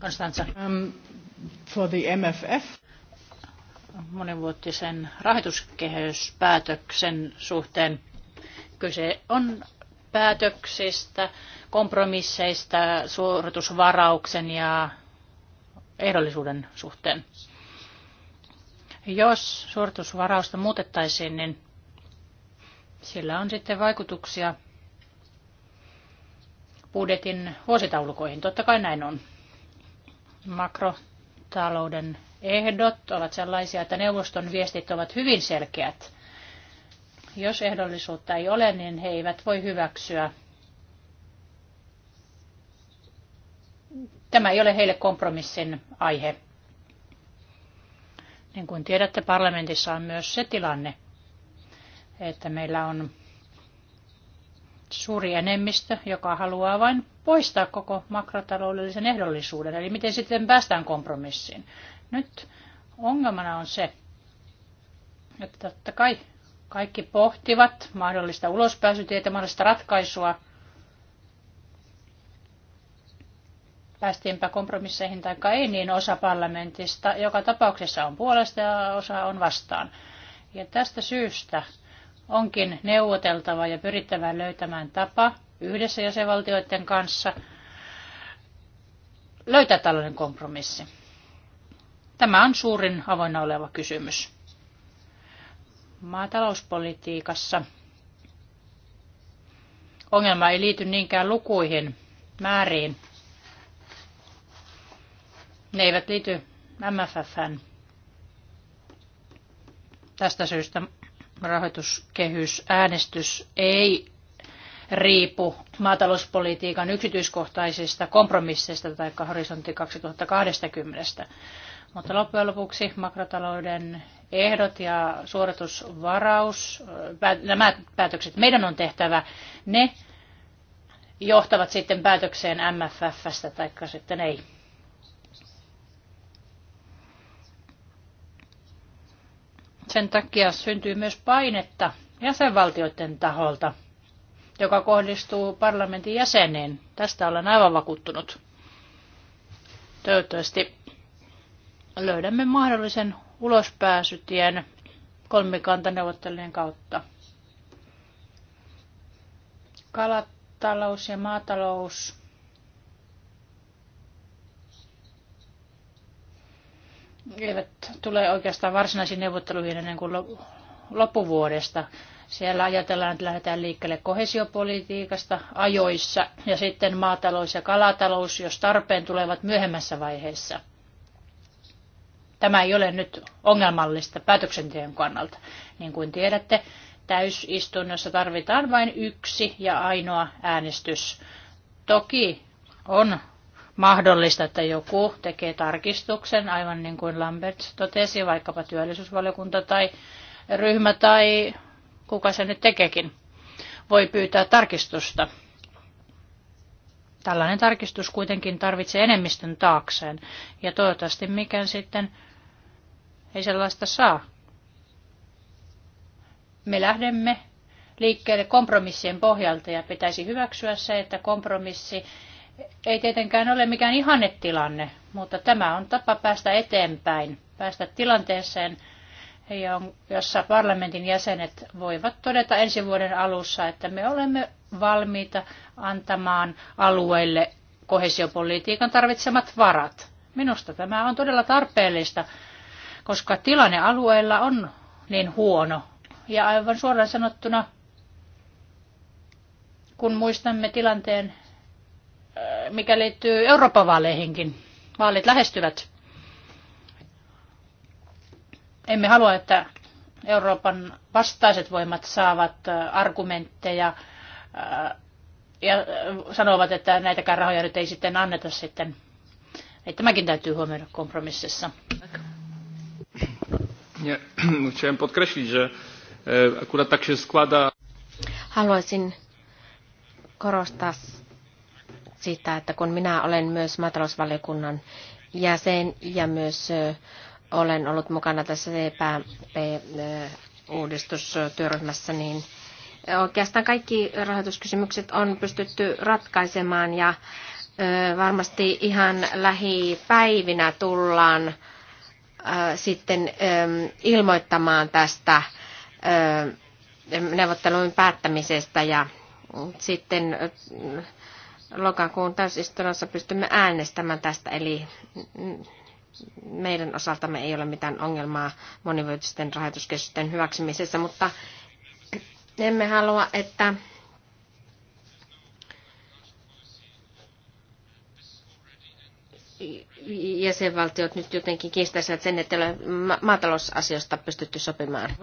Konstanza. Um, for the MFF. Monivuotisen rahoituskehyspäätöksen suhteen kyse on päätöksistä, kompromisseista, suoritusvarauksen ja ehdollisuuden suhteen. Jos suoritusvarausta muutettaisiin, niin sillä on sitten vaikutuksia budjetin vuositaulukoihin. Totta kai näin on. Makrotalouden ehdot ovat sellaisia, että neuvoston viestit ovat hyvin selkeät. Jos ehdollisuutta ei ole, niin he eivät voi hyväksyä. Tämä ei ole heille kompromissin aihe. Niin kuin tiedätte, parlamentissa on myös se tilanne, että meillä on suuri enemmistö, joka haluaa vain poistaa koko makrotaloudellisen ehdollisuuden. Eli miten sitten päästään kompromissiin? Nyt ongelmana on se, että totta kai kaikki pohtivat mahdollista ulospääsytietä, mahdollista ratkaisua. Päästiinpä kompromisseihin tai ei, niin osa parlamentista joka tapauksessa on puolesta ja osa on vastaan. Ja tästä syystä onkin neuvoteltava ja pyrittävä löytämään tapa yhdessä jäsenvaltioiden kanssa löytää tällainen kompromissi. Tämä on suurin avoinna oleva kysymys. Maatalouspolitiikassa ongelma ei liity niinkään lukuihin, määriin. Ne eivät liity MFFään. Tästä syystä rahoituskehysäänestys ei riipu maatalouspolitiikan yksityiskohtaisista kompromisseista tai horisontti 2020. Mutta loppujen lopuksi makrotalouden ehdot ja suoritusvaraus, nämä päätökset meidän on tehtävä, ne johtavat sitten päätökseen MFFstä tai sitten ei. Sen takia syntyy myös painetta jäsenvaltioiden taholta, joka kohdistuu parlamentin jäseniin. Tästä olen aivan vakuuttunut. Toivottavasti löydämme mahdollisen ulospääsytien kolmikantaneuvottelujen kautta. Kalatalous ja maatalous eivät tule oikeastaan varsinaisiin neuvotteluihin ennen kuin loppuvuodesta. Siellä ajatellaan, että lähdetään liikkeelle kohesiopolitiikasta ajoissa ja sitten maatalous ja kalatalous, jos tarpeen tulevat myöhemmässä vaiheessa. Tämä ei ole nyt ongelmallista päätöksenteon kannalta. Niin kuin tiedätte, täysistunnossa tarvitaan vain yksi ja ainoa äänestys. Toki on mahdollista, että joku tekee tarkistuksen, aivan niin kuin Lambert totesi, vaikkapa työllisyysvaliokunta tai ryhmä tai kuka se nyt tekeekin, voi pyytää tarkistusta. Tällainen tarkistus kuitenkin tarvitsee enemmistön taakseen, ja toivottavasti mikään sitten ei sellaista saa. Me lähdemme liikkeelle kompromissien pohjalta ja pitäisi hyväksyä se, että kompromissi ei tietenkään ole mikään ihannetilanne, mutta tämä on tapa päästä eteenpäin, päästä tilanteeseen, jossa parlamentin jäsenet voivat todeta ensi vuoden alussa, että me olemme valmiita antamaan alueille kohesiopolitiikan tarvitsemat varat. Minusta tämä on todella tarpeellista, koska tilanne alueella on niin huono. Ja aivan suoraan sanottuna, kun muistamme tilanteen mikä liittyy Euroopan vaaleihinkin. Vaalit lähestyvät. Emme halua, että Euroopan vastaiset voimat saavat äh, argumentteja äh, ja äh, sanovat, että näitäkään rahoja nyt ei sitten anneta sitten. Ei tämäkin täytyy huomioida kompromississa. E, Haluaisin korostaa sitä, että kun minä olen myös maatalousvaliokunnan jäsen ja myös olen ollut mukana tässä CPP-uudistustyöryhmässä, niin oikeastaan kaikki rahoituskysymykset on pystytty ratkaisemaan ja varmasti ihan lähipäivinä tullaan sitten ilmoittamaan tästä neuvottelujen päättämisestä ja sitten lokakuun täysistunnossa pystymme äänestämään tästä, eli meidän osaltamme ei ole mitään ongelmaa monivuotisten rahoituskeskusten hyväksymisessä, mutta emme halua, että jäsenvaltiot nyt jotenkin kiistäisivät sen, että ei ole maatalousasioista pystytty sopimaan.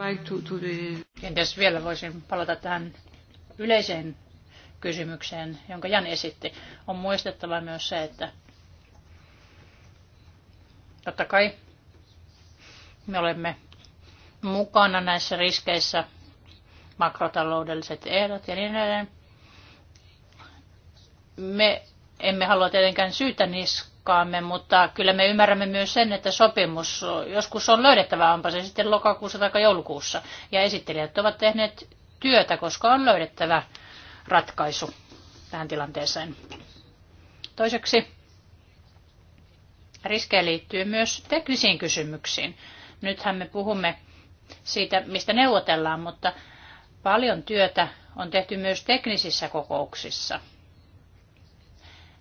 Kenties vielä voisin palata tähän yleiseen kysymykseen, jonka Jan esitti, on muistettava myös se, että totta kai me olemme mukana näissä riskeissä, makrotaloudelliset ehdot ja niin edelleen. Me emme halua tietenkään syytä niskaamme, mutta kyllä me ymmärrämme myös sen, että sopimus joskus on löydettävä, onpa se sitten lokakuussa tai joulukuussa. Ja esittelijät ovat tehneet työtä, koska on löydettävä ratkaisu tähän tilanteeseen. Toiseksi riskejä liittyy myös teknisiin kysymyksiin. Nythän me puhumme siitä, mistä neuvotellaan, mutta paljon työtä on tehty myös teknisissä kokouksissa.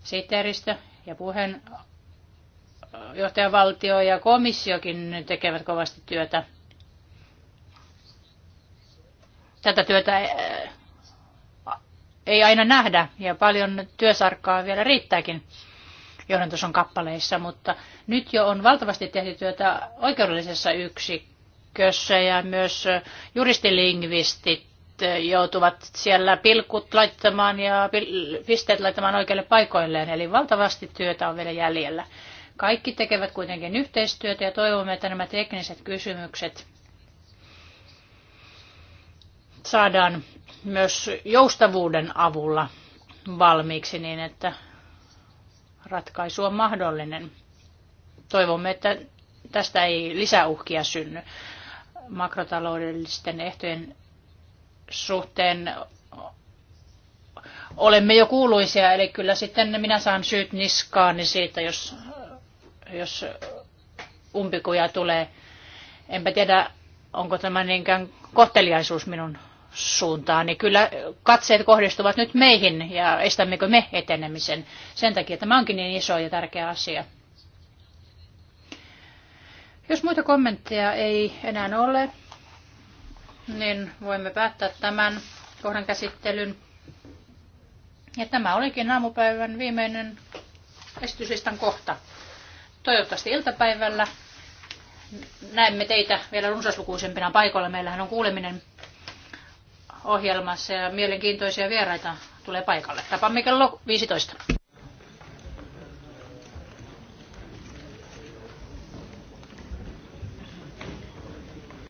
Sihteeristö ja johtajavaltio ja komissiokin tekevät kovasti työtä. Tätä työtä ei aina nähdä ja paljon työsarkkaa vielä riittääkin johdantoson kappaleissa, mutta nyt jo on valtavasti tehty työtä oikeudellisessa yksikössä ja myös juristilingvistit joutuvat siellä pilkut laittamaan ja pisteet laittamaan oikeille paikoilleen, eli valtavasti työtä on vielä jäljellä. Kaikki tekevät kuitenkin yhteistyötä ja toivomme, että nämä tekniset kysymykset saadaan myös joustavuuden avulla valmiiksi niin, että ratkaisu on mahdollinen. Toivomme, että tästä ei lisäuhkia synny. Makrotaloudellisten ehtojen suhteen olemme jo kuuluisia, eli kyllä sitten minä saan syyt niskaani siitä, jos, jos umpikuja tulee. Enpä tiedä, onko tämä niinkään kohteliaisuus minun suuntaan, niin kyllä katseet kohdistuvat nyt meihin ja estämmekö me etenemisen. Sen takia tämä onkin niin iso ja tärkeä asia. Jos muita kommentteja ei enää ole, niin voimme päättää tämän kohdan käsittelyn. Ja tämä olikin aamupäivän viimeinen esityslistan kohta. Toivottavasti iltapäivällä näemme teitä vielä runsaslukuisempina paikoilla. Meillähän on kuuleminen ohjelmassa ja mielenkiintoisia vieraita tulee paikalle. Tapaamme kello 15.